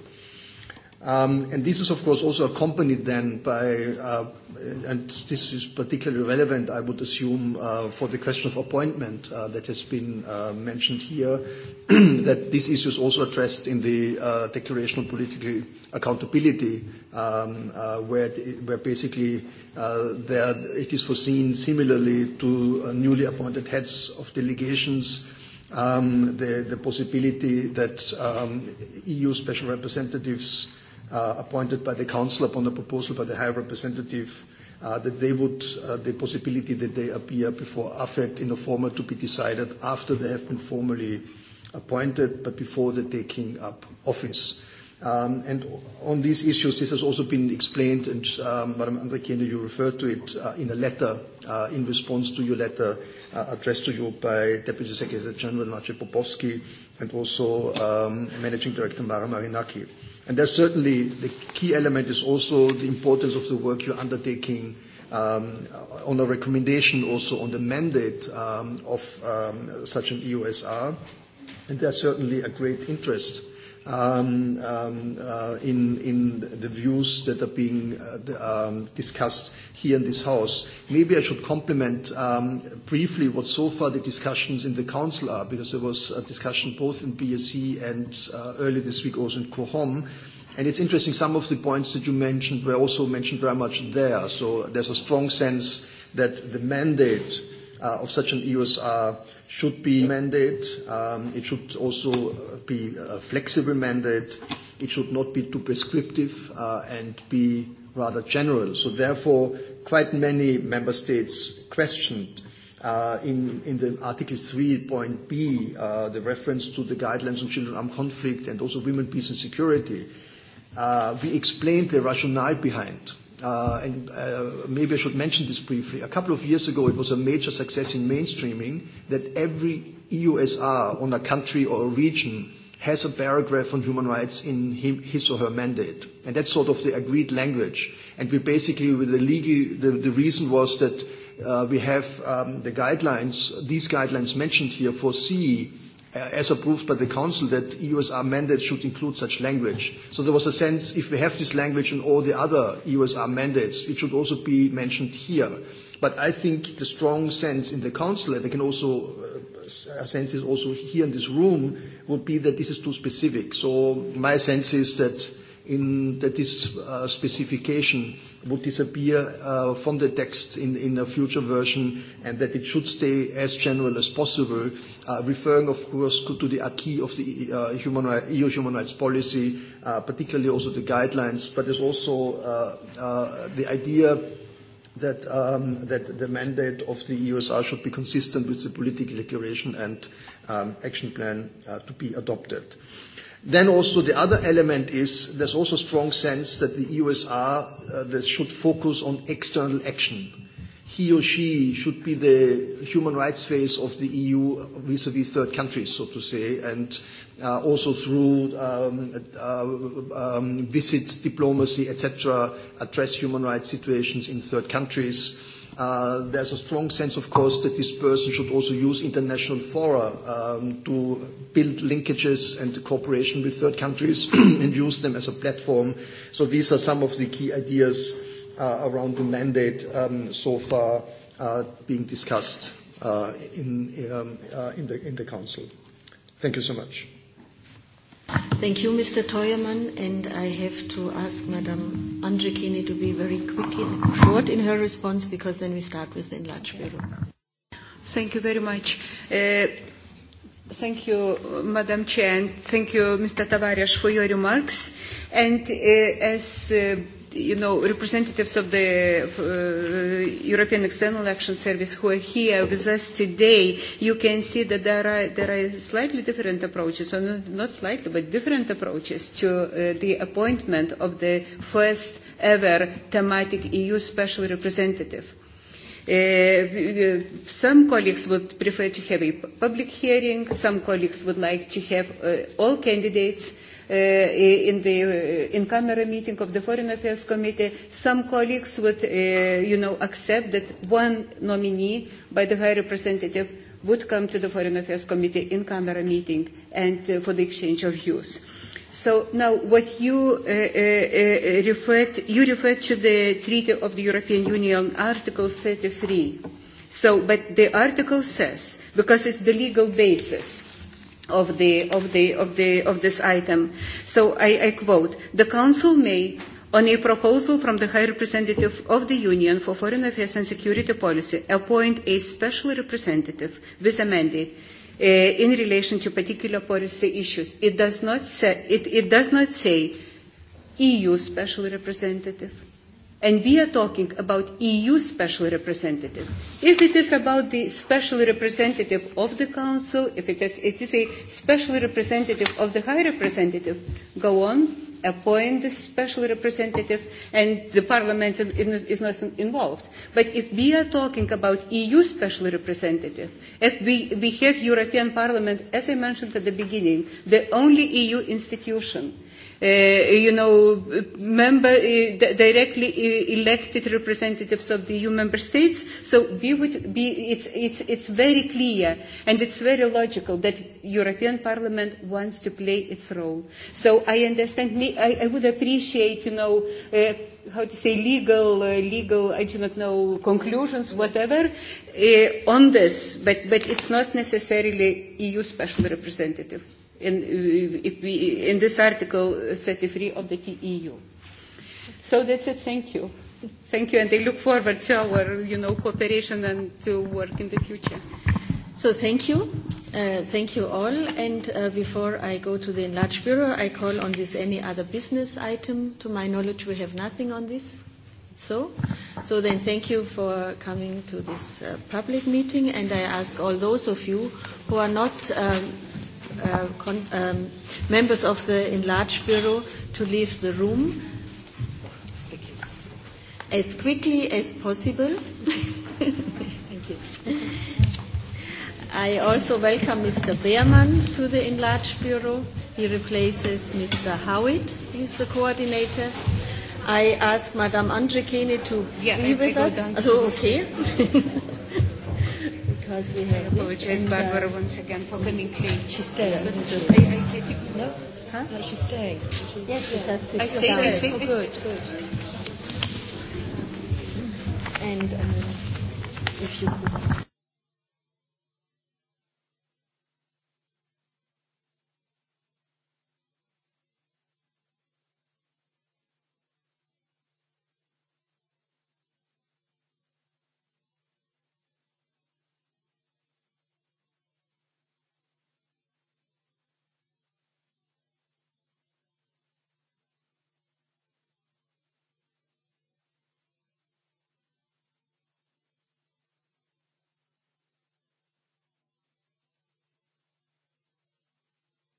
E: Um, and this is, of course, also accompanied then by, uh, and this is particularly relevant, I would assume, uh, for the question of appointment uh, that has been uh, mentioned here, that this issue is also addressed in the uh, Declaration on Political Accountability, um, uh, where, the, where basically uh, there it is foreseen similarly to uh, newly appointed heads of delegations. Um, the, the possibility that um, EU special representatives uh, Uh, appointed by the council upon the proposal by the high representative uh, that they would uh, the possibility that they appear before affect in a format to be decided after they have been formally appointed but before the taking up office. Uh, Um, on these issues, this has also been explained, and um, Madam Andrekien, you referred to it uh, in a letter, uh, in response to your letter uh, addressed to you by Deputy Secretary General Maciej Popowski and also um, Managing Director Mara Marinaki. There's certainly the key element is also the importance of the work you're undertaking on a recommendation also on the mandate of such an EUSR. There's certainly a great interest Um, um, uh, in, in the views that are being uh, um, discussed here in this house. Maybe I should compliment um, briefly what so far the discussions in the council are, because there was a discussion both in BSC and uh, earlier this week also in Cohom. And it's interesting, some of the points that you mentioned were also mentioned very much there. So there's a strong sense that the mandate uh, of such an ESR should be mandate. Um, it should also uh, be a flexible mandate. It should not be too prescriptive uh, and be rather general. So therefore, quite many member states questioned uh, in, in the Article 3 point B, uh, the reference to the guidelines on children armed conflict and also women, peace and security. Uh, we explained the rationale behind. Uh, and uh, maybe I should mention this briefly. A couple of years ago, it was a major success in mainstreaming that every EUSR on a country or a region has a paragraph on human rights in his or her mandate, and that's sort of the agreed language. We basically, with the legal, the reason was that uh, we have um, the guidelines, these guidelines mentioned here foresee Uh, as approved by the council that USR mandate should include such language. So there was a sense if we have this language in all the other USR mandates, it should also be mentioned here. But I think the strong sense in the council, and I can also uh, a sense is also here in this room, would be that this is too specific. So my sense is that in that this uh, specification would disappear uh, from the text in, in a future version and that it should stay as general as possible. Uh, referring, of course, to the acquis of the uh, human right, EU human rights policy, uh, particularly also the guidelines, but there's also uh, uh, the idea that, um, that the mandate of the e USR should be consistent with the political declaration and um, action plan uh, to be adopted. Then also the other element is there's also a strong sense that the e USR uh, should focus on external action he or she should be the human rights face of the EU vis-à-vis third countries, so to say, and uh, also through um, uh, um, visit diplomacy, etc., address human rights situations in third countries. Uh, there's a strong sense, of course, that this person should also use international fora um, to build linkages and cooperation with third countries and use them as a platform. So these are some of the key ideas uh, Uh, around the mandate um, so far uh, being discussed uh, in, um, uh, in, the, in the Council. Thank you so much.
A: Thank you, Mr. Teuermann, and I have to ask Madam Andrikini to be very quick and short in her response because then we start with the enlarged bureau.
C: Thank you very much. Uh, thank you, Madam Chair, and thank you, Mr. Tavares, for your remarks. And uh, as uh, you know, representatives of the uh, European External Action Service who are here with us today, you can see that there are, there are slightly different approaches, or not, not slightly, but different approaches to uh, the appointment of the first ever thematic EU special representative. Uh, some colleagues would prefer to have a public hearing. Some colleagues would like to have uh, all candidates uh, uh, in the uh, eh, in camera meeting of the Foreign Affairs Committee, some colleagues would, uh, you know, accept that one nominee by the High Representative would come to the Foreign Affairs Committee in camera meeting and uh, for the exchange of views. So now, what you uh, uh, referred, you referred to the Treaty of the European Union, Article 33. So, but the article says, because it's the legal basis, of the of the of the of this item. So I, I quote the Council may on a proposal from the High Representative of the Union for Foreign Affairs and Security Policy, appoint a special representative with a mandate uh, in relation to particular policy issues. It does not say, it, it does not say EU special representative. And we are talking about EU special representative. If it is about the special representative of the Council, if it is, it is a special representative of the High Representative, go on, appoint the special representative, and the Parliament is not involved. But if we are talking about EU special representative, if we, we have European Parliament, as I mentioned at the beginning, the only EU institution uh, you know, member, uh, directly uh, elected representatives of the EU member states. So be with, be, it's, it's, it's very clear and it's very logical that European Parliament wants to play its role. So I understand, me, I, I would appreciate, you know, uh, how to say legal, uh, legal, I do not know, conclusions, whatever, uh, on this, but, but it's not necessarily EU special representative in, if we, in this article 33 uh, of the EU. So that's it. Thank you. Thank you, and I look forward to our, you know, cooperation and to work in the future. So thank you. Uh, thank you all. And uh, before
A: I go to the enlarged bureau, I call on this any other business item. To my knowledge, we have nothing on this. So, so then thank you for coming to this uh, public meeting. And I ask all those of you who are not um, uh, um, members of the enlarged bureau to leave the room as quickly as possible. Thank you. I also welcome Mr. Beermann to the enlarged bureau. He replaces Mr. Howitt, he's the coordinator. I ask Madame Andrekene to yeah, ja, be with us. Oh, okay.
C: because we have yeah, this is Barbara uh, once again for coming here. She's staying, isn't she? I, I think it, no?
A: Huh? No, she's staying. Yes, she
C: yes. has six I stayed, I stayed. Oh, good, good. And um, if you could...